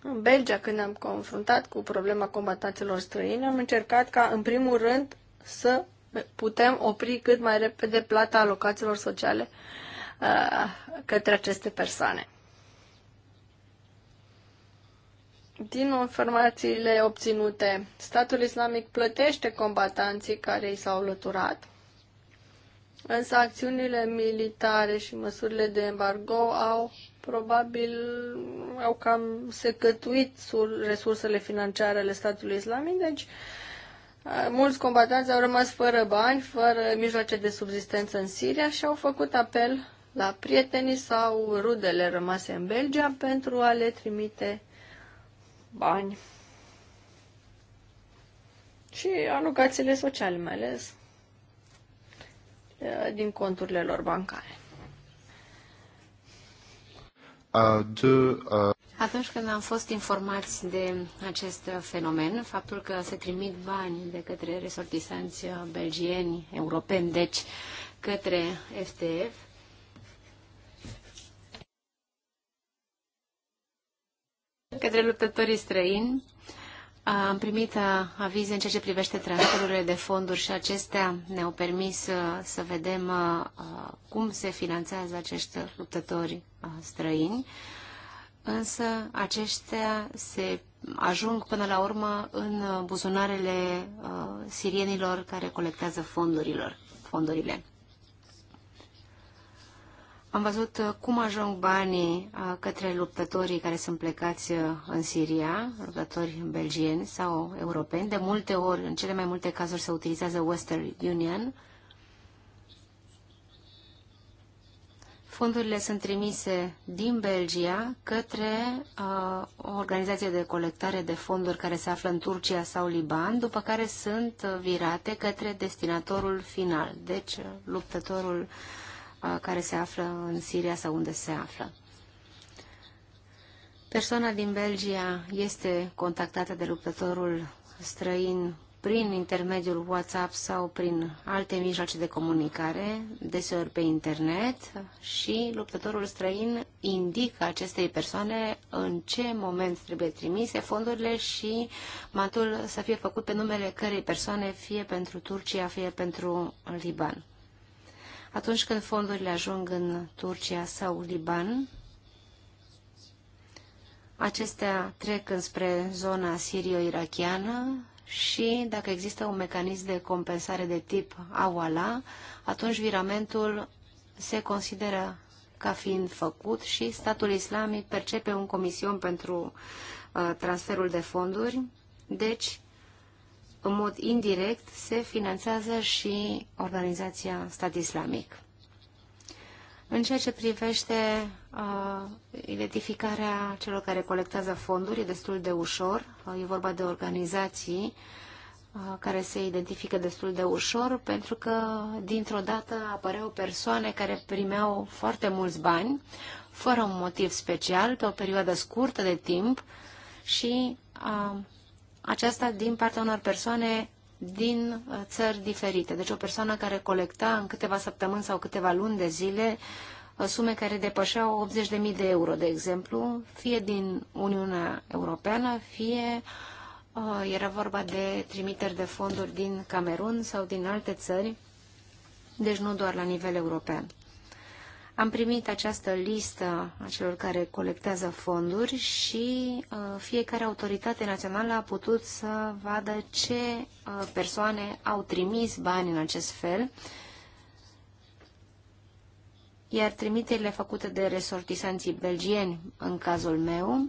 În Belgia, când am confruntat cu problema combatanților străini, am încercat ca, în primul rând, să putem opri cât mai repede plata alocațiilor sociale uh, către aceste persoane. Din informațiile obținute, statul islamic plătește combatanții care i s-au lăturat. însă acțiunile militare și măsurile de embargo au probabil au cam secătuit resursele financiare ale statului islamic, deci Mulți combatanți au rămas fără bani, fără mijloace de subzistență în Siria și au făcut apel la prietenii sau rudele rămase în Belgia pentru a le trimite bani și alocațiile sociale, mai ales eh, din conturile lor bancare. Uh, de, uh... Atunci când am fost informați de acest fenomen, faptul că se trimit bani de către resortisanți belgieni, europeni, deci către FTF, către luptătorii străini, am primit avize în ceea ce privește transferurile de fonduri și acestea ne-au permis să, uh, să vedem uh, uh, cum se finanțează acești luptători străini însă aceștia se ajung până la urmă în buzunarele uh, sirienilor care colectează fondurilor, fondurile. Am văzut uh, cum ajung banii uh, către luptătorii care sunt plecați uh, în Siria, luptători belgieni sau europeni. De multe ori, în cele mai multe cazuri, se utilizează Western Union, Fondurile sunt trimise din Belgia către uh, o organizație de colectare de fonduri care se află în Turcia sau Liban, după care sunt virate către destinatorul final, deci uh, luptătorul uh, care se află în Siria sau unde se află. Persoana din Belgia este contactată de luptătorul străin prin intermediul WhatsApp sau prin alte mijloace de comunicare, deseori pe internet, și luptătorul străin indică acestei persoane în ce moment trebuie trimise fondurile și matul să fie făcut pe numele cărei persoane, fie pentru Turcia, fie pentru Liban. Atunci când fondurile ajung în Turcia sau Liban, acestea trec înspre zona sirio-irachiană și dacă există un mecanism de compensare de tip AWALA, atunci viramentul se consideră ca fiind făcut și statul islamic percepe un comision pentru uh, transferul de fonduri, deci în mod indirect se finanțează și organizația stat islamic. În ceea ce privește uh, identificarea celor care colectează fonduri, e destul de ușor. Uh, e vorba de organizații uh, care se identifică destul de ușor, pentru că dintr-o dată apăreau persoane care primeau foarte mulți bani, fără un motiv special, pe o perioadă scurtă de timp și uh, aceasta din partea unor persoane din uh, țări diferite. Deci o persoană care colecta în câteva săptămâni sau câteva luni de zile uh, sume care depășeau 80.000 de euro, de exemplu, fie din Uniunea Europeană, fie uh, era vorba de trimiteri de fonduri din Camerun sau din alte țări, deci nu doar la nivel european. Am primit această listă a celor care colectează fonduri și uh, fiecare autoritate națională a putut să vadă ce uh, persoane au trimis bani în acest fel, iar trimiterile făcute de resortisanții belgieni, în cazul meu,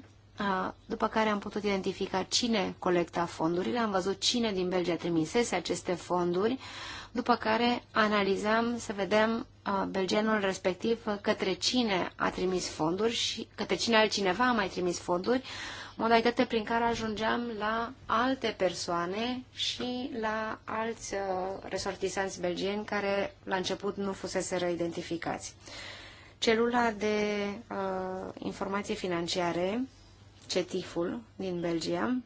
uh, după care am putut identifica cine colecta fondurile, am văzut cine din Belgia trimisese aceste fonduri, după care analizam să vedem uh, belgenul respectiv către cine a trimis fonduri și către cine altcineva a mai trimis fonduri, modalitate prin care ajungeam la alte persoane și la alți uh, resortisanți belgeni care la început nu fusese identificați. Celula de uh, informații financiare, CETIF-ul din Belgia,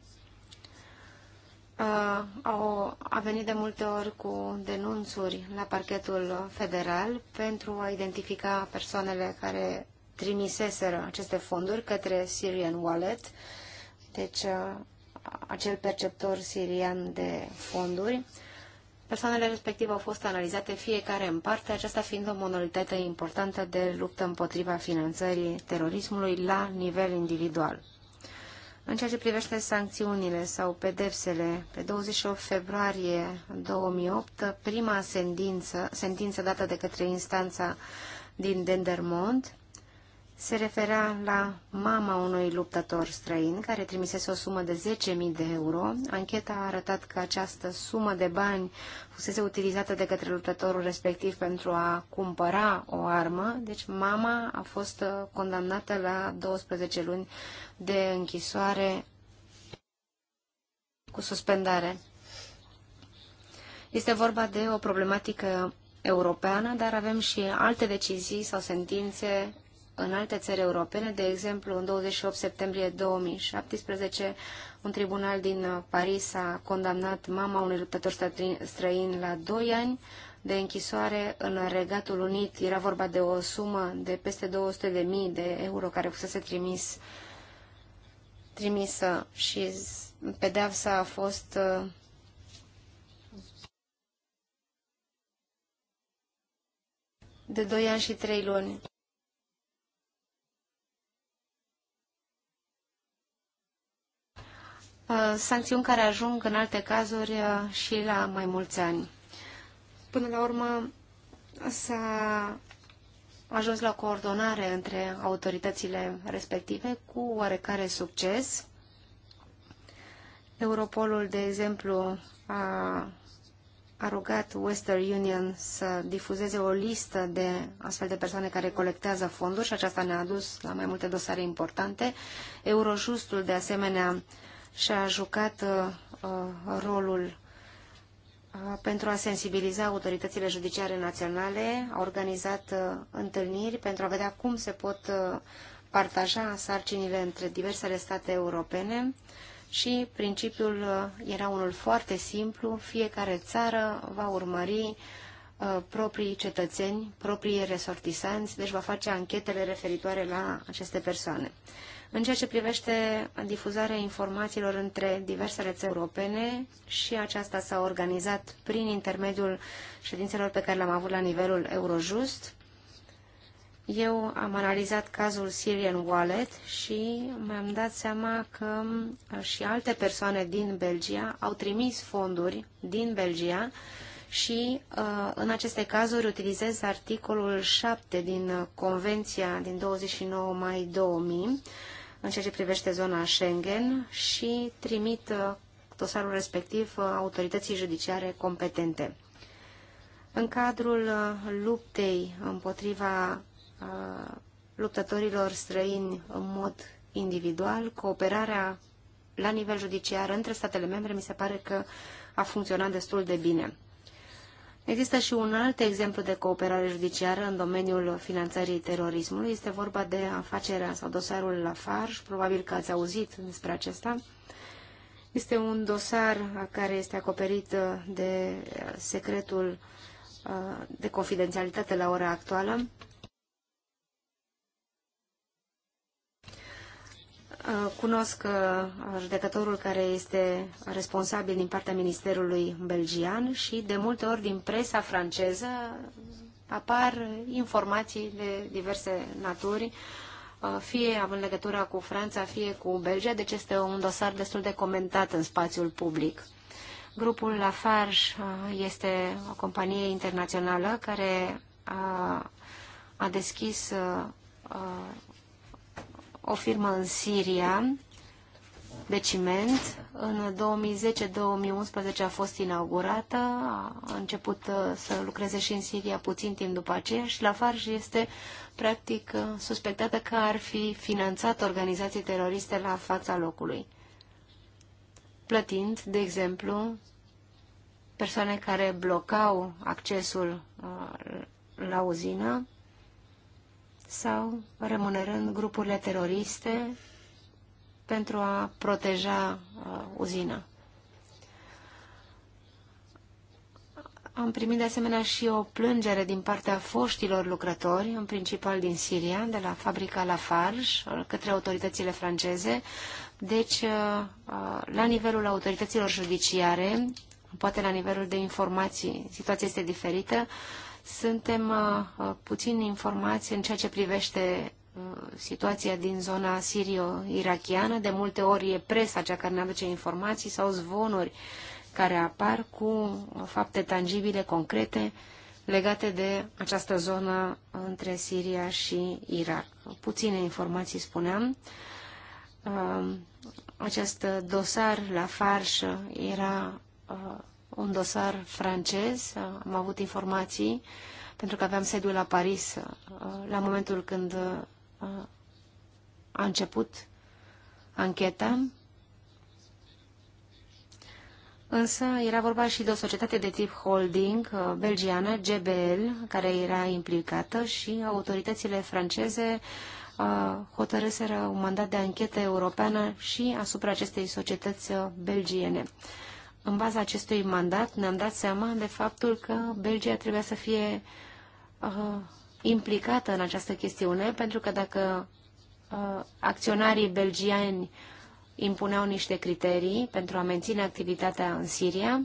Uh, au, a venit de multe ori cu denunțuri la parchetul federal pentru a identifica persoanele care trimiseseră aceste fonduri către Syrian Wallet, deci uh, acel perceptor sirian de fonduri. Persoanele respective au fost analizate fiecare în parte, aceasta fiind o monolitate importantă de luptă împotriva finanțării terorismului la nivel individual. În ceea ce privește sancțiunile sau pedepsele, pe 28 februarie 2008, prima sentință, sentință dată de către instanța din Dendermonde se referea la mama unui luptător străin care trimisese o sumă de 10.000 de euro. Ancheta a arătat că această sumă de bani fusese utilizată de către luptătorul respectiv pentru a cumpăra o armă, deci mama a fost uh, condamnată la 12 luni de închisoare cu suspendare. Este vorba de o problematică europeană, dar avem și alte decizii sau sentințe în alte țări europene, de exemplu, în 28 septembrie 2017, un tribunal din Paris a condamnat mama unui luptător străin la 2 ani de închisoare în Regatul Unit. Era vorba de o sumă de peste 200.000 de euro care fusese trimis, trimisă și pedeapsa a fost uh, de 2 ani și 3 luni. Uh, sancțiuni care ajung în alte cazuri uh, și la mai mulți ani. Până la urmă s-a ajuns la coordonare între autoritățile respective cu oarecare succes. Europolul, de exemplu, a a rugat Western Union să difuzeze o listă de astfel de persoane care colectează fonduri și aceasta ne-a adus la mai multe dosare importante. Eurojustul, de asemenea, și-a jucat uh, uh, rolul uh, pentru a sensibiliza autoritățile judiciare naționale, a organizat întâlniri pentru a vedea cum se pot partaja sarcinile între diversele state europene și principiul era unul foarte simplu, fiecare țară va urmări proprii cetățeni, proprii resortisanți, deci va face anchetele referitoare la aceste persoane. În ceea ce privește difuzarea informațiilor între diversele țări europene și aceasta s-a organizat prin intermediul ședințelor pe care le-am avut la nivelul Eurojust. Eu am analizat cazul Syrian Wallet și mi-am dat seama că uh, și alte persoane din Belgia au trimis fonduri din Belgia și uh, în aceste cazuri utilizez articolul 7 din uh, Convenția din 29 mai 2000 în ceea ce privește zona Schengen și trimit uh, dosarul respectiv uh, autorității judiciare competente. În cadrul uh, luptei împotriva luptătorilor străini în mod individual, cooperarea la nivel judiciar între statele membre mi se pare că a funcționat destul de bine. Există și un alt exemplu de cooperare judiciară în domeniul finanțării terorismului. Este vorba de afacerea sau dosarul Farj. probabil că ați auzit despre acesta. Este un dosar care este acoperit uh, de secretul uh, de confidențialitate la ora actuală Uh, cunosc uh, judecătorul care este responsabil din partea Ministerului Belgian și de multe ori din presa franceză apar informații de diverse naturi, uh, fie având legătură cu Franța, fie cu Belgia, deci este un dosar destul de comentat în spațiul public. Grupul Lafarge este o companie internațională care a, a deschis a, o firmă în Siria de ciment. În 2010-2011 a fost inaugurată, a început uh, să lucreze și în Siria puțin timp după aceea și la Farj este practic uh, suspectată că ar fi finanțat organizații teroriste la fața locului, plătind, de exemplu, persoane care blocau accesul uh, la uzină sau remunerând grupurile teroriste pentru a proteja uh, uzina. Am primit de asemenea și o plângere din partea foștilor lucrători, în principal din Siria, de la fabrica Lafarge, către autoritățile franceze. Deci, uh, uh, la nivelul autorităților judiciare, poate la nivelul de informații, situația este diferită, suntem uh, uh, puțin informați în ceea ce privește uh, situația din zona sirio-irachiană. De multe ori e presa cea care ne aduce informații sau zvonuri care apar cu fapte tangibile, concrete, legate de această zonă între Siria și Irak. Puține informații, spuneam. Acest dosar la farș era un dosar francez, am avut informații, pentru că aveam sediul la Paris uh, la momentul când uh, a început ancheta. Însă era vorba și de o societate de tip holding uh, belgiană, GBL, care era implicată și autoritățile franceze hotărâseră un mandat de anchetă europeană și asupra acestei societăți belgiene în baza acestui mandat ne-am dat seama de faptul că Belgia trebuia să fie uh, implicată în această chestiune, pentru că dacă uh, acționarii belgieni impuneau niște criterii pentru a menține activitatea în Siria,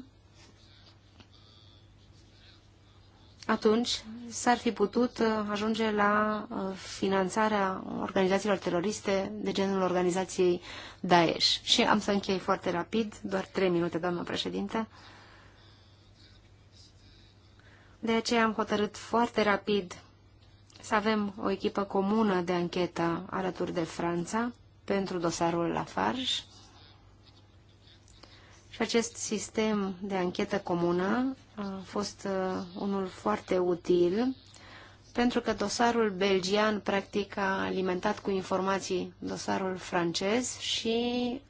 atunci s-ar fi putut uh, ajunge la uh, finanțarea organizațiilor teroriste de genul organizației Daesh. Și am să închei foarte rapid, doar trei minute, doamnă președinte. De aceea am hotărât foarte rapid să avem o echipă comună de anchetă alături de Franța pentru dosarul Lafarge și acest sistem de anchetă comună a fost uh, unul foarte util pentru că dosarul belgian practic a alimentat cu informații dosarul francez și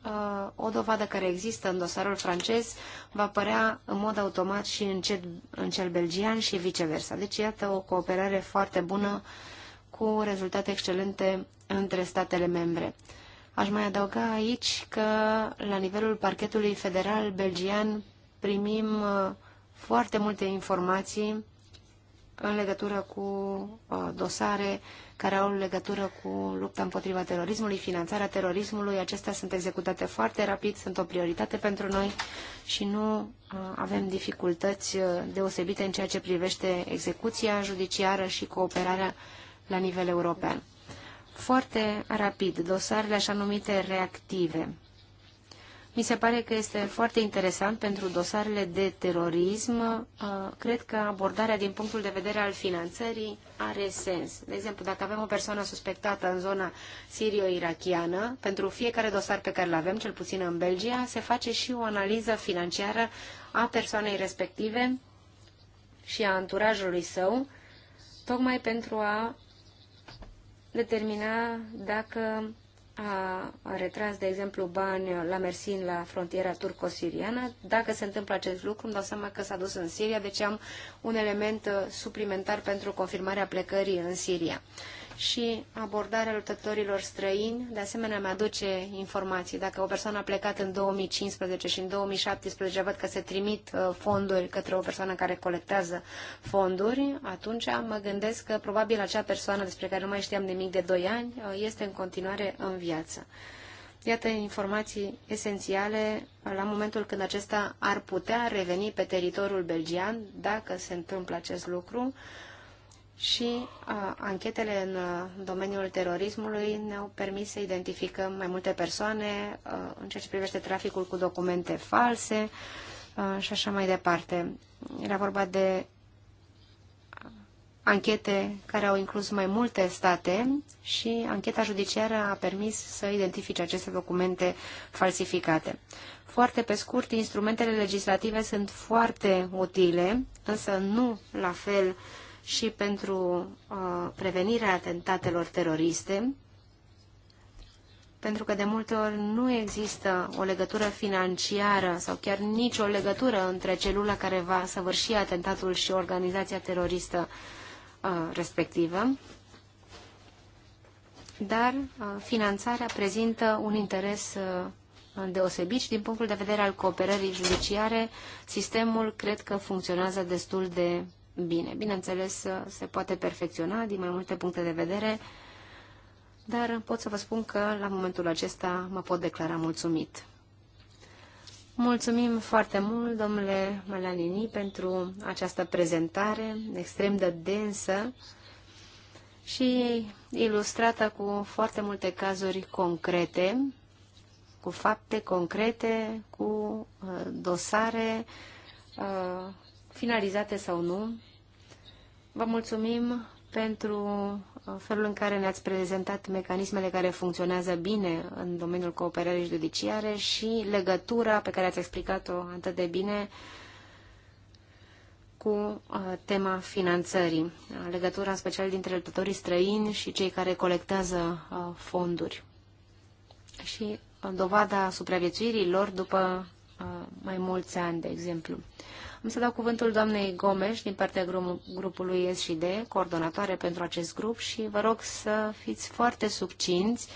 uh, o dovadă care există în dosarul francez va părea în mod automat și în, ce, în cel belgian și viceversa. Deci iată o cooperare foarte bună cu rezultate excelente între statele membre. Aș mai adăuga aici că la nivelul parchetului federal belgian primim uh, foarte multe informații în legătură cu uh, dosare care au legătură cu lupta împotriva terorismului, finanțarea terorismului. Acestea sunt executate foarte rapid, sunt o prioritate pentru noi și nu uh, avem dificultăți deosebite în ceea ce privește execuția judiciară și cooperarea la nivel european foarte rapid dosarele așa numite reactive. Mi se pare că este foarte interesant pentru dosarele de terorism. Uh, cred că abordarea din punctul de vedere al finanțării are sens. De exemplu, dacă avem o persoană suspectată în zona sirio-irachiană, pentru fiecare dosar pe care îl avem, cel puțin în Belgia, se face și o analiză financiară a persoanei respective și a anturajului său, tocmai pentru a determina dacă a retras, de exemplu, bani la Mersin, la frontiera turco-siriană. Dacă se întâmplă acest lucru, îmi dau seama că s-a dus în Siria, deci am un element uh, suplimentar pentru confirmarea plecării în Siria și abordarea luptătorilor străini. De asemenea, mi aduce informații. Dacă o persoană a plecat în 2015 și în 2017 văd că se trimit uh, fonduri către o persoană care colectează fonduri, atunci mă gândesc că probabil acea persoană despre care nu mai știam nimic de 2 ani uh, este în continuare în viață. Iată informații esențiale la momentul când acesta ar putea reveni pe teritoriul belgian, dacă se întâmplă acest lucru și uh, anchetele în domeniul terorismului ne-au permis să identificăm mai multe persoane uh, în ceea ce privește traficul cu documente false uh, și așa mai departe. Era vorba de anchete care au inclus mai multe state și ancheta judiciară a permis să identifice aceste documente falsificate. Foarte pe scurt, instrumentele legislative sunt foarte utile, însă nu la fel uh, și pentru uh, prevenirea atentatelor teroriste, pentru că de multe ori nu există o legătură financiară sau chiar nicio legătură între celula care va săvârși atentatul și organizația teroristă uh, respectivă, dar uh, finanțarea prezintă un interes deosebit și din punctul de vedere al cooperării judiciare, sistemul cred că funcționează destul de bine. Bineînțeles, uh, se poate perfecționa din mai multe puncte de vedere, dar pot să vă spun că la momentul acesta mă pot declara mulțumit. Mulțumim foarte mult, domnule Malalini, pentru această prezentare extrem de densă și ilustrată cu foarte multe cazuri concrete, cu fapte concrete, cu uh, dosare uh, finalizate sau nu. Vă mulțumim pentru uh, felul în care ne-ați prezentat mecanismele care funcționează bine în domeniul cooperării judiciare și legătura pe care ați explicat-o atât de bine cu uh, tema finanțării, uh, legătura în special dintre luptătorii străini și cei care colectează fonduri și dovada supraviețuirii lor după mai mulți ani, de exemplu. Am să dau cuvântul doamnei Gomes din partea grupului SD, coordonatoare pentru acest grup și vă rog să fiți foarte succinți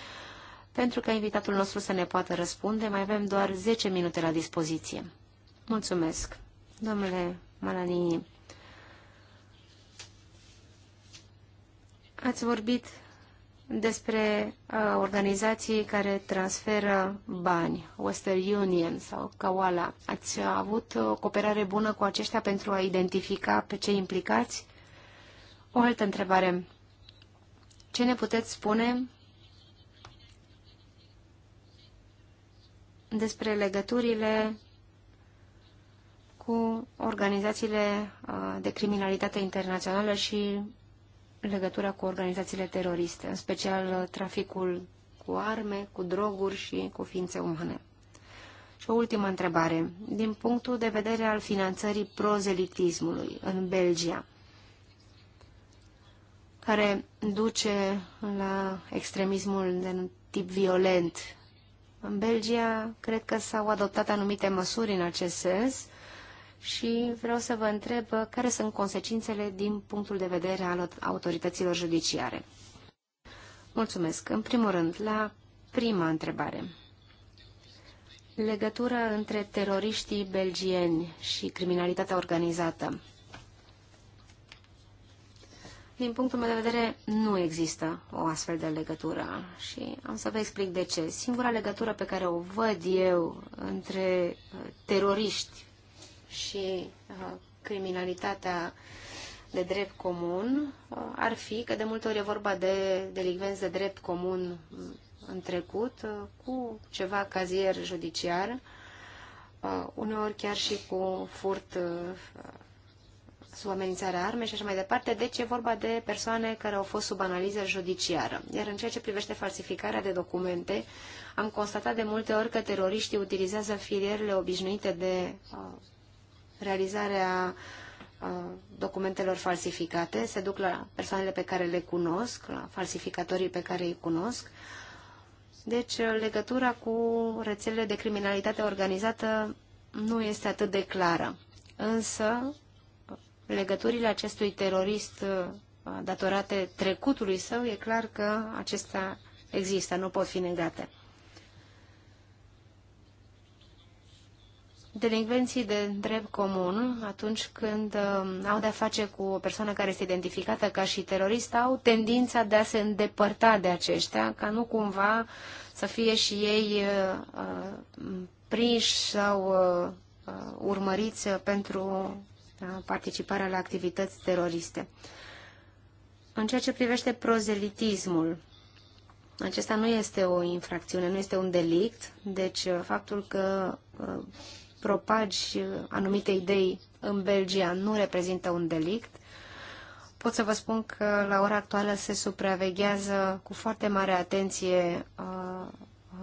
pentru că invitatul nostru să ne poată răspunde. Mai avem doar 10 minute la dispoziție. Mulțumesc. Domnule Malanini, ați vorbit despre uh, organizații care transferă bani, Western Union sau Kawala. Ați avut uh, o cooperare bună cu aceștia pentru a identifica pe cei implicați? O altă întrebare. Ce ne puteți spune despre legăturile cu organizațiile uh, de criminalitate internațională și legătura cu organizațiile teroriste, în special uh, traficul cu arme, cu droguri și cu ființe umane. Și o ultimă întrebare. Din punctul de vedere al finanțării prozelitismului în Belgia, care duce la extremismul de tip violent. În Belgia, cred că s-au adoptat anumite măsuri în acest sens, și vreau să vă întreb care sunt consecințele din punctul de vedere al autorităților judiciare. Mulțumesc. În primul rând, la prima întrebare. Legătura între teroriștii belgieni și criminalitatea organizată. Din punctul meu de vedere, nu există o astfel de legătură și am să vă explic de ce. Singura legătură pe care o văd eu între uh, teroriști și uh, criminalitatea de drept comun uh, ar fi că de multe ori e vorba de delicvenți de drept comun mm, în trecut uh, cu ceva cazier judiciar, uneori chiar și cu furt sub amenințarea arme și așa mai departe. Deci e vorba de persoane care au fost sub analiză judiciară. Iar în ceea ce privește falsificarea de documente, am constatat de multe ori că teroriștii utilizează filierele obișnuite de realizarea uh, documentelor falsificate, se duc la persoanele pe care le cunosc, la falsificatorii pe care îi cunosc. Deci, uh, legătura cu rețelele de criminalitate organizată nu este atât de clară. Însă, legăturile acestui terorist uh, datorate trecutului său, e clar că acestea există, nu pot fi negate. delinvenții de drept comun, atunci când uh, au de-a face cu o persoană care este identificată ca și terorist, au tendința de a se îndepărta de aceștia, ca nu cumva să fie și ei uh, uh prinși sau uh, uh, urmăriți pentru uh, participarea la activități teroriste. În ceea ce privește prozelitismul, acesta nu este o infracțiune, nu este un delict, deci uh, faptul că propagi anumite idei în Belgia nu reprezintă un delict. Pot să vă spun că la ora actuală se supraveghează cu foarte mare atenție uh,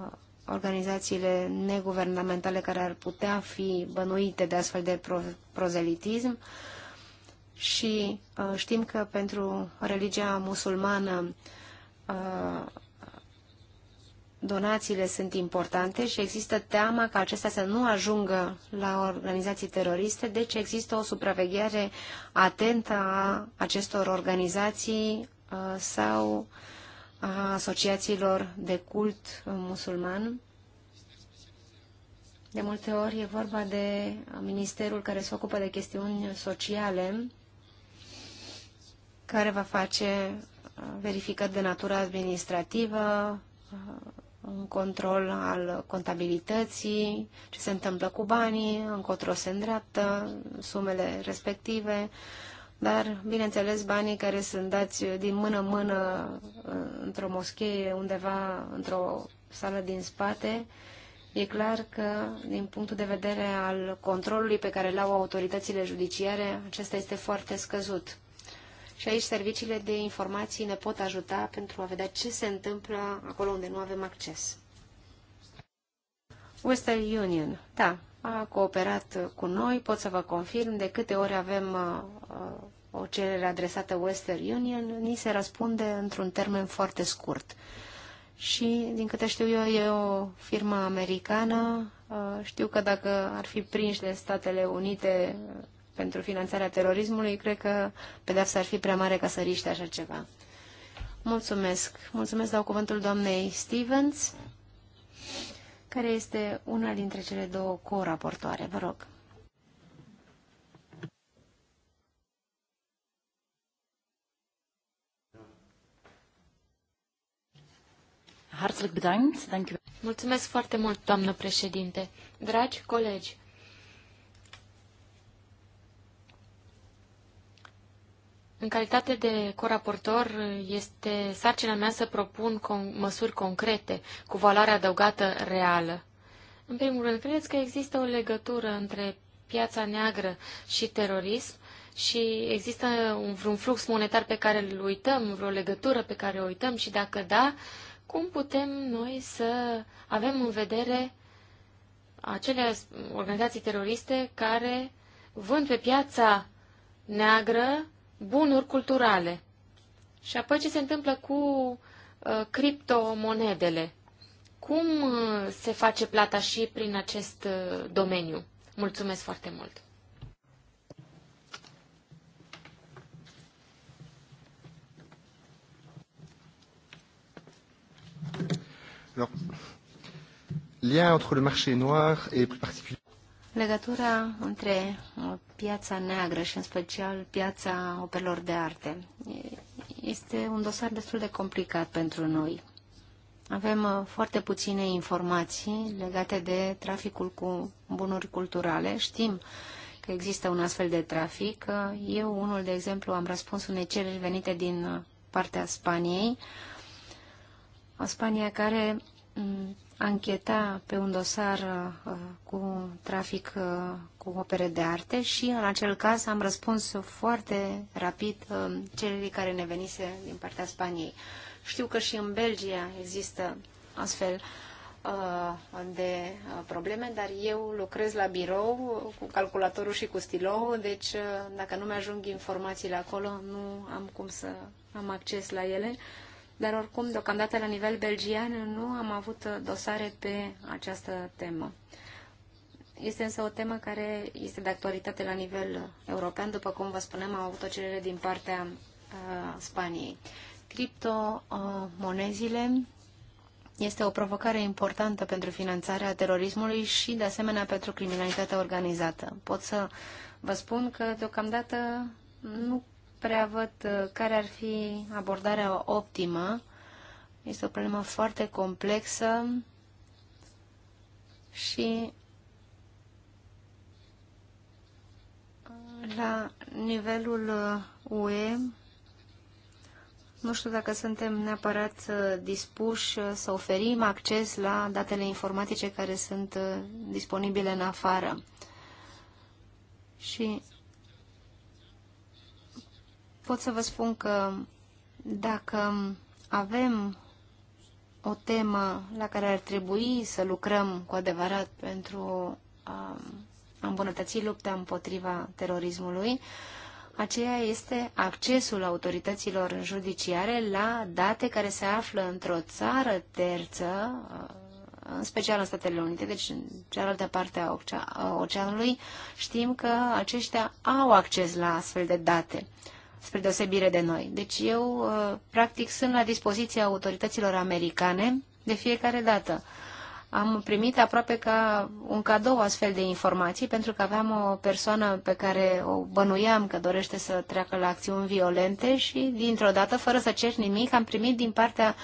uh, organizațiile neguvernamentale care ar putea fi bănuite de astfel de pro prozelitism și uh, știm că pentru religia musulmană donațiile sunt importante și există teama că acestea să nu ajungă la organizații teroriste, deci există o supraveghere atentă a acestor organizații uh, sau a asociațiilor de cult uh, musulman. De multe ori e vorba de ministerul care se ocupă de chestiuni sociale, care va face uh, verificări de natură administrativă, un control al contabilității, ce se întâmplă cu banii, încotro se îndreaptă, sumele respective, dar, bineînțeles, banii care sunt dați din mână în uh, mână într-o moschee, undeva într-o sală din spate, e clar că, din punctul de vedere al controlului pe care l-au autoritățile judiciare, acesta este foarte scăzut. Și aici serviciile de informații ne pot ajuta pentru a vedea ce se întâmplă acolo unde nu avem acces. Western Union, da, a cooperat cu noi, pot să vă confirm, de câte ori avem uh, uh o cerere adresată Western Union, ni se răspunde într-un termen foarte scurt. Și, din câte știu eu, e o firmă americană. Uh, știu că dacă ar fi prinși de Statele Unite pentru finanțarea terorismului, cred că pedeapsa ar fi prea mare ca să riște așa ceva. Mulțumesc. Mulțumesc, dau cuvântul doamnei Stevens, care este una dintre cele două co-raportoare. Vă rog. Mulțumesc foarte mult, doamnă președinte. Dragi colegi, În calitate de coraportor, este sarcina mea să propun con- măsuri concrete cu valoare adăugată reală. În primul rând, credeți că există o legătură între piața neagră și terorism și există un, vreun flux monetar pe care îl uităm, vreo legătură pe care o uităm și dacă da, cum putem noi să avem în vedere acele organizații teroriste care vând pe piața neagră bunuri culturale. Și apoi ce se întâmplă cu uh, criptomonedele? Cum uh, se face plata și prin acest uh, domeniu? Mulțumesc foarte mult! Alors, lien entre le marché noir et plus particulièrement legătura între uh, piața neagră și în special piața operelor de arte. Este un dosar destul de complicat pentru noi. Avem uh, foarte puține informații legate de traficul cu bunuri culturale. Știm că există un astfel de trafic. Eu, unul, de exemplu, am răspuns unei cereri venite din uh, partea Spaniei, o Spania care mm, ancheta pe un dosar uh, cu trafic uh, cu opere de arte și în acel caz am răspuns foarte rapid uh, cererii care ne venise din partea Spaniei. Știu că și în Belgia există astfel uh, de uh, probleme, dar eu lucrez la birou cu calculatorul și cu stilou, deci uh, dacă nu mi-ajung informațiile acolo, nu am cum să am acces la ele. Uh, dar oricum, deocamdată la nivel belgian, nu am avut dosare pe această temă. Este însă o temă care este de actualitate la nivel european. După cum vă spuneam, am avut o cerere din partea uh, Spaniei. Criptomonezile uh, este o provocare importantă pentru finanțarea terorismului și, de asemenea, pentru criminalitatea organizată. Pot să vă spun că, deocamdată, nu prea văd uh, care ar fi abordarea optimă. Este o problemă foarte complexă și la nivelul uh, UE nu știu dacă suntem neapărat uh, dispuși să oferim acces la datele informatice care sunt disponibile în afară. Și pot să vă spun că dacă avem o temă la care ar trebui să lucrăm cu adevărat pentru a îmbunătăți lupta împotriva terorismului, aceea este accesul autorităților judiciare la date care se află într-o țară terță, în special în Statele Unite, deci în cealaltă parte a oceanului, știm că aceștia au acces la astfel de date spre deosebire de noi. Deci eu, uh, practic, sunt la dispoziția autorităților americane de fiecare dată. Am primit aproape ca un cadou astfel de informații, pentru că aveam o persoană pe care o bănuiam că dorește să treacă la acțiuni violente și, dintr-o dată, fără să cer nimic, am primit din partea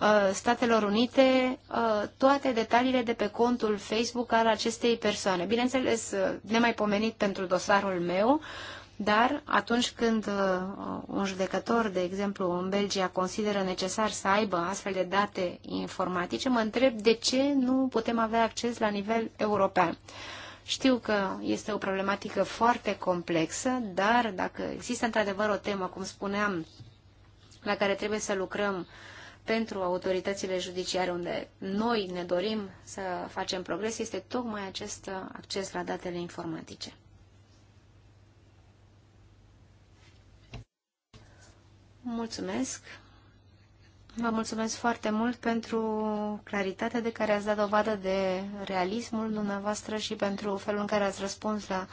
uh, Statelor Unite uh, toate detaliile de pe contul Facebook al acestei persoane. Bineînțeles, uh, nemaipomenit pentru dosarul meu, uh, dar atunci când uh, un judecător, de exemplu, în Belgia, consideră necesar să aibă astfel de date informatice, mă întreb de ce nu putem avea acces la nivel european. Știu că este o problematică foarte complexă, dar dacă există într-adevăr o temă, cum spuneam, la care trebuie să lucrăm pentru autoritățile judiciare unde noi ne dorim să facem progres, este tocmai acest acces la datele informatice. Mulțumesc. Vă mulțumesc foarte mult pentru claritatea de care ați dat dovadă de realismul dumneavoastră și pentru felul în care ați răspuns la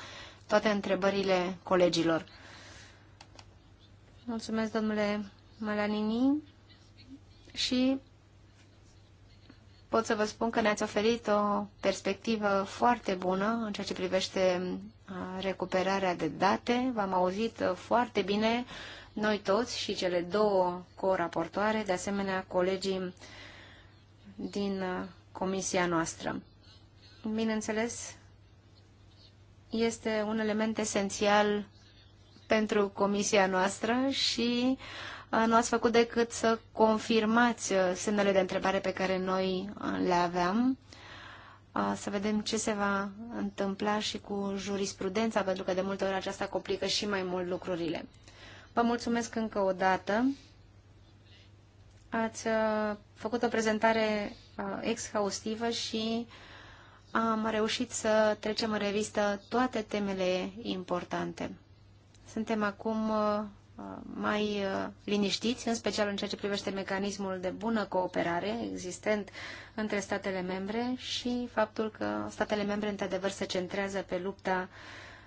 toate întrebările colegilor. Mulțumesc, domnule Malanini, și pot să vă spun că ne-ați oferit o perspectivă foarte bună în ceea ce privește uh, recuperarea de date. V-am auzit uh, foarte bine noi toți și cele două co-raportoare, de asemenea colegii din uh, comisia noastră. Bineînțeles, este un element esențial pentru comisia noastră și uh, nu ați făcut decât să confirmați uh, semnele de întrebare pe care noi le aveam să vedem ce se va întâmpla și cu jurisprudența, pentru că de multe ori aceasta complică și mai mult lucrurile. Vă mulțumesc încă o dată. Ați uh, făcut o prezentare uh, exhaustivă și am reușit să trecem în revistă toate temele importante. Suntem acum uh, mai liniștiți, în special în ceea ce privește mecanismul de bună cooperare existent între statele membre și faptul că statele membre într-adevăr se centrează pe lupta uh,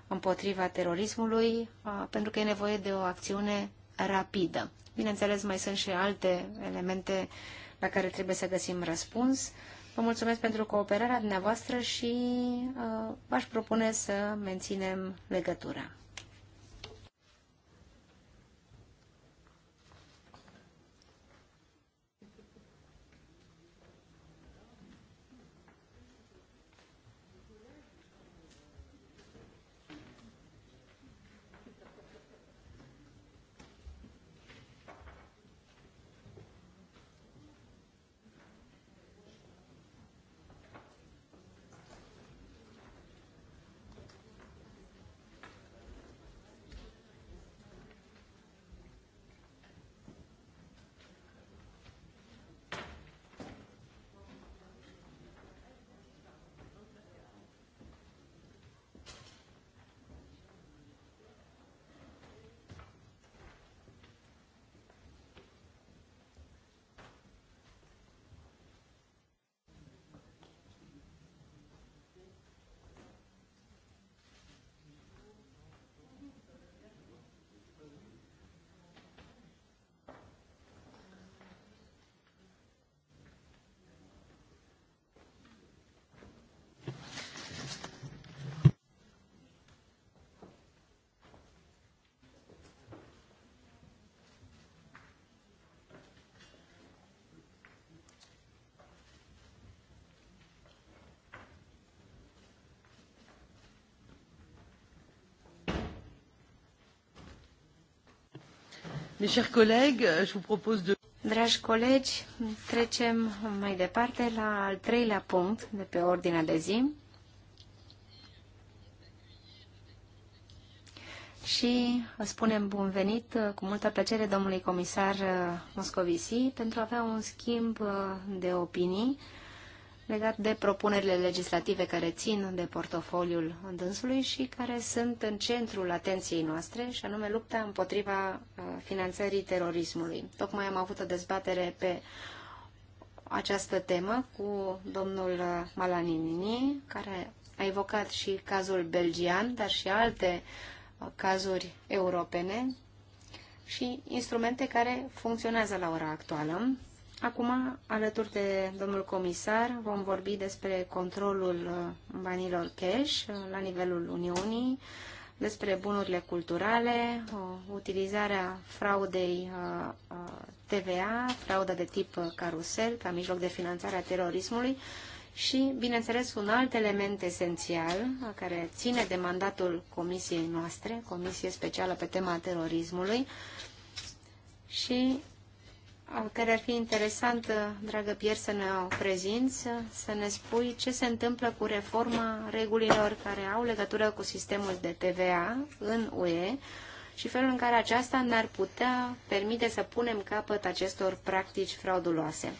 împotriva terorismului, pentru că e nevoie de o acțiune rapidă. Bineînțeles, mai sunt și alte elemente la care trebuie să găsim răspuns. Vă mulțumesc pentru cooperarea dumneavoastră și uh, v-aș propune să menținem legătura. Dragi colegi, trecem mai departe la al treilea punct de pe ordinea de zi. Și spunem bun venit cu multă plăcere domnului comisar Moscovici pentru a avea un schimb de opinii legat de propunerile legislative care țin de portofoliul dânsului și care sunt în centrul atenției noastre, și anume lupta împotriva uh, finanțării terorismului. Tocmai am avut o dezbatere pe această temă cu domnul uh, Malanini, care a evocat și cazul belgian, dar și alte uh, cazuri europene și instrumente care funcționează la ora actuală Acum, alături de domnul comisar, vom vorbi despre controlul uh, banilor cash uh, la nivelul Uniunii, despre bunurile culturale, uh, utilizarea fraudei TVA, frauda de tip carusel ca mijloc de finanțare a terorismului și, bineînțeles, un alt element esențial care ține de mandatul comisiei noastre, Comisie Specială pe tema terorismului, și care ar fi interesant, dragă Pierre, să ne o prezinți, să ne spui ce se întâmplă cu reforma regulilor care au legătură cu sistemul de TVA în UE și felul în care aceasta ne-ar putea permite să punem capăt acestor practici frauduloase.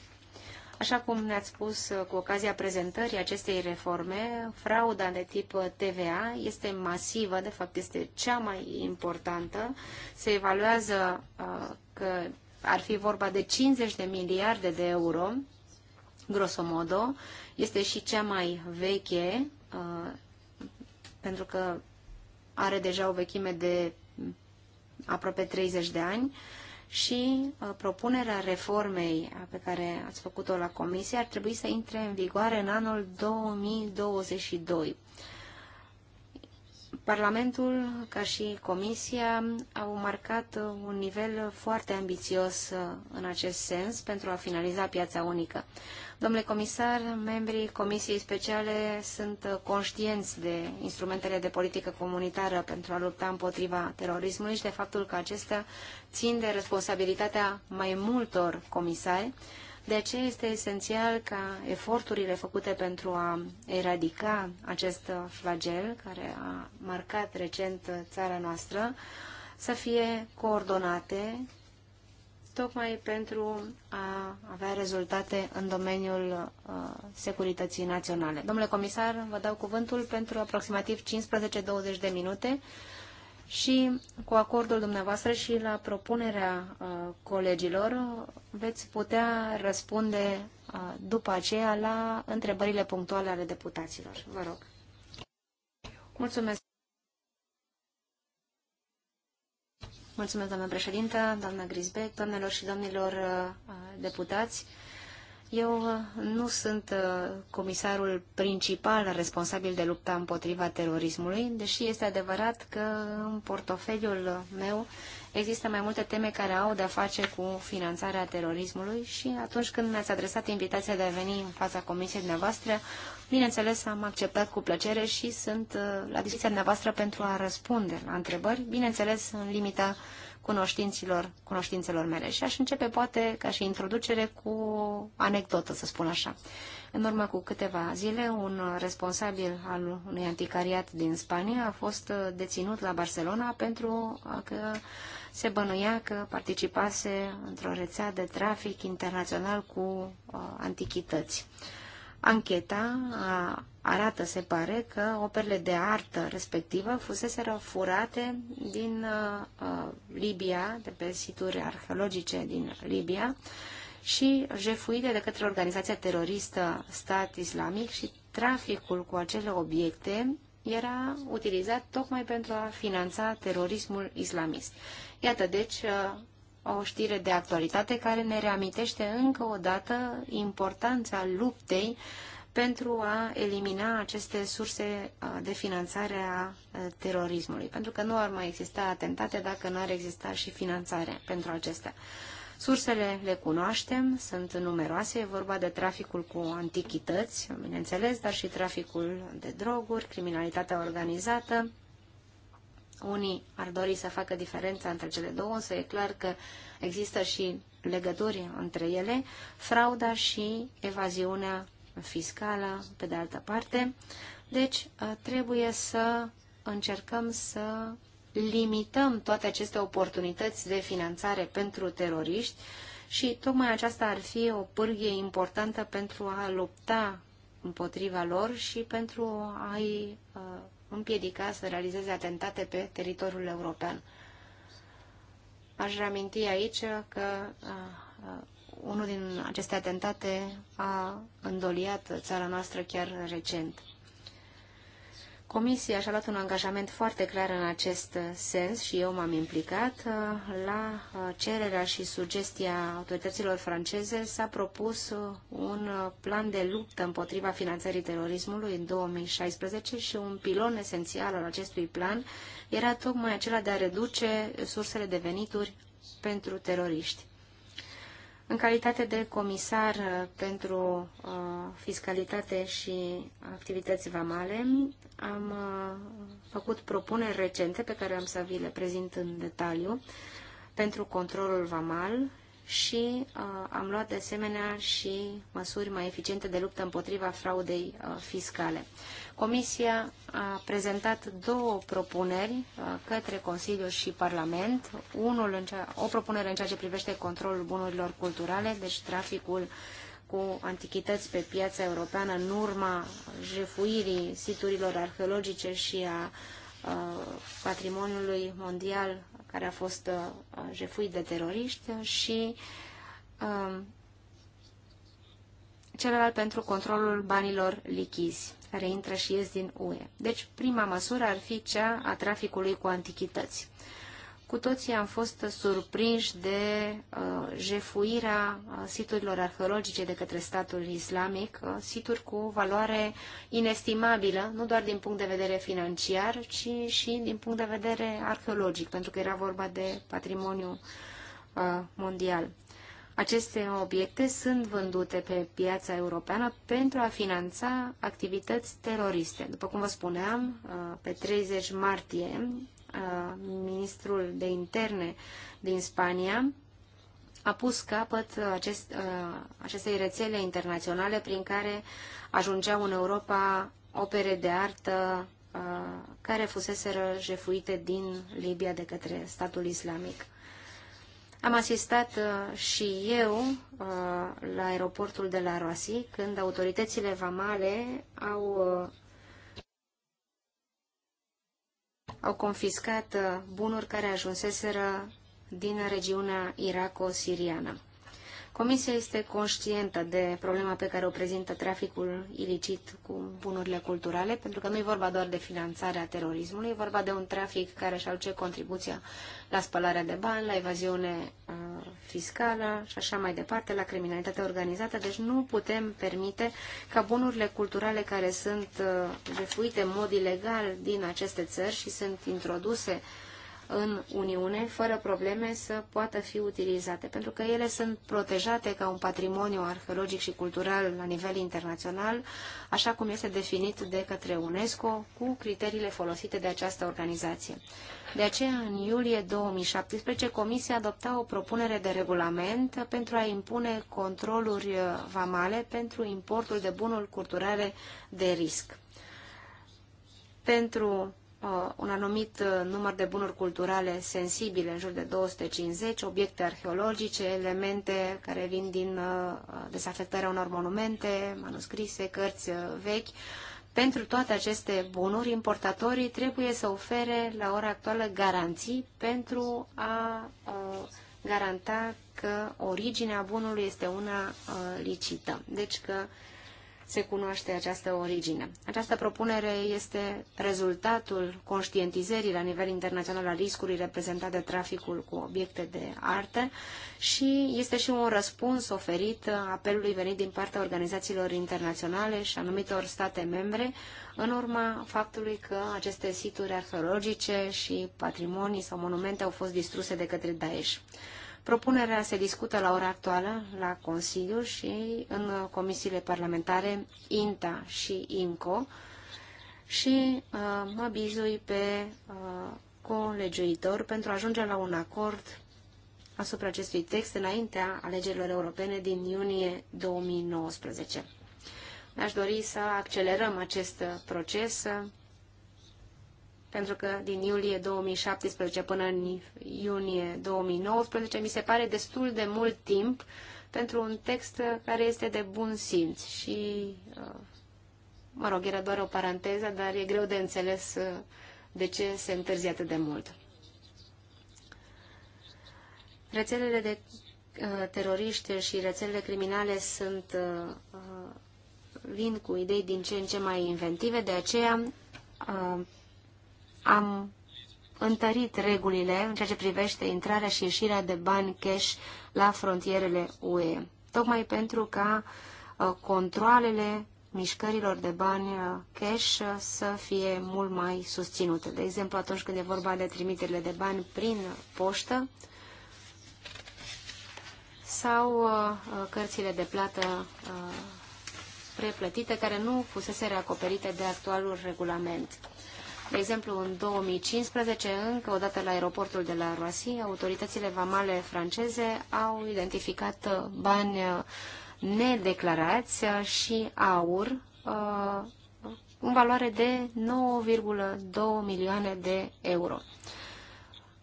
Așa cum ne-ați spus uh, cu ocazia prezentării acestei reforme, frauda de tip TVA este masivă, de fapt este cea mai importantă. Se evaluează uh, că ar fi vorba de 50 de miliarde de euro, grosomodo, este și cea mai veche, uh, pentru că are deja o vechime de aproape 30 de ani și uh, propunerea reformei pe care ați făcut-o la comisie ar trebui să intre în vigoare în anul 2022. Parlamentul, ca și Comisia, au marcat un nivel foarte ambițios uh, în acest sens pentru a finaliza piața unică. Domnule comisar, membrii Comisiei Speciale sunt conștienți de instrumentele de politică comunitară pentru a lupta împotriva terorismului și de faptul că acestea țin de responsabilitatea mai multor comisari, de aceea este esențial ca eforturile făcute pentru a eradica acest flagel, care a marcat recent țara noastră, să fie coordonate tocmai pentru a avea rezultate în domeniul uh, securității naționale. Domnule comisar, vă dau cuvântul pentru aproximativ 15-20 de minute și cu acordul dumneavoastră și la propunerea uh, colegilor veți putea răspunde uh, după aceea la întrebările punctuale ale deputaților. Vă rog. Mulțumesc. Mulțumesc, doamnă președintă, doamnă Grisbeck, doamnelor și domnilor uh, deputați. Eu uh, nu sunt uh, comisarul principal responsabil de lupta împotriva terorismului, deși este adevărat că în portofeliul meu există mai multe teme care au de-a face cu finanțarea terorismului și atunci când mi-ați adresat invitația de a veni în fața comisiei dumneavoastră, bineînțeles am acceptat cu plăcere și sunt uh, la discuția dumneavoastră pentru a răspunde la întrebări, bineînțeles în limita cunoștinților, cunoștințelor mele. Și aș începe, poate, ca și introducere, cu o anecdotă, să spun așa. În urmă cu câteva zile, un responsabil al unui anticariat din Spania a fost uh, deținut la Barcelona pentru că se bănuia că participase într-o rețea de trafic internațional cu uh, antichități. Uh, Ancheta arată, se pare, că operele de artă respectivă fusese furate din uh, uh, Libia, de pe situri arheologice din Libia, și jefuite de către organizația teroristă Stat Islamic și traficul cu acele obiecte era utilizat tocmai pentru a finanța terorismul islamist. Iată, deci, uh, o știre de actualitate care ne reamintește încă o dată importanța luptei pentru a elimina aceste surse de finanțare a terorismului, pentru că nu ar mai exista atentate dacă nu ar exista și finanțare pentru acestea. Sursele le cunoaștem, sunt numeroase, e vorba de traficul cu antichități, bineînțeles, dar și traficul de droguri, criminalitatea organizată, unii ar dori să facă diferența între cele două, însă e clar că există și legături între ele, frauda și evaziunea fiscală, pe de altă parte. Deci, uh, trebuie să încercăm să limităm toate aceste oportunități de finanțare pentru teroriști și tocmai aceasta ar fi o pârghie importantă pentru a lupta împotriva lor și pentru a-i uh, împiedica să realizeze atentate pe teritoriul european. Aș reaminti aici că unul din aceste atentate a îndoliat țara noastră chiar recent. Comisia și-a luat un angajament foarte clar în acest sens și eu m-am implicat. Uh, la uh, cererea și sugestia autorităților franceze s-a propus uh, un plan de luptă împotriva finanțării terorismului în 2016 și un pilon esențial al acestui plan era tocmai acela de a reduce sursele de venituri pentru teroriști. În calitate de comisar uh, pentru uh, fiscalitate și activități vamale, am uh, făcut propuneri recente pe care am să vi le prezint în detaliu pentru controlul vamal și uh, am luat de asemenea și măsuri mai eficiente de luptă împotriva fraudei uh, fiscale. Comisia a prezentat două propuneri uh, către Consiliu și Parlament, unul în cea, o propunere în ceea ce privește controlul bunurilor culturale, deci traficul cu antichități pe piața europeană în urma jefuirii siturilor arheologice și a uh, patrimoniului mondial care a fost uh, jefuit de teroriști și um, celălalt pentru controlul banilor lichizi, care intră și ies din UE. Deci, prima măsură ar fi cea a traficului cu antichități. Cu toții am fost surprinși de uh, jefuirea uh, siturilor arheologice de către statul islamic, uh, situri cu o valoare inestimabilă, nu doar din punct de vedere financiar, ci și din punct de vedere arheologic, pentru că era vorba de patrimoniu uh, mondial. Aceste obiecte sunt vândute pe piața europeană pentru a finanța activități teroriste. După cum vă spuneam, uh, pe 30 martie ministrul de interne din Spania, a pus capăt acest, acestei rețele internaționale prin care ajungeau în Europa opere de artă care fuseseră jefuite din Libia de către statul islamic. Am asistat și eu la aeroportul de la Roasi, când autoritățile vamale au au confiscat uh, bunuri care ajunseseră din regiunea irako-siriană. Comisia este conștientă de problema pe care o prezintă traficul ilicit cu bunurile culturale, pentru că nu e vorba doar de finanțarea terorismului, e vorba de un trafic care își aduce contribuția la spălarea de bani, la evaziune uh, fiscală și așa mai departe, la criminalitatea organizată. Deci nu putem permite ca bunurile culturale care sunt uh, jefuite în mod ilegal din aceste țări și sunt introduse uh, în Uniune, fără probleme, să poată fi utilizate, pentru că ele sunt protejate ca un patrimoniu arheologic și cultural la nivel internațional, așa cum este definit de către UNESCO, cu criteriile folosite de această organizație. De aceea, în iulie 2017, Comisia adopta o propunere de regulament pentru a impune controluri vamale pentru importul de bunuri culturale de risc. Pentru Uh, un anumit uh, număr de bunuri culturale sensibile, în jur de 250, obiecte arheologice, elemente care vin din uh, desafectarea unor monumente, manuscrise, cărți vechi. Pentru toate aceste bunuri, importatorii trebuie să ofere la ora actuală garanții pentru a garanta că originea bunului este una licită. Deci că uh, se cunoaște această origine. Această propunere este rezultatul conștientizării la nivel internațional a riscului reprezentat de traficul cu obiecte de artă și este și un răspuns oferit apelului venit din partea organizațiilor internaționale și anumitor state membre în urma faptului că aceste situri arheologice și patrimonii sau monumente au fost distruse de către Daesh. Propunerea se discută la ora actuală la Consiliu și în comisiile parlamentare INTA și INCO și uh, mă bizui pe uh, colegiuitor pentru a ajunge la un acord asupra acestui text înaintea alegerilor europene din iunie 2019. Mi-aș dori să accelerăm acest proces pentru că din iulie 2017 până în iunie 2019 mi se pare destul de mult timp pentru un text care este de bun simț și, uh, mă rog, era doar o paranteză, dar e greu de înțeles uh, de ce se întârzi atât de mult. Rețelele de uh, teroriști și rețelele criminale sunt vin cu idei din ce în ce mai inventive, de aceea am întărit regulile în ceea ce privește intrarea și ieșirea de bani cash la frontierele UE, tocmai pentru ca uh, controlele mișcărilor de bani uh, cash uh, să fie mult mai susținute. De exemplu, atunci când e vorba de trimiterile de bani prin poștă sau cărțile de plată preplătite care nu fusese acoperite de actualul regulament. De exemplu, în 2015, încă o dată la aeroportul de la Roissy, autoritățile vamale franceze au identificat uh, bani uh, nedeclarați uh, și aur în valoare de 9,2 milioane de euro.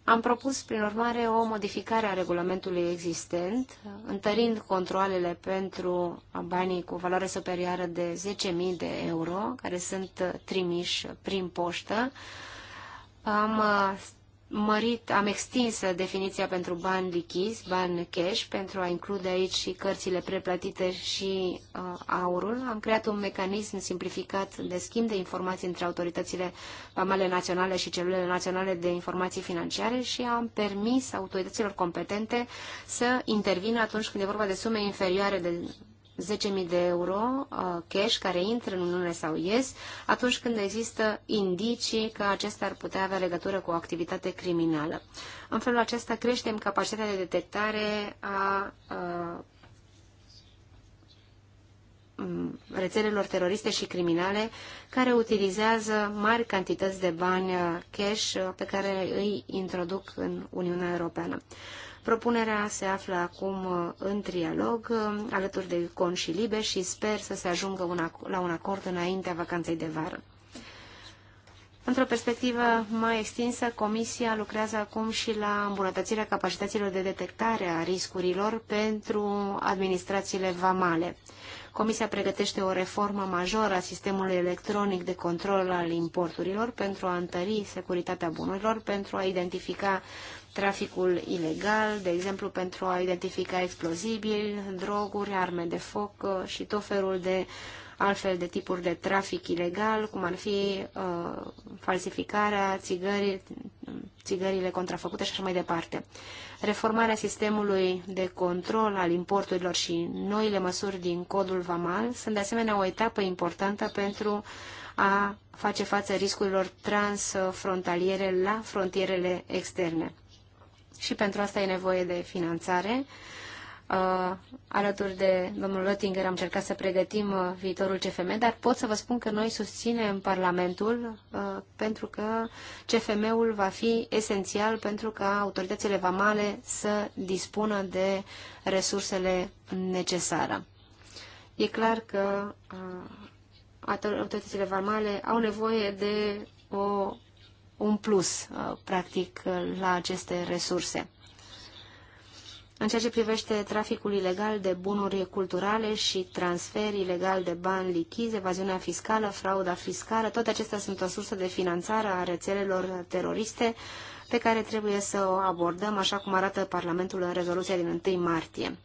Am propus, prin urmare, o modificare a regulamentului existent, întărind controlele pentru banii cu valoare superioară de 10.000 de euro, care sunt trimiși prin poștă. Am mărit, am extins definiția pentru bani lichizi, bani cash, pentru a include aici și cărțile preplătite și uh, aurul. Am creat un mecanism simplificat de schimb de informații între autoritățile vamale naționale și celulele naționale de informații financiare și am permis autorităților competente să intervină atunci când e vorba de sume inferioare de 10.000 de euro uh, cash care intră în Uniune sau ies atunci când există indicii că acesta ar putea avea legătură cu o activitate criminală. În felul acesta creștem capacitatea de detectare a, a rețelelor teroriste și criminale care utilizează mari cantități de bani uh, cash uh, pe care îi introduc în Uniunea Europeană. Propunerea se află acum uh, în trialog uh, alături de Con și Libe și sper să se ajungă un la un acord înaintea vacanței de vară. Într-o perspectivă mai extinsă, Comisia lucrează acum și la îmbunătățirea capacităților de detectare a riscurilor pentru administrațiile vamale. Comisia pregătește o reformă majoră a sistemului electronic de control al importurilor pentru a întări securitatea bunurilor, pentru a identifica traficul ilegal, de exemplu pentru a identifica explozibili, droguri, arme de foc uh, și tot felul de altfel de tipuri de trafic ilegal, cum ar fi uh, falsificarea, țigări, țigările contrafăcute și așa mai departe. Reformarea sistemului de control al importurilor și noile măsuri din codul VAMAL sunt de asemenea o etapă importantă pentru a face față riscurilor transfrontaliere la frontierele externe și pentru asta e nevoie de finanțare. Uh, alături de domnul Lottinger am încercat să pregătim uh, viitorul CFM, dar pot să vă spun că noi susținem Parlamentul uh, pentru că CFM-ul va fi esențial pentru ca autoritățile vamale să dispună de resursele necesare. E clar că uh, autoritățile vamale au nevoie de o un plus, uh, practic, uh, la aceste resurse. În ceea ce privește traficul ilegal de bunuri culturale și transfer ilegal de bani lichizi, evaziunea fiscală, frauda fiscală, toate acestea sunt o sursă de finanțare a rețelelor teroriste pe care trebuie să o abordăm, așa cum arată Parlamentul în rezoluția din 1 martie.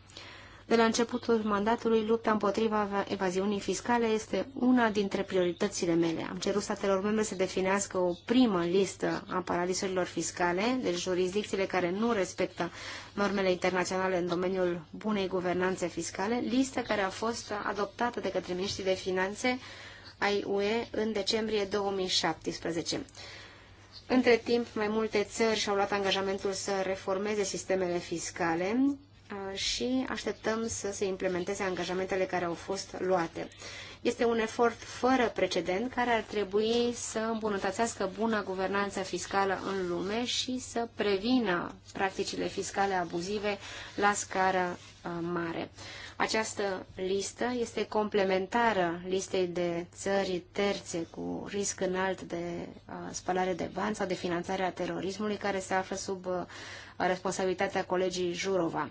De la începutul mandatului, lupta împotriva evaziunii fiscale este una dintre prioritățile mele. Am cerut statelor membre să definească o primă listă a paradisurilor fiscale, deci jurisdicțiile care nu respectă normele internaționale în domeniul bunei guvernanțe fiscale, listă care a fost adoptată de către miniștrii de finanțe ai UE în decembrie 2017. Între timp, mai multe țări și-au luat angajamentul să reformeze sistemele fiscale Uh, și așteptăm să se implementeze angajamentele care au fost luate. Este un efort fără precedent care ar trebui să îmbunătățească buna guvernanță fiscală în lume și să prevină practicile fiscale abuzive la scară uh, mare. Această listă este complementară listei de țări terțe cu risc înalt de uh, spălare de bani sau de finanțare a terorismului care se află sub responsabilitatea colegii Jurova.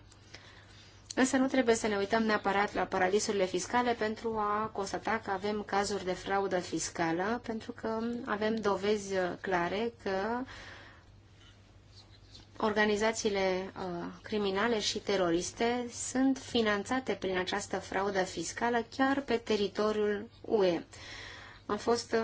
Însă nu trebuie să ne uităm neapărat la paradisurile fiscale pentru a constata că avem cazuri de fraudă fiscală, pentru că avem dovezi uh, clare că organizațiile uh, criminale și teroriste sunt finanțate prin această fraudă fiscală chiar pe teritoriul UE. Am fost uh,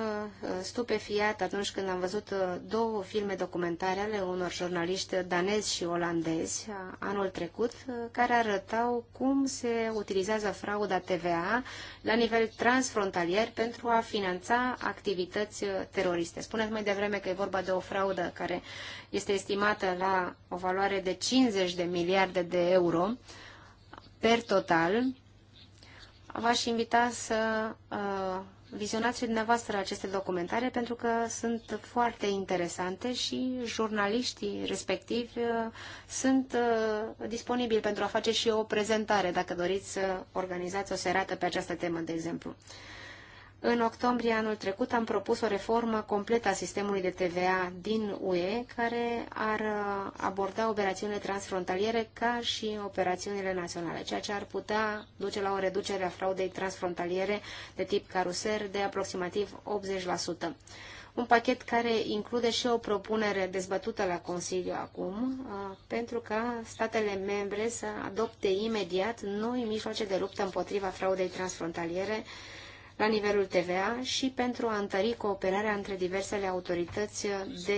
stupefiat atunci când am văzut uh, două filme documentare ale unor jurnaliști danezi și olandezi uh, anul trecut, care arătau cum se utilizează frauda TVA la nivel transfrontalier pentru a finanța activități teroriste. Spuneți mai devreme că e vorba de o fraudă care este estimată la o valoare de 50 de miliarde de euro per total. V-aș invita să uh, vizionați și dumneavoastră aceste documentare pentru că sunt foarte interesante și jurnaliștii respectivi uh, sunt uh, disponibili pentru a face și o prezentare, dacă doriți să organizați o serată pe această temă, de exemplu. În octombrie anul trecut am propus o reformă completă a sistemului de TVA din UE, care ar uh, aborda operațiunile transfrontaliere ca și operațiunile naționale, ceea ce ar putea duce la o reducere a fraudei transfrontaliere de tip caruser de aproximativ 80% un pachet care include și o propunere dezbătută la Consiliu acum, uh, pentru ca statele membre să adopte imediat noi mijloace de luptă împotriva fraudei transfrontaliere, la nivelul TVA și pentru a întări cooperarea între diversele autorități de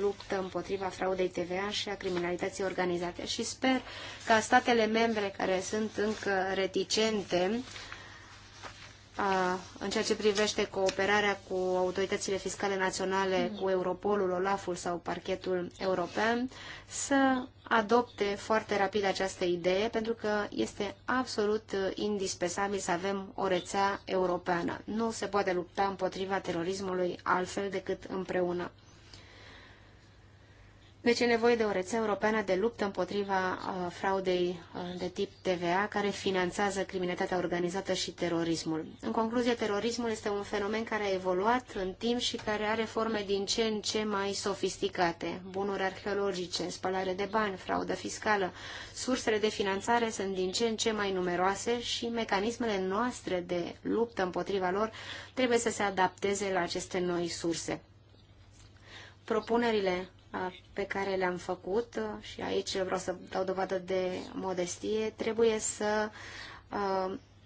luptă împotriva fraudei TVA și a criminalității organizate. Și sper ca statele membre care sunt încă reticente în ceea ce privește cooperarea cu autoritățile fiscale naționale, cu Europolul, Olaful sau parchetul european, să adopte foarte rapid această idee, pentru că este absolut uh, indispensabil să avem o rețea europeană. Nu se poate lupta împotriva terorismului altfel decât împreună. Deci e nevoie de o rețea europeană de luptă împotriva uh, fraudei uh, de tip TVA, care finanțează criminalitatea organizată și terorismul. În concluzie, terorismul este un fenomen care a evoluat în timp și care are forme din ce în ce mai sofisticate. Bunuri arheologice, spălare de bani, fraudă fiscală, sursele de finanțare sunt din ce în ce mai numeroase și mecanismele noastre de luptă împotriva lor trebuie să se adapteze la aceste noi surse. Propunerile pe care le-am făcut și aici vreau să dau dovadă de modestie, trebuie să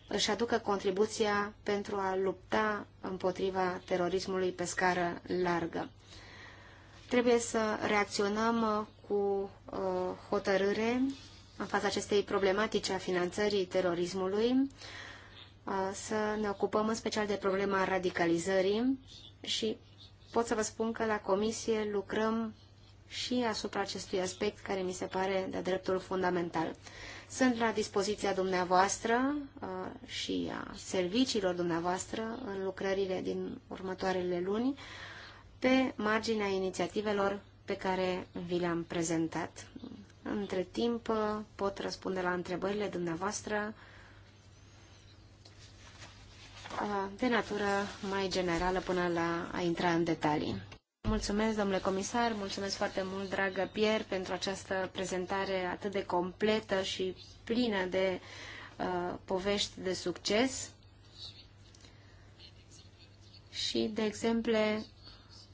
își aducă contribuția pentru a lupta împotriva terorismului pe scară largă. Trebuie să reacționăm cu hotărâre în fața acestei problematice a finanțării terorismului, să ne ocupăm în special de problema radicalizării și pot să vă spun că la comisie lucrăm și asupra acestui aspect care mi se pare de dreptul fundamental. Sunt la dispoziția dumneavoastră uh, și a serviciilor dumneavoastră în lucrările din următoarele luni pe marginea inițiativelor pe care vi le-am prezentat. Între timp uh, pot răspunde la întrebările dumneavoastră uh, de natură mai generală până la a intra în detalii. Mulțumesc, domnule comisar, mulțumesc foarte mult, dragă Pierre, pentru această prezentare atât de completă și plină de uh, povești de succes și de exemple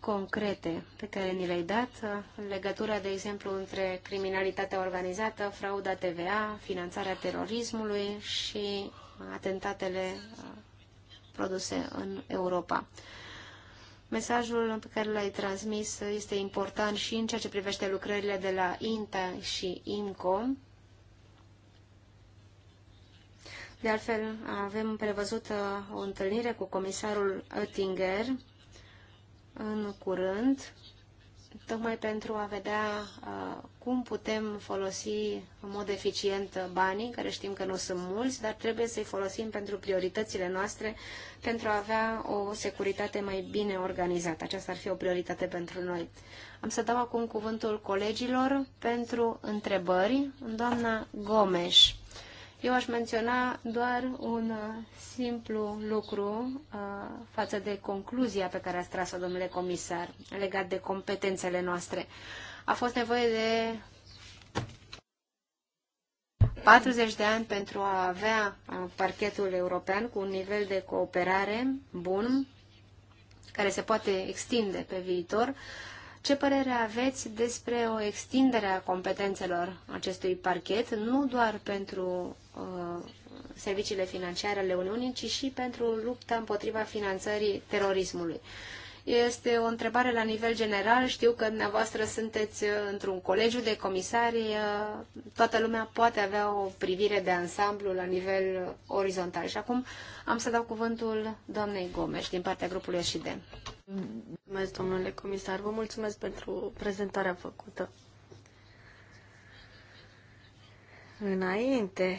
concrete pe care ni le-ai dat, uh, legătura, de exemplu, între criminalitatea organizată, frauda TVA, finanțarea terorismului și atentatele uh, produse în Europa. Mesajul pe care l-ai transmis este important și în ceea ce privește lucrările de la INTA și INCO. De altfel, avem prevăzut o întâlnire cu comisarul Oettinger în curând tocmai pentru a vedea uh, cum putem folosi în mod eficient banii, care știm că nu sunt mulți, dar trebuie să-i folosim pentru prioritățile noastre, pentru a avea o securitate mai bine organizată. Aceasta ar fi o prioritate pentru noi. Am să dau acum cuvântul colegilor pentru întrebări. Doamna Gomes. Eu aș menționa doar un uh, simplu lucru uh, față de concluzia pe care a tras-o, domnule comisar, legat de competențele noastre. A fost nevoie de 40 de ani pentru a avea uh, parchetul european cu un nivel de cooperare bun, care se poate extinde pe viitor, ce părere aveți despre o extindere a competențelor acestui parchet, nu doar pentru uh, serviciile financiare ale Uniunii, ci și pentru lupta împotriva finanțării terorismului? Uh, este o întrebare la nivel general. Știu că dumneavoastră sunteți uh, într-un colegiu de comisari. Uh, toată lumea poate avea o privire de ansamblu la nivel uh, orizontal. Și acum am să dau cuvântul doamnei Gomes din partea grupului OSHIDE. Mulțumesc, domnule comisar. Vă mulțumesc pentru prezentarea făcută. Înainte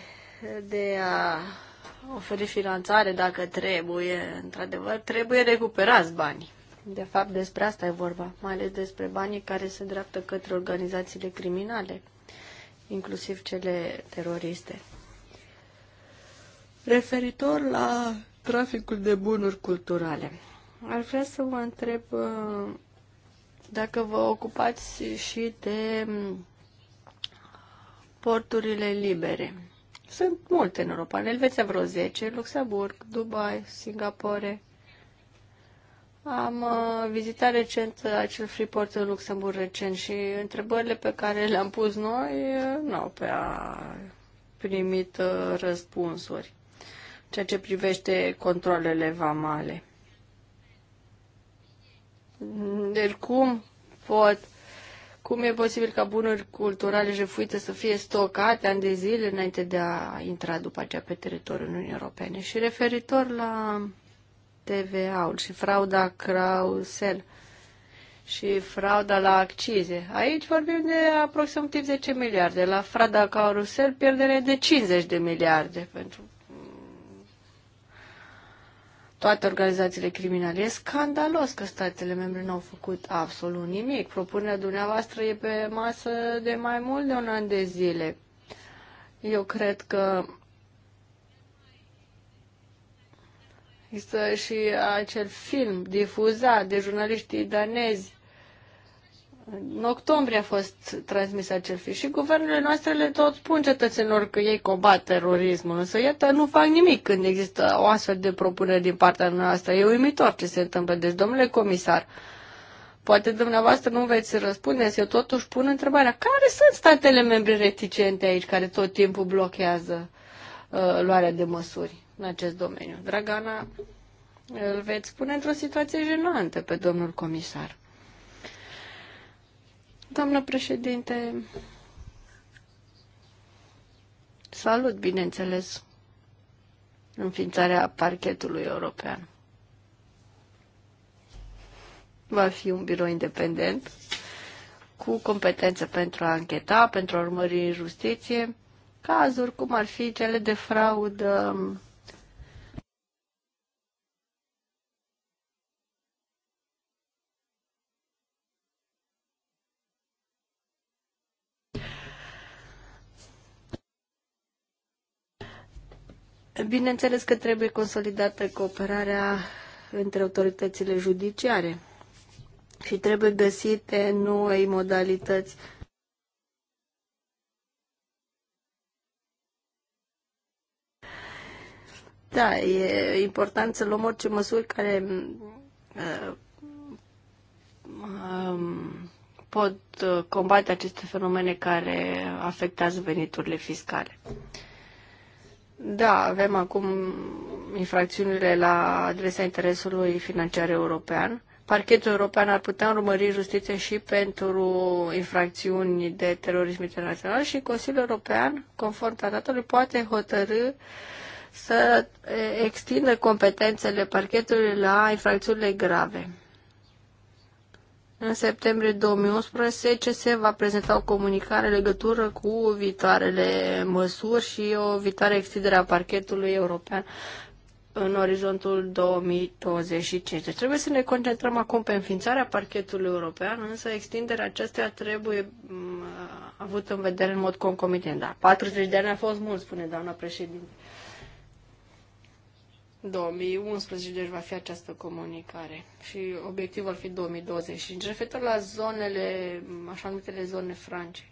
de a oferi finanțare dacă trebuie, într-adevăr, trebuie recuperați banii. De fapt, despre asta e vorba, mai ales despre banii care se dreaptă către organizațiile criminale, inclusiv cele teroriste. Referitor la traficul de bunuri culturale, ar vrea să vă întreb uh, dacă vă ocupați și de mm, porturile libere. Sunt multe în Europa, în Elveția vreo 10, Luxemburg, Dubai, Singapore, am uh, vizitat recent uh, acel Freeport în Luxemburg recent și întrebările pe care le-am pus noi uh, nu au prea primit uh, răspunsuri ceea ce privește controlele vamale. Deci cum pot, cum e posibil ca bunuri culturale jefuite să fie stocate ani de zile înainte de a intra după aceea pe teritoriul Uniunii Europene? Și referitor la TVA-ul și frauda Krausel și frauda la accize. Aici vorbim de aproximativ 10 miliarde. La frauda Krausel pierdere de 50 de miliarde pentru toate organizațiile criminale. E scandalos că statele membre nu au făcut absolut nimic. Propunerea dumneavoastră e pe masă de mai mult de un an de zile. Eu cred că Există și acel film difuzat de jurnaliștii danezi. În octombrie a fost transmis acel film și guvernele noastre le tot spun cetățenilor că ei combat terorismul, însă iată nu fac nimic când există o astfel de propunere din partea noastră. E uimitor ce se întâmplă. Deci, domnule comisar, poate dumneavoastră nu veți răspunde, însă eu totuși pun întrebarea, care sunt statele membre reticente aici care tot timpul blochează uh, luarea de măsuri? în acest domeniu. Dragana, îl veți pune într-o situație jenantă pe domnul comisar. Doamnă președinte, salut, bineînțeles, înființarea parchetului european. Va fi un birou independent cu competență pentru a încheta, pentru a urmări în justiție, cazuri cum ar fi cele de fraudă Bineînțeles că trebuie consolidată cooperarea între autoritățile judiciare și trebuie găsite noi modalități Da, e important să luăm orice măsuri care uh, um, pot combate aceste fenomene care afectează veniturile fiscale. Da, avem acum infracțiunile la adresa interesului financiar european. Parchetul european ar putea urmări justiția și pentru infracțiuni de terorism internațional și Consiliul European, conform tratatului, poate hotărâ să extindă competențele parchetului la infracțiunile grave. În septembrie 2011 se va prezenta o comunicare legătură cu viitoarele măsuri și o viitoare extindere a parchetului european în orizontul 2025. Deci trebuie să ne concentrăm acum pe înființarea parchetului european, însă extinderea acesteia trebuie mm, avut în vedere în mod concomitent. Da, 40 de ani a fost mult, spune doamna președinte. 2011, deci va fi această comunicare și obiectivul ar fi 2025, referitor la zonele, așa numitele zone france.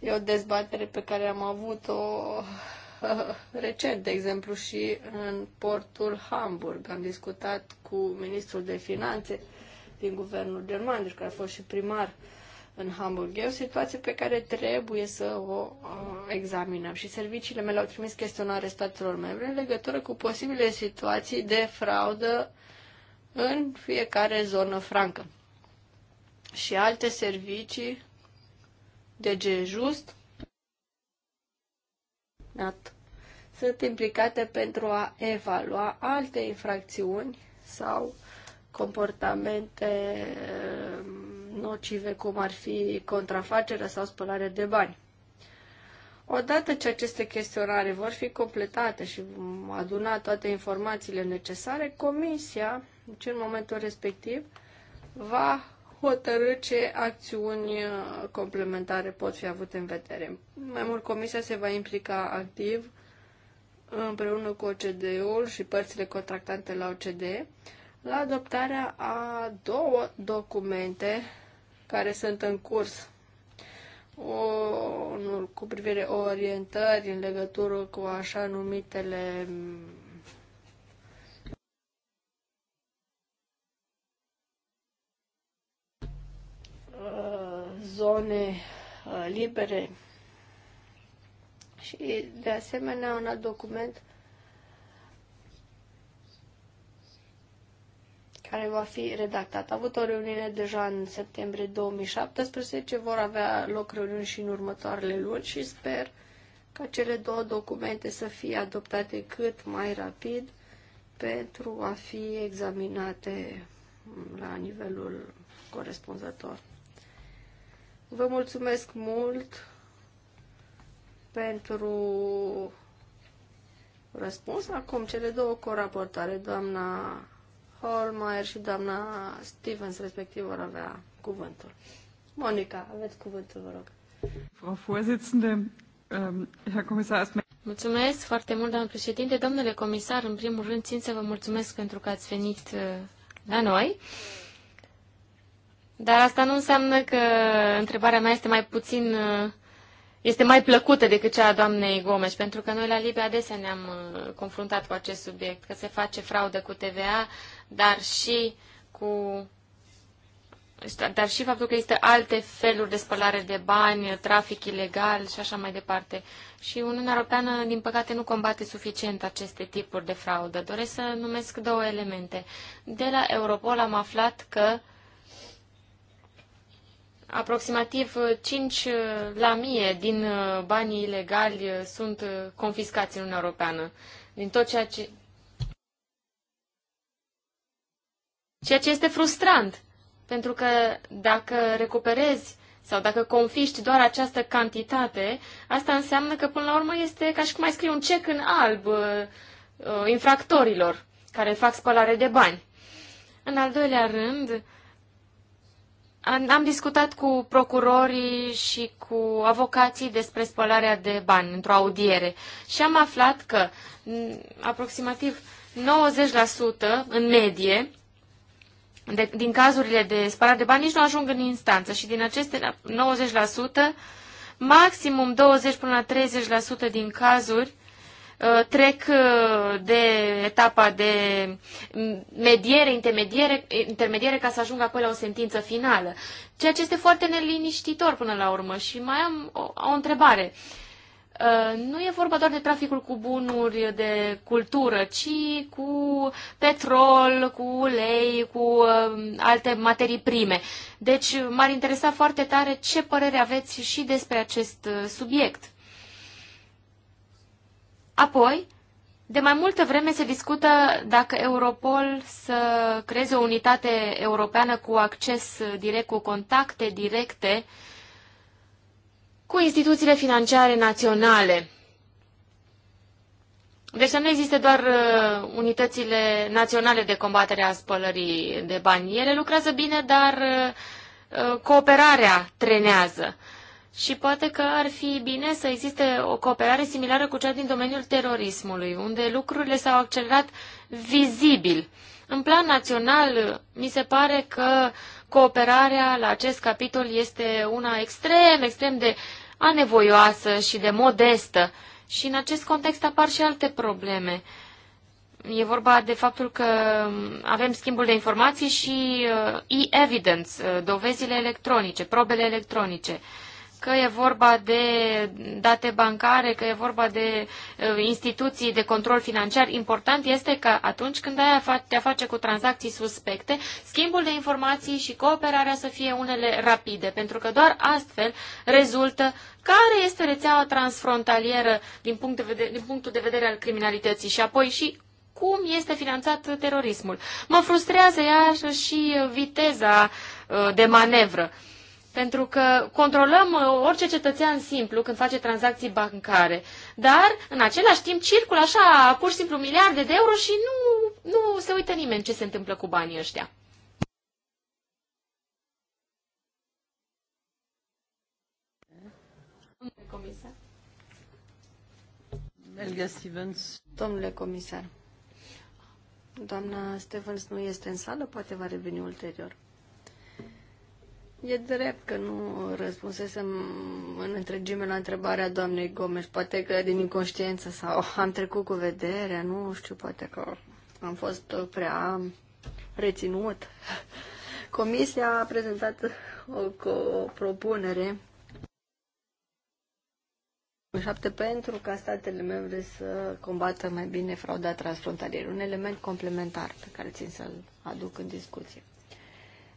E o dezbatere pe care am avut-o recent, de exemplu, și în portul Hamburg. Am discutat cu ministrul de finanțe din guvernul german, deci care a fost și primar în Hamburg. E o situație pe care trebuie să o uh, examinăm și serviciile mele au trimis chestionare statelor membre în legătură cu posibile situații de fraudă în fiecare zonă francă. Și alte servicii de gejust Nat. sunt implicate pentru a evalua alte infracțiuni sau comportamente nocive, cum ar fi contrafacerea sau spălarea de bani. Odată ce aceste chestionare vor fi completate și vom aduna toate informațiile necesare, comisia, deci în momentul respectiv, va hotărâ ce acțiuni complementare pot fi avute în vedere. Mai mult, comisia se va implica activ împreună cu OCD ul și părțile contractante la OCD la adoptarea a două documente care sunt în curs. nu, cu privire orientări în legătură cu așa numitele uh, zone uh, libere și de asemenea un alt document care va fi redactat. A avut o reuniune deja în septembrie 2017, vor avea loc reuniuni și în următoarele luni și sper ca cele două documente să fie adoptate cât mai rapid pentru a fi examinate la nivelul corespunzător. Vă mulțumesc mult pentru răspuns. Acum cele două coraportare, doamna Holmeier și doamna Stevens, respectiv, vor avea cuvântul. Monica, aveți cuvântul, vă rog. Frau Vorsitzende, ähm, Herr Kommissar, Mulțumesc foarte mult, doamnă președinte. Domnule comisar, în primul rând țin să vă mulțumesc pentru că ați venit äh, la noi. Dar asta nu înseamnă că întrebarea mea este mai puțin äh, este mai plăcută decât cea a doamnei Gomes, pentru că noi la Libia adesea ne-am äh, confruntat cu acest subiect, că se face fraudă cu TVA, dar și cu dar și faptul că există alte feluri de spălare de bani, trafic ilegal și așa mai departe. Și Uniunea Europeană, din păcate, nu combate suficient aceste tipuri de fraudă. Doresc să numesc două elemente. De la Europol am aflat că aproximativ 5 la mie din banii ilegali sunt confiscați în Uniunea Europeană. Din tot ceea ce, Ceea ce este frustrant, pentru că dacă recuperezi sau dacă confiști doar această cantitate, asta înseamnă că până la urmă este ca și cum ai scrie un cec în alb uh, uh infractorilor care fac spălare de bani. În al doilea rând, am discutat cu procurorii și cu avocații despre spălarea de bani într-o audiere și am aflat că mm, aproximativ 90% în medie de, din cazurile de spălare de bani nici nu ajung în instanță și din aceste 90%, maximum 20 până la 30% din cazuri uh, trec uh, de etapa de mediere, intermediere, intermediere ca să ajungă apoi la o sentință finală. Ceea ce este foarte neliniștitor până la urmă. Și mai am o, o întrebare. Uh, Uh, nu e vorba doar de traficul cu bunuri de cultură, ci cu petrol, cu ulei, cu uh, alte materii prime. Deci m-ar interesa foarte tare ce părere aveți și despre acest uh, subiect. Apoi, de mai multă vreme se discută dacă Europol să creeze o unitate europeană cu acces direct, cu contacte directe uh, cu instituțiile financiare naționale. Deci să nu existe doar uh, unitățile naționale de combatere a spălării de bani. Ele lucrează bine, dar uh, uh, cooperarea trenează. Și poate că ar fi bine să existe o cooperare similară cu cea din domeniul terorismului, unde lucrurile s-au accelerat vizibil. În plan național, mi se pare că cooperarea la acest capitol este una extrem, extrem de anevoioasă și de modestă. Și în acest context apar și alte probleme. E vorba de faptul că avem schimbul de informații și uh, e-evidence, uh, dovezile electronice, probele electronice. Uh, că e vorba de date bancare, că e vorba de uh, instituții de control financiar, important este că atunci când ai de-a face cu tranzacții suspecte, schimbul de informații și cooperarea să fie unele rapide, pentru că doar astfel rezultă care este rețeaua transfrontalieră din, punct de vedere, din punctul de vedere al criminalității și apoi și cum este finanțat terorismul. Mă frustrează iarăși și viteza uh, de manevră. Uh, pentru că controlăm uh, orice cetățean simplu când face tranzacții bancare. Dar, în același timp, circulă așa, pur și simplu, miliarde de euro și nu, nu se uită nimeni ce se întâmplă cu banii ăștia. Domnule comisar. Stevens. Domnule comisar. Doamna Stevens nu este în sală, poate va reveni ulterior. E drept că nu răspunsesem în întregime la întrebarea doamnei Gomes. Poate că din inconștiență sau am trecut cu vederea, nu știu, poate că am fost prea reținut. Comisia a prezentat o, o propunere șapte pentru ca statele membre să combată mai bine frauda transfrontalieră. Un element complementar pe care țin să-l aduc în discuție.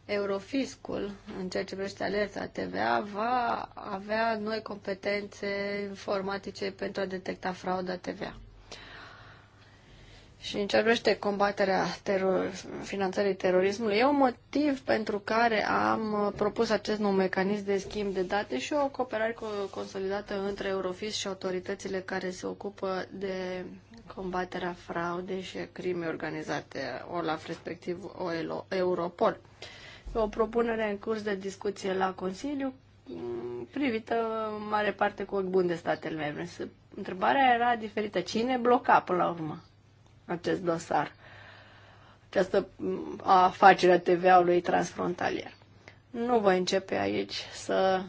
Eurofiscul, în ceea ce privește alerta TVA, va avea noi competențe informatice pentru a detecta frauda TVA. Și în ce privește combaterea teror, finanțării terorismului, e un motiv pentru care am propus acest nou mecanism de schimb de date și o cooperare consolidată între Eurofis și autoritățile care se ocupă de combaterea fraudei și crimei organizate, OLAF, respectiv Europol o propunere în curs de discuție la Consiliu mm, privită în mare parte cu bun de statele membre. Întrebarea era diferită. Cine bloca până la urmă acest dosar? Această mm, afacere a TVA-ului transfrontalier. Nu voi începe aici să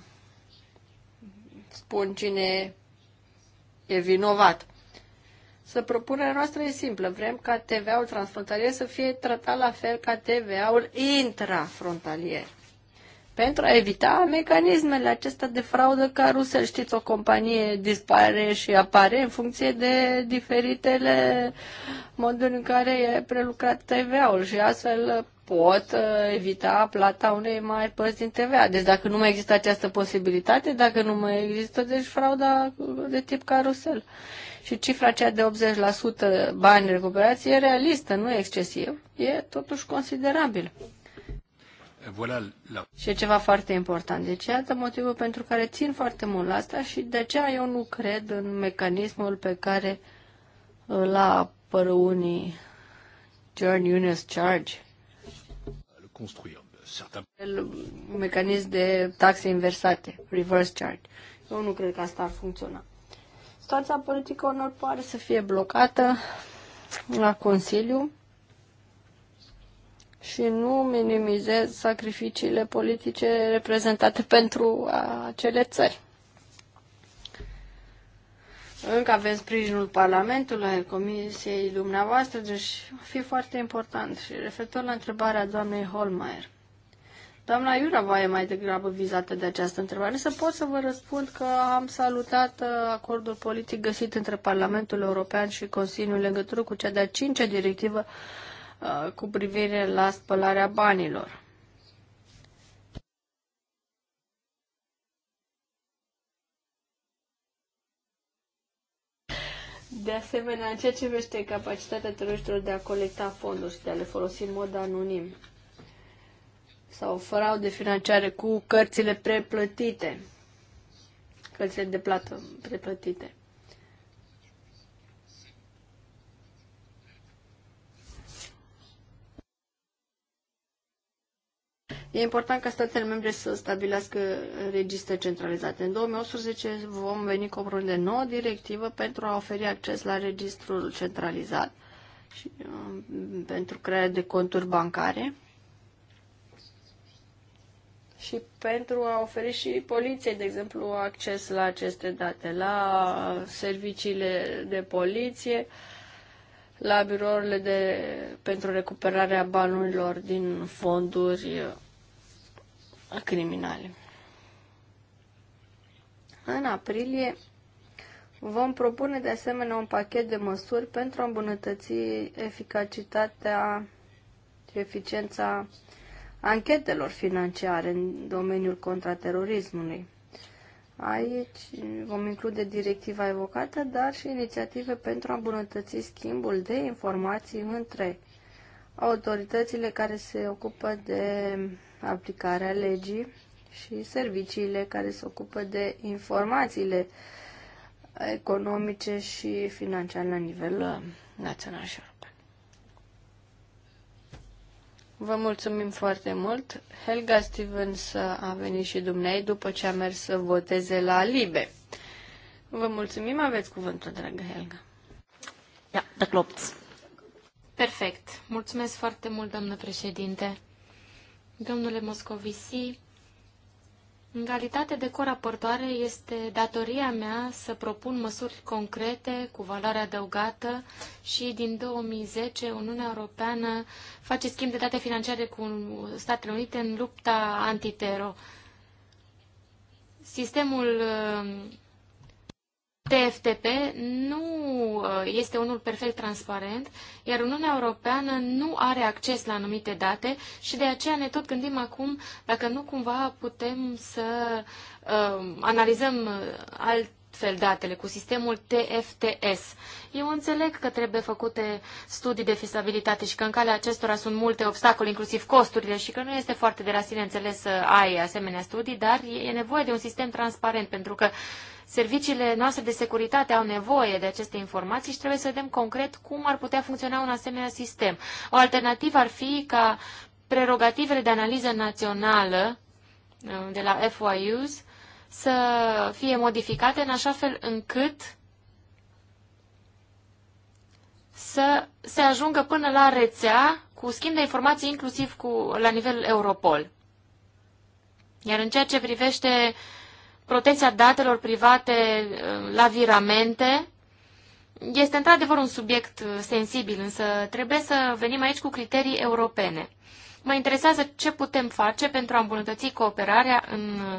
spun cine e vinovat. Să propunerea noastră e simplă. Vrem ca TVA-ul transfrontalier să fie tratat la fel ca TVA-ul intrafrontalier. Pentru a evita mecanismele acestea de fraudă carusel, știți, o companie dispare și apare în funcție de diferitele moduri în care e prelucrat TVA-ul și astfel pot uh, evita plata unei mari părți din TVA. Deci dacă nu mai există această posibilitate, dacă nu mai există, deci frauda de tip carusel. Și cifra aceea de 80% bani recuperați e realistă, nu e excesiv, e totuși considerabil. Voilà la... Și e ceva foarte important. Deci iată motivul pentru care țin foarte mult la asta și de aceea eu nu cred în mecanismul pe care la apără unii John Eunice Charge construire. Certains... Le mecanism de taxe inversate, reverse charge. Eu nu cred că asta ar funcționa. Situația politică unor pare să fie blocată la Consiliu și nu minimizez sacrificiile politice reprezentate pentru acele țări. Încă avem sprijinul Parlamentului, al Comisiei dumneavoastră, deci va fi foarte important. Și referitor la întrebarea doamnei Holmeier. Doamna va e mai degrabă vizată de această întrebare, să pot să vă răspund că am salutat uh, acordul politic găsit între Parlamentul European și Consiliul în legătură cu cea de-a cincea directivă uh, cu privire la spălarea banilor. De asemenea, în ceea ce vește capacitatea teroriștilor de a colecta fonduri și de a le folosi în mod anonim sau de financiare cu cărțile preplătite, cărțile de plată preplătite. E important ca statele membre să stabilească registre centralizate. În 2018 vom veni cu o propunere de nouă directivă pentru a oferi acces la registrul centralizat și um, pentru crearea de conturi bancare și pentru a oferi și poliției, de exemplu, acces la aceste date, la serviciile de poliție, la birourile de, pentru recuperarea banilor din fonduri criminale. În aprilie vom propune de asemenea un pachet de măsuri pentru a îmbunătăți eficacitatea și eficiența anchetelor financiare în domeniul contraterorismului. Aici vom include directiva evocată, dar și inițiative pentru a îmbunătăți schimbul de informații între autoritățile care se ocupă de aplicarea legii și serviciile care se ocupă de informațiile economice și financiare la nivel uh, național și european. Vă mulțumim foarte mult. Helga Stevens a venit și dumnei după ce a mers să voteze la Libe. Vă mulțumim, aveți cuvântul, dragă Helga. Ia, da klopți. Perfect. Mulțumesc foarte mult, doamnă președinte. Domnule Moscovici, în calitate de coraportoare este datoria mea să propun măsuri concrete cu valoare adăugată și din 2010 Uniunea Europeană face schimb de date financiare cu Statele Unite în lupta antitero. Sistemul TFTP nu uh, este unul perfect transparent, iar Uniunea Europeană nu are acces la anumite date și de aceea ne tot gândim acum dacă nu cumva putem să uh, analizăm alt fel datele cu sistemul TFTS. Eu înțeleg că trebuie făcute studii de fisabilitate și că în calea acestora sunt multe obstacole, inclusiv costurile, și că nu este foarte de la sine înțeles să ai asemenea studii, dar e nevoie de un sistem transparent, pentru că uh, Serviciile noastre de securitate au nevoie de aceste informații și trebuie să vedem concret cum ar putea funcționa un asemenea sistem. O alternativă ar fi ca prerogativele de analiză națională uh, de la FYUs să fie modificate în așa fel încât să se ajungă până la rețea cu schimb de informații inclusiv cu, la nivel Europol. Iar în ceea ce privește protecția datelor private uh, la viramente este într-adevăr un subiect uh, sensibil, însă trebuie să venim aici cu criterii europene. Mă interesează ce putem face pentru a îmbunătăți cooperarea în uh,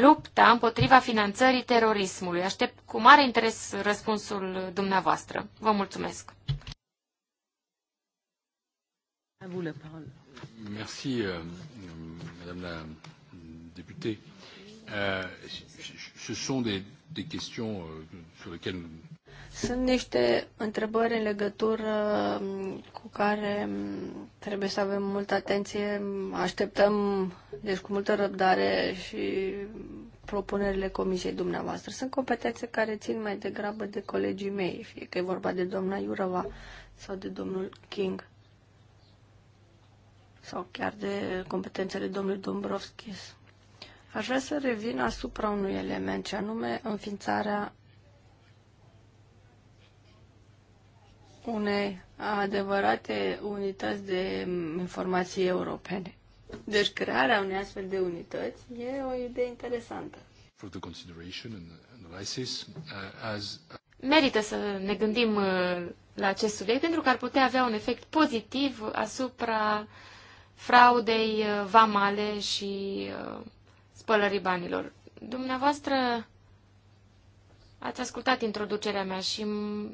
lupta împotriva finanțării terorismului. Aștept cu mare interes răspunsul dumneavoastră. Vă mulțumesc. Merci, euh, madame la députée. Euh, ce sont des, des questions euh, sur lesquelles Sunt niște întrebări în legătură mm, cu care mm, trebuie să avem multă atenție. Așteptăm, deci cu multă răbdare și propunerile comisiei dumneavoastră. Sunt competențe care țin mai degrabă de colegii mei, fie că e vorba de doamna Iurova sau de domnul King sau chiar de competențele domnului Dombrovskis. Aș vrea să revin asupra unui element, ce anume înființarea unei adevărate unități de informații europene. Deci crearea unei astfel de unități e o idee interesantă. Uh, uh, Merită să ne gândim uh, la acest subiect pentru că ar putea avea un efect pozitiv asupra fraudei vamale și spălării banilor. Dumneavoastră ați ascultat introducerea mea și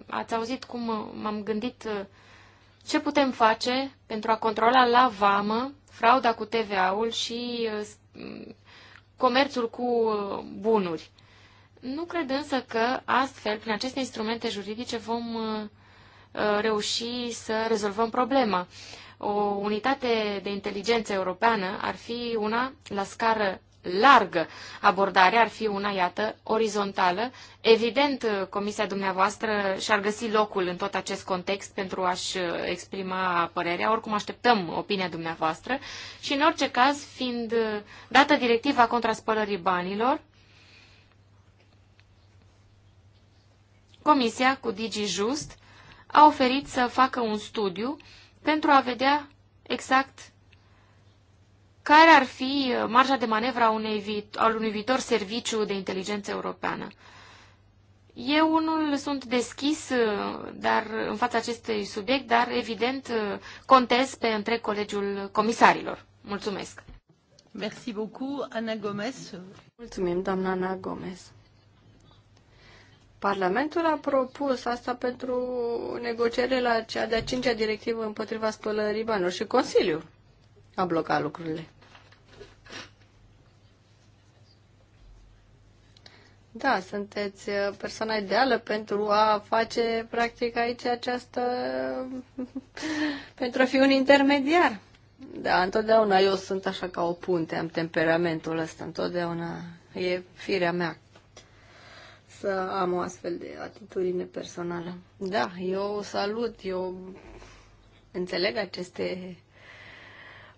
ați auzit cum m-am gândit uh, ce putem face pentru a controla la vamă frauda cu TVA-ul și uh, comerțul cu uh, bunuri. Nu cred însă că astfel, prin aceste instrumente juridice, vom reuși să rezolvăm problema. O unitate de inteligență europeană ar fi una la scară largă. Abordarea ar fi una, iată, orizontală. Evident, uh, comisia dumneavoastră și-ar găsi locul în tot acest context pentru a-și uh, exprima părerea. Oricum, așteptăm opinia dumneavoastră. Și, în orice caz, fiind uh, dată directiva contra spălării banilor, Comisia cu DigiJust a oferit să facă un studiu pentru a vedea exact care ar fi uh, marja de manevră a unei viit- al unui viitor serviciu de inteligență europeană. Eu unul sunt deschis uh, dar, în fața acestui subiect, dar evident uh, contez pe întreg colegiul comisarilor. Mulțumesc! Merci beaucoup, Ana Gomez. Mulțumim, doamna Ana Gomez. Parlamentul a propus asta pentru negocierile la cea de-a cincea directivă împotriva spălării banilor și Consiliul a blocat lucrurile. Da, sunteți uh, persoana ideală pentru a face practic aici această... pentru a fi un intermediar. Da, întotdeauna eu sunt așa ca o punte, am temperamentul ăsta, întotdeauna e firea mea să am o astfel de atitudine personală. Da, eu salut, eu înțeleg aceste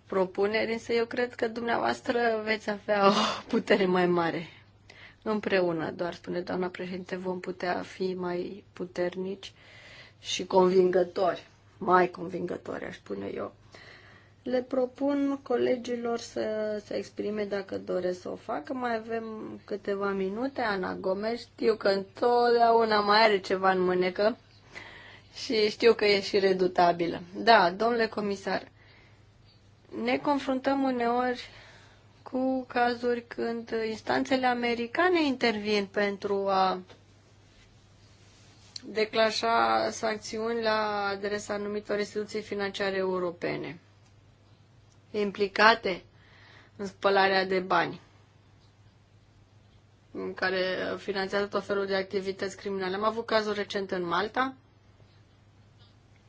propuneri, însă eu cred că dumneavoastră veți avea o putere mai mare Împreună, doar spune doamna președinte, vom putea fi mai puternici și convingători, mai convingători, aș spune eu. Le propun colegilor să se exprime dacă doresc să o facă. Mai avem câteva minute. Ana Gomes știu că întotdeauna mai are ceva în mânecă și știu că e și redutabilă. Da, domnule comisar, ne confruntăm uneori cu cazuri când instanțele americane intervin pentru a declanșa sancțiuni la adresa anumitor instituții financiare europene implicate în spălarea de bani în care finanțează tot felul de activități criminale. Am avut cazul recent în Malta,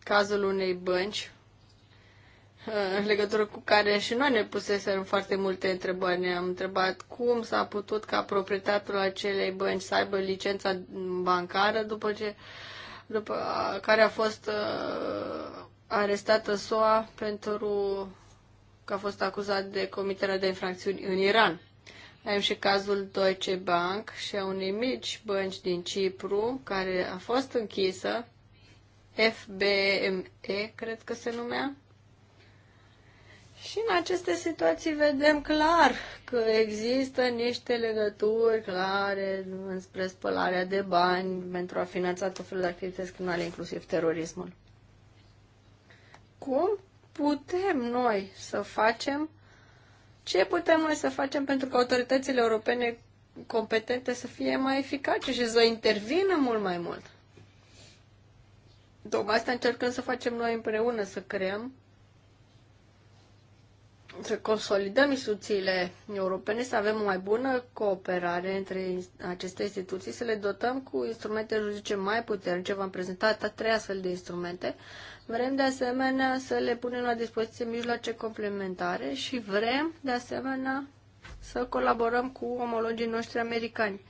cazul unei bănci Uh, în legătură cu care și noi ne puseserăm foarte multe întrebări. Ne-am întrebat cum s-a putut ca proprietarul acelei bănci să aibă licența bancară după ce după care a fost uh, arestată SOA pentru că a fost acuzat de comiterea de infracțiuni în Iran. Avem și cazul Deutsche Bank și a unei mici bănci din Cipru care a fost închisă, FBME cred că se numea, și în aceste situații vedem clar că există niște legături clare înspre spălarea de bani pentru a finanța tot felul de activități criminale, inclusiv terorismul. Cum putem noi să facem, ce putem noi să facem pentru că autoritățile europene competente să fie mai eficace și să intervină mult mai mult? Tocmai asta încercăm să facem noi împreună, să creăm să consolidăm instituțiile europene, să avem o mai bună cooperare între aceste instituții, să le dotăm cu instrumente juridice mai puternice. V-am prezentat a trei astfel de instrumente. Vrem de asemenea să le punem la dispoziție mijloace complementare și vrem de asemenea să colaborăm cu omologii noștri americani.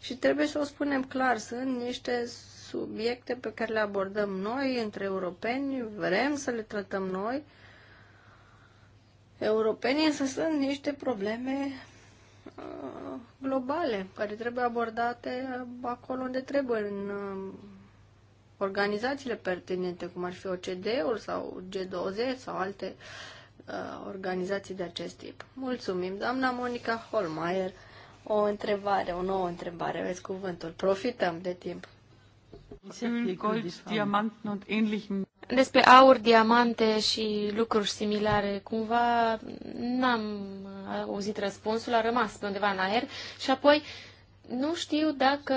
Și trebuie să o spunem clar, sunt niște subiecte pe care le abordăm noi între europeni, vrem să le tratăm noi, europeni, însă sunt niște probleme uh, globale care trebuie abordate uh, acolo unde trebuie, în uh, organizațiile pertinente, cum ar fi ocd ul sau G20 sau alte organizații de acest tip. Mulțumim, doamna Monica Holmeier. O întrebare, o nouă întrebare, aveți cuvântul. Profităm de timp. Despre aur, diamante și lucruri similare, cumva n-am auzit răspunsul, a rămas pe undeva în aer și apoi nu știu dacă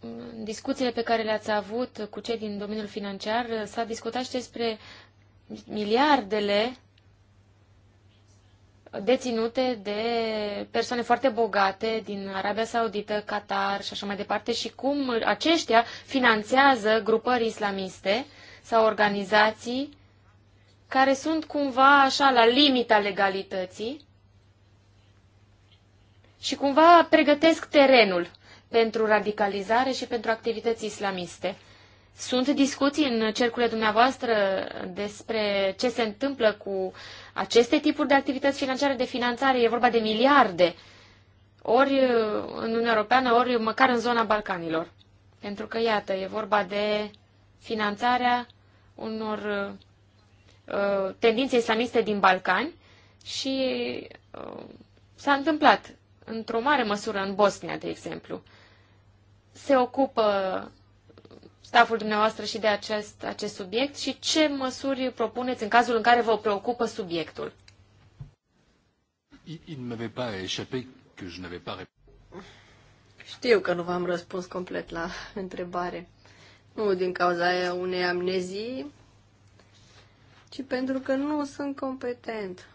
în discuțiile pe care le-ați avut cu cei din domeniul financiar s-a discutat și despre miliardele deținute de persoane foarte bogate din Arabia Saudită, Qatar și așa mai departe și cum aceștia finanțează grupări islamiste sau organizații care sunt cumva așa la limita legalității și cumva pregătesc terenul pentru radicalizare și pentru activități islamiste. Sunt discuții în cercurile dumneavoastră despre ce se întâmplă cu uh, aceste tipuri de activități financiare de finanțare. E vorba de miliarde, ori uh, în Uniunea Europeană, ori măcar în zona Balcanilor. Pentru că, iată, e vorba de finanțarea unor uh, uh, tendințe islamiste din Balcani și uh, s-a întâmplat într-o mare măsură în Bosnia, de exemplu. Se ocupă staful dumneavoastră și de acest, acest subiect și ce măsuri propuneți în cazul în care vă preocupă subiectul? Știu că nu v-am răspuns complet la întrebare. Nu din cauza unei amnezii, ci pentru că nu sunt competent.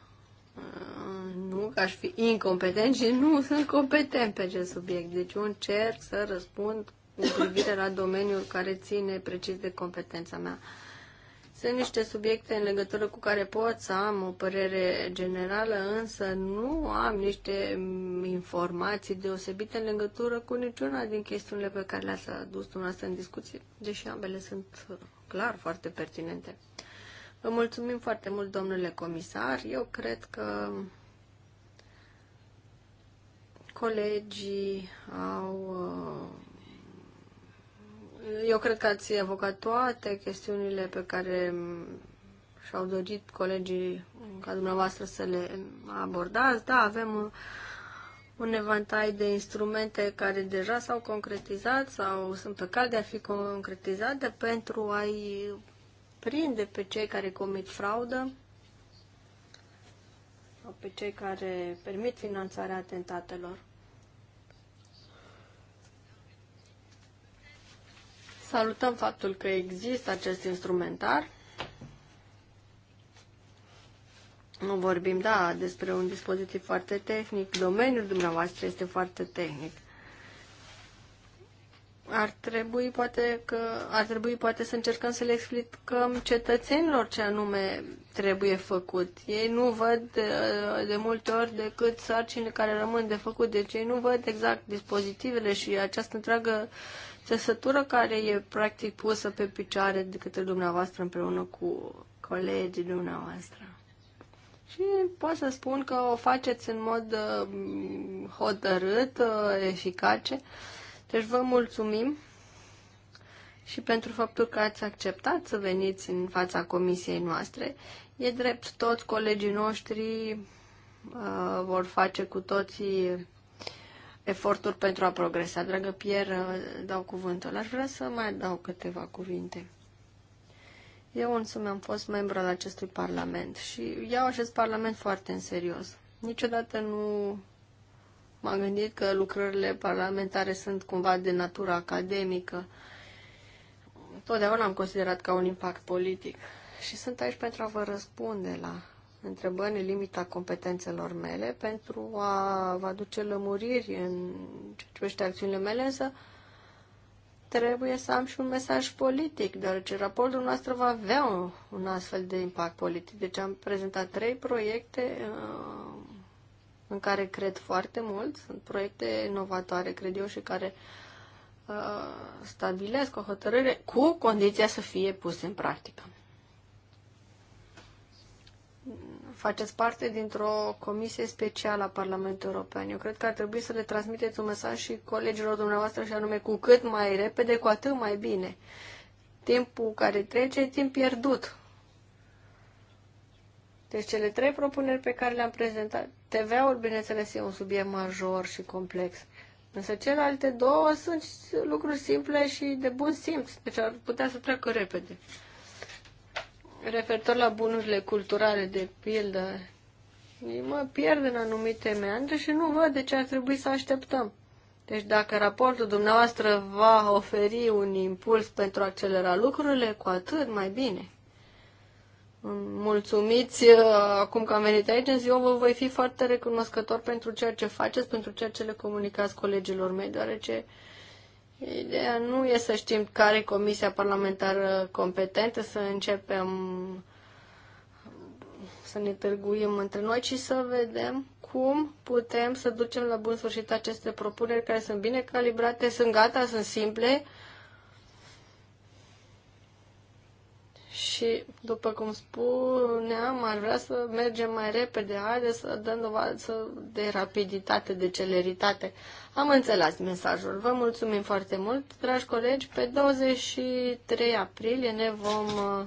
Uh, nu că aș fi incompetent, ci nu sunt competent pe acest subiect. Deci eu încerc să răspund cu privire la domeniul care ține precis de competența mea. Sunt niște subiecte în legătură cu care pot să am o părere generală, însă nu am niște informații deosebite în legătură cu niciuna din chestiunile pe care le-ați adus dumneavoastră în discuție, deși ambele sunt clar foarte pertinente. Vă mulțumim foarte mult, domnule comisar. Eu cred că colegii au uh, eu cred că ați evocat toate chestiunile pe care și-au dorit colegii ca dumneavoastră să le abordați. Da, avem un evantai de instrumente care deja s-au concretizat sau sunt pe cale de a fi concretizate pentru a-i prinde pe cei care comit fraudă sau pe cei care permit finanțarea atentatelor. Salutăm faptul că există acest instrumentar. Nu vorbim, da, despre un dispozitiv foarte tehnic. Domeniul dumneavoastră este foarte tehnic. Ar trebui poate că ar trebui poate să încercăm să le explicăm cetățenilor ce anume trebuie făcut. Ei nu văd uh, de multe ori decât sarcinile care rămân de făcut, deci ei nu văd exact dispozitivele și această întreagă țesătură care e practic pusă pe picioare de către dumneavoastră împreună cu colegii dumneavoastră. Și pot să spun că o faceți în mod uh, hotărât, uh, eficace. Deci vă mulțumim și pentru faptul că ați acceptat să veniți în fața comisiei noastre. E drept, toți colegii noștri uh, vor face cu toții eforturi pentru a progresa. Dragă Pierre, dau cuvântul. Aș vrea să mai dau câteva cuvinte. Eu însumi am fost membru al acestui parlament și iau acest parlament foarte în serios. Niciodată nu m-am gândit că lucrările parlamentare sunt cumva de natură academică. Totdeauna am considerat ca un impact politic. Și sunt aici pentru a vă răspunde la întrebări în limita competențelor mele pentru a vă aduce lămuriri în ce privește acțiunile mele, însă trebuie să am și un mesaj politic, deoarece raportul nostru va avea un, un astfel de impact politic. Deci am prezentat trei proiecte uh, în care cred foarte mult. Sunt proiecte inovatoare, cred eu, și care uh, stabilesc o hotărâre cu condiția să fie puse în practică. faceți parte dintr-o comisie specială a Parlamentului European. Eu cred că ar trebui să le transmiteți un mesaj și colegilor dumneavoastră, și anume cu cât mai repede, cu atât mai bine. Timpul care trece e timp pierdut. Deci cele trei propuneri pe care le-am prezentat, TVA-ul, bineînțeles, e un subiect major și complex. Însă celelalte două sunt lucruri simple și de bun simț, deci ar putea să treacă repede referitor la bunurile culturale, de pildă, mă pierd în anumite meandre și nu văd de ce ar trebui să așteptăm. Deci dacă raportul dumneavoastră va oferi un impuls pentru a accelera lucrurile, cu atât mai bine. Mulțumiți uh, acum că am venit aici în ziua, vă voi fi foarte recunoscător pentru ceea ce faceți, pentru ceea ce le comunicați colegilor mei, deoarece Ideea nu e să știm care e comisia parlamentară competentă, să începem să ne târguim între noi, ci să vedem cum putem să ducem la bun sfârșit aceste propuneri care sunt bine calibrate, sunt gata, sunt simple. Și, după cum spuneam, ar vrea să mergem mai repede. Haide să dăm dovadă de rapiditate, de celeritate. Am înțeles mesajul. Vă mulțumim foarte mult, dragi colegi. Pe 23 aprilie ne vom uh,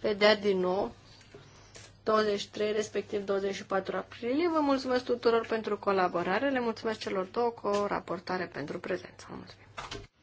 vedea din nou. 23, respectiv 24 aprilie. Vă mulțumesc tuturor pentru colaborare. Le mulțumesc celor două cu o raportare pentru prezență. Mulțumim.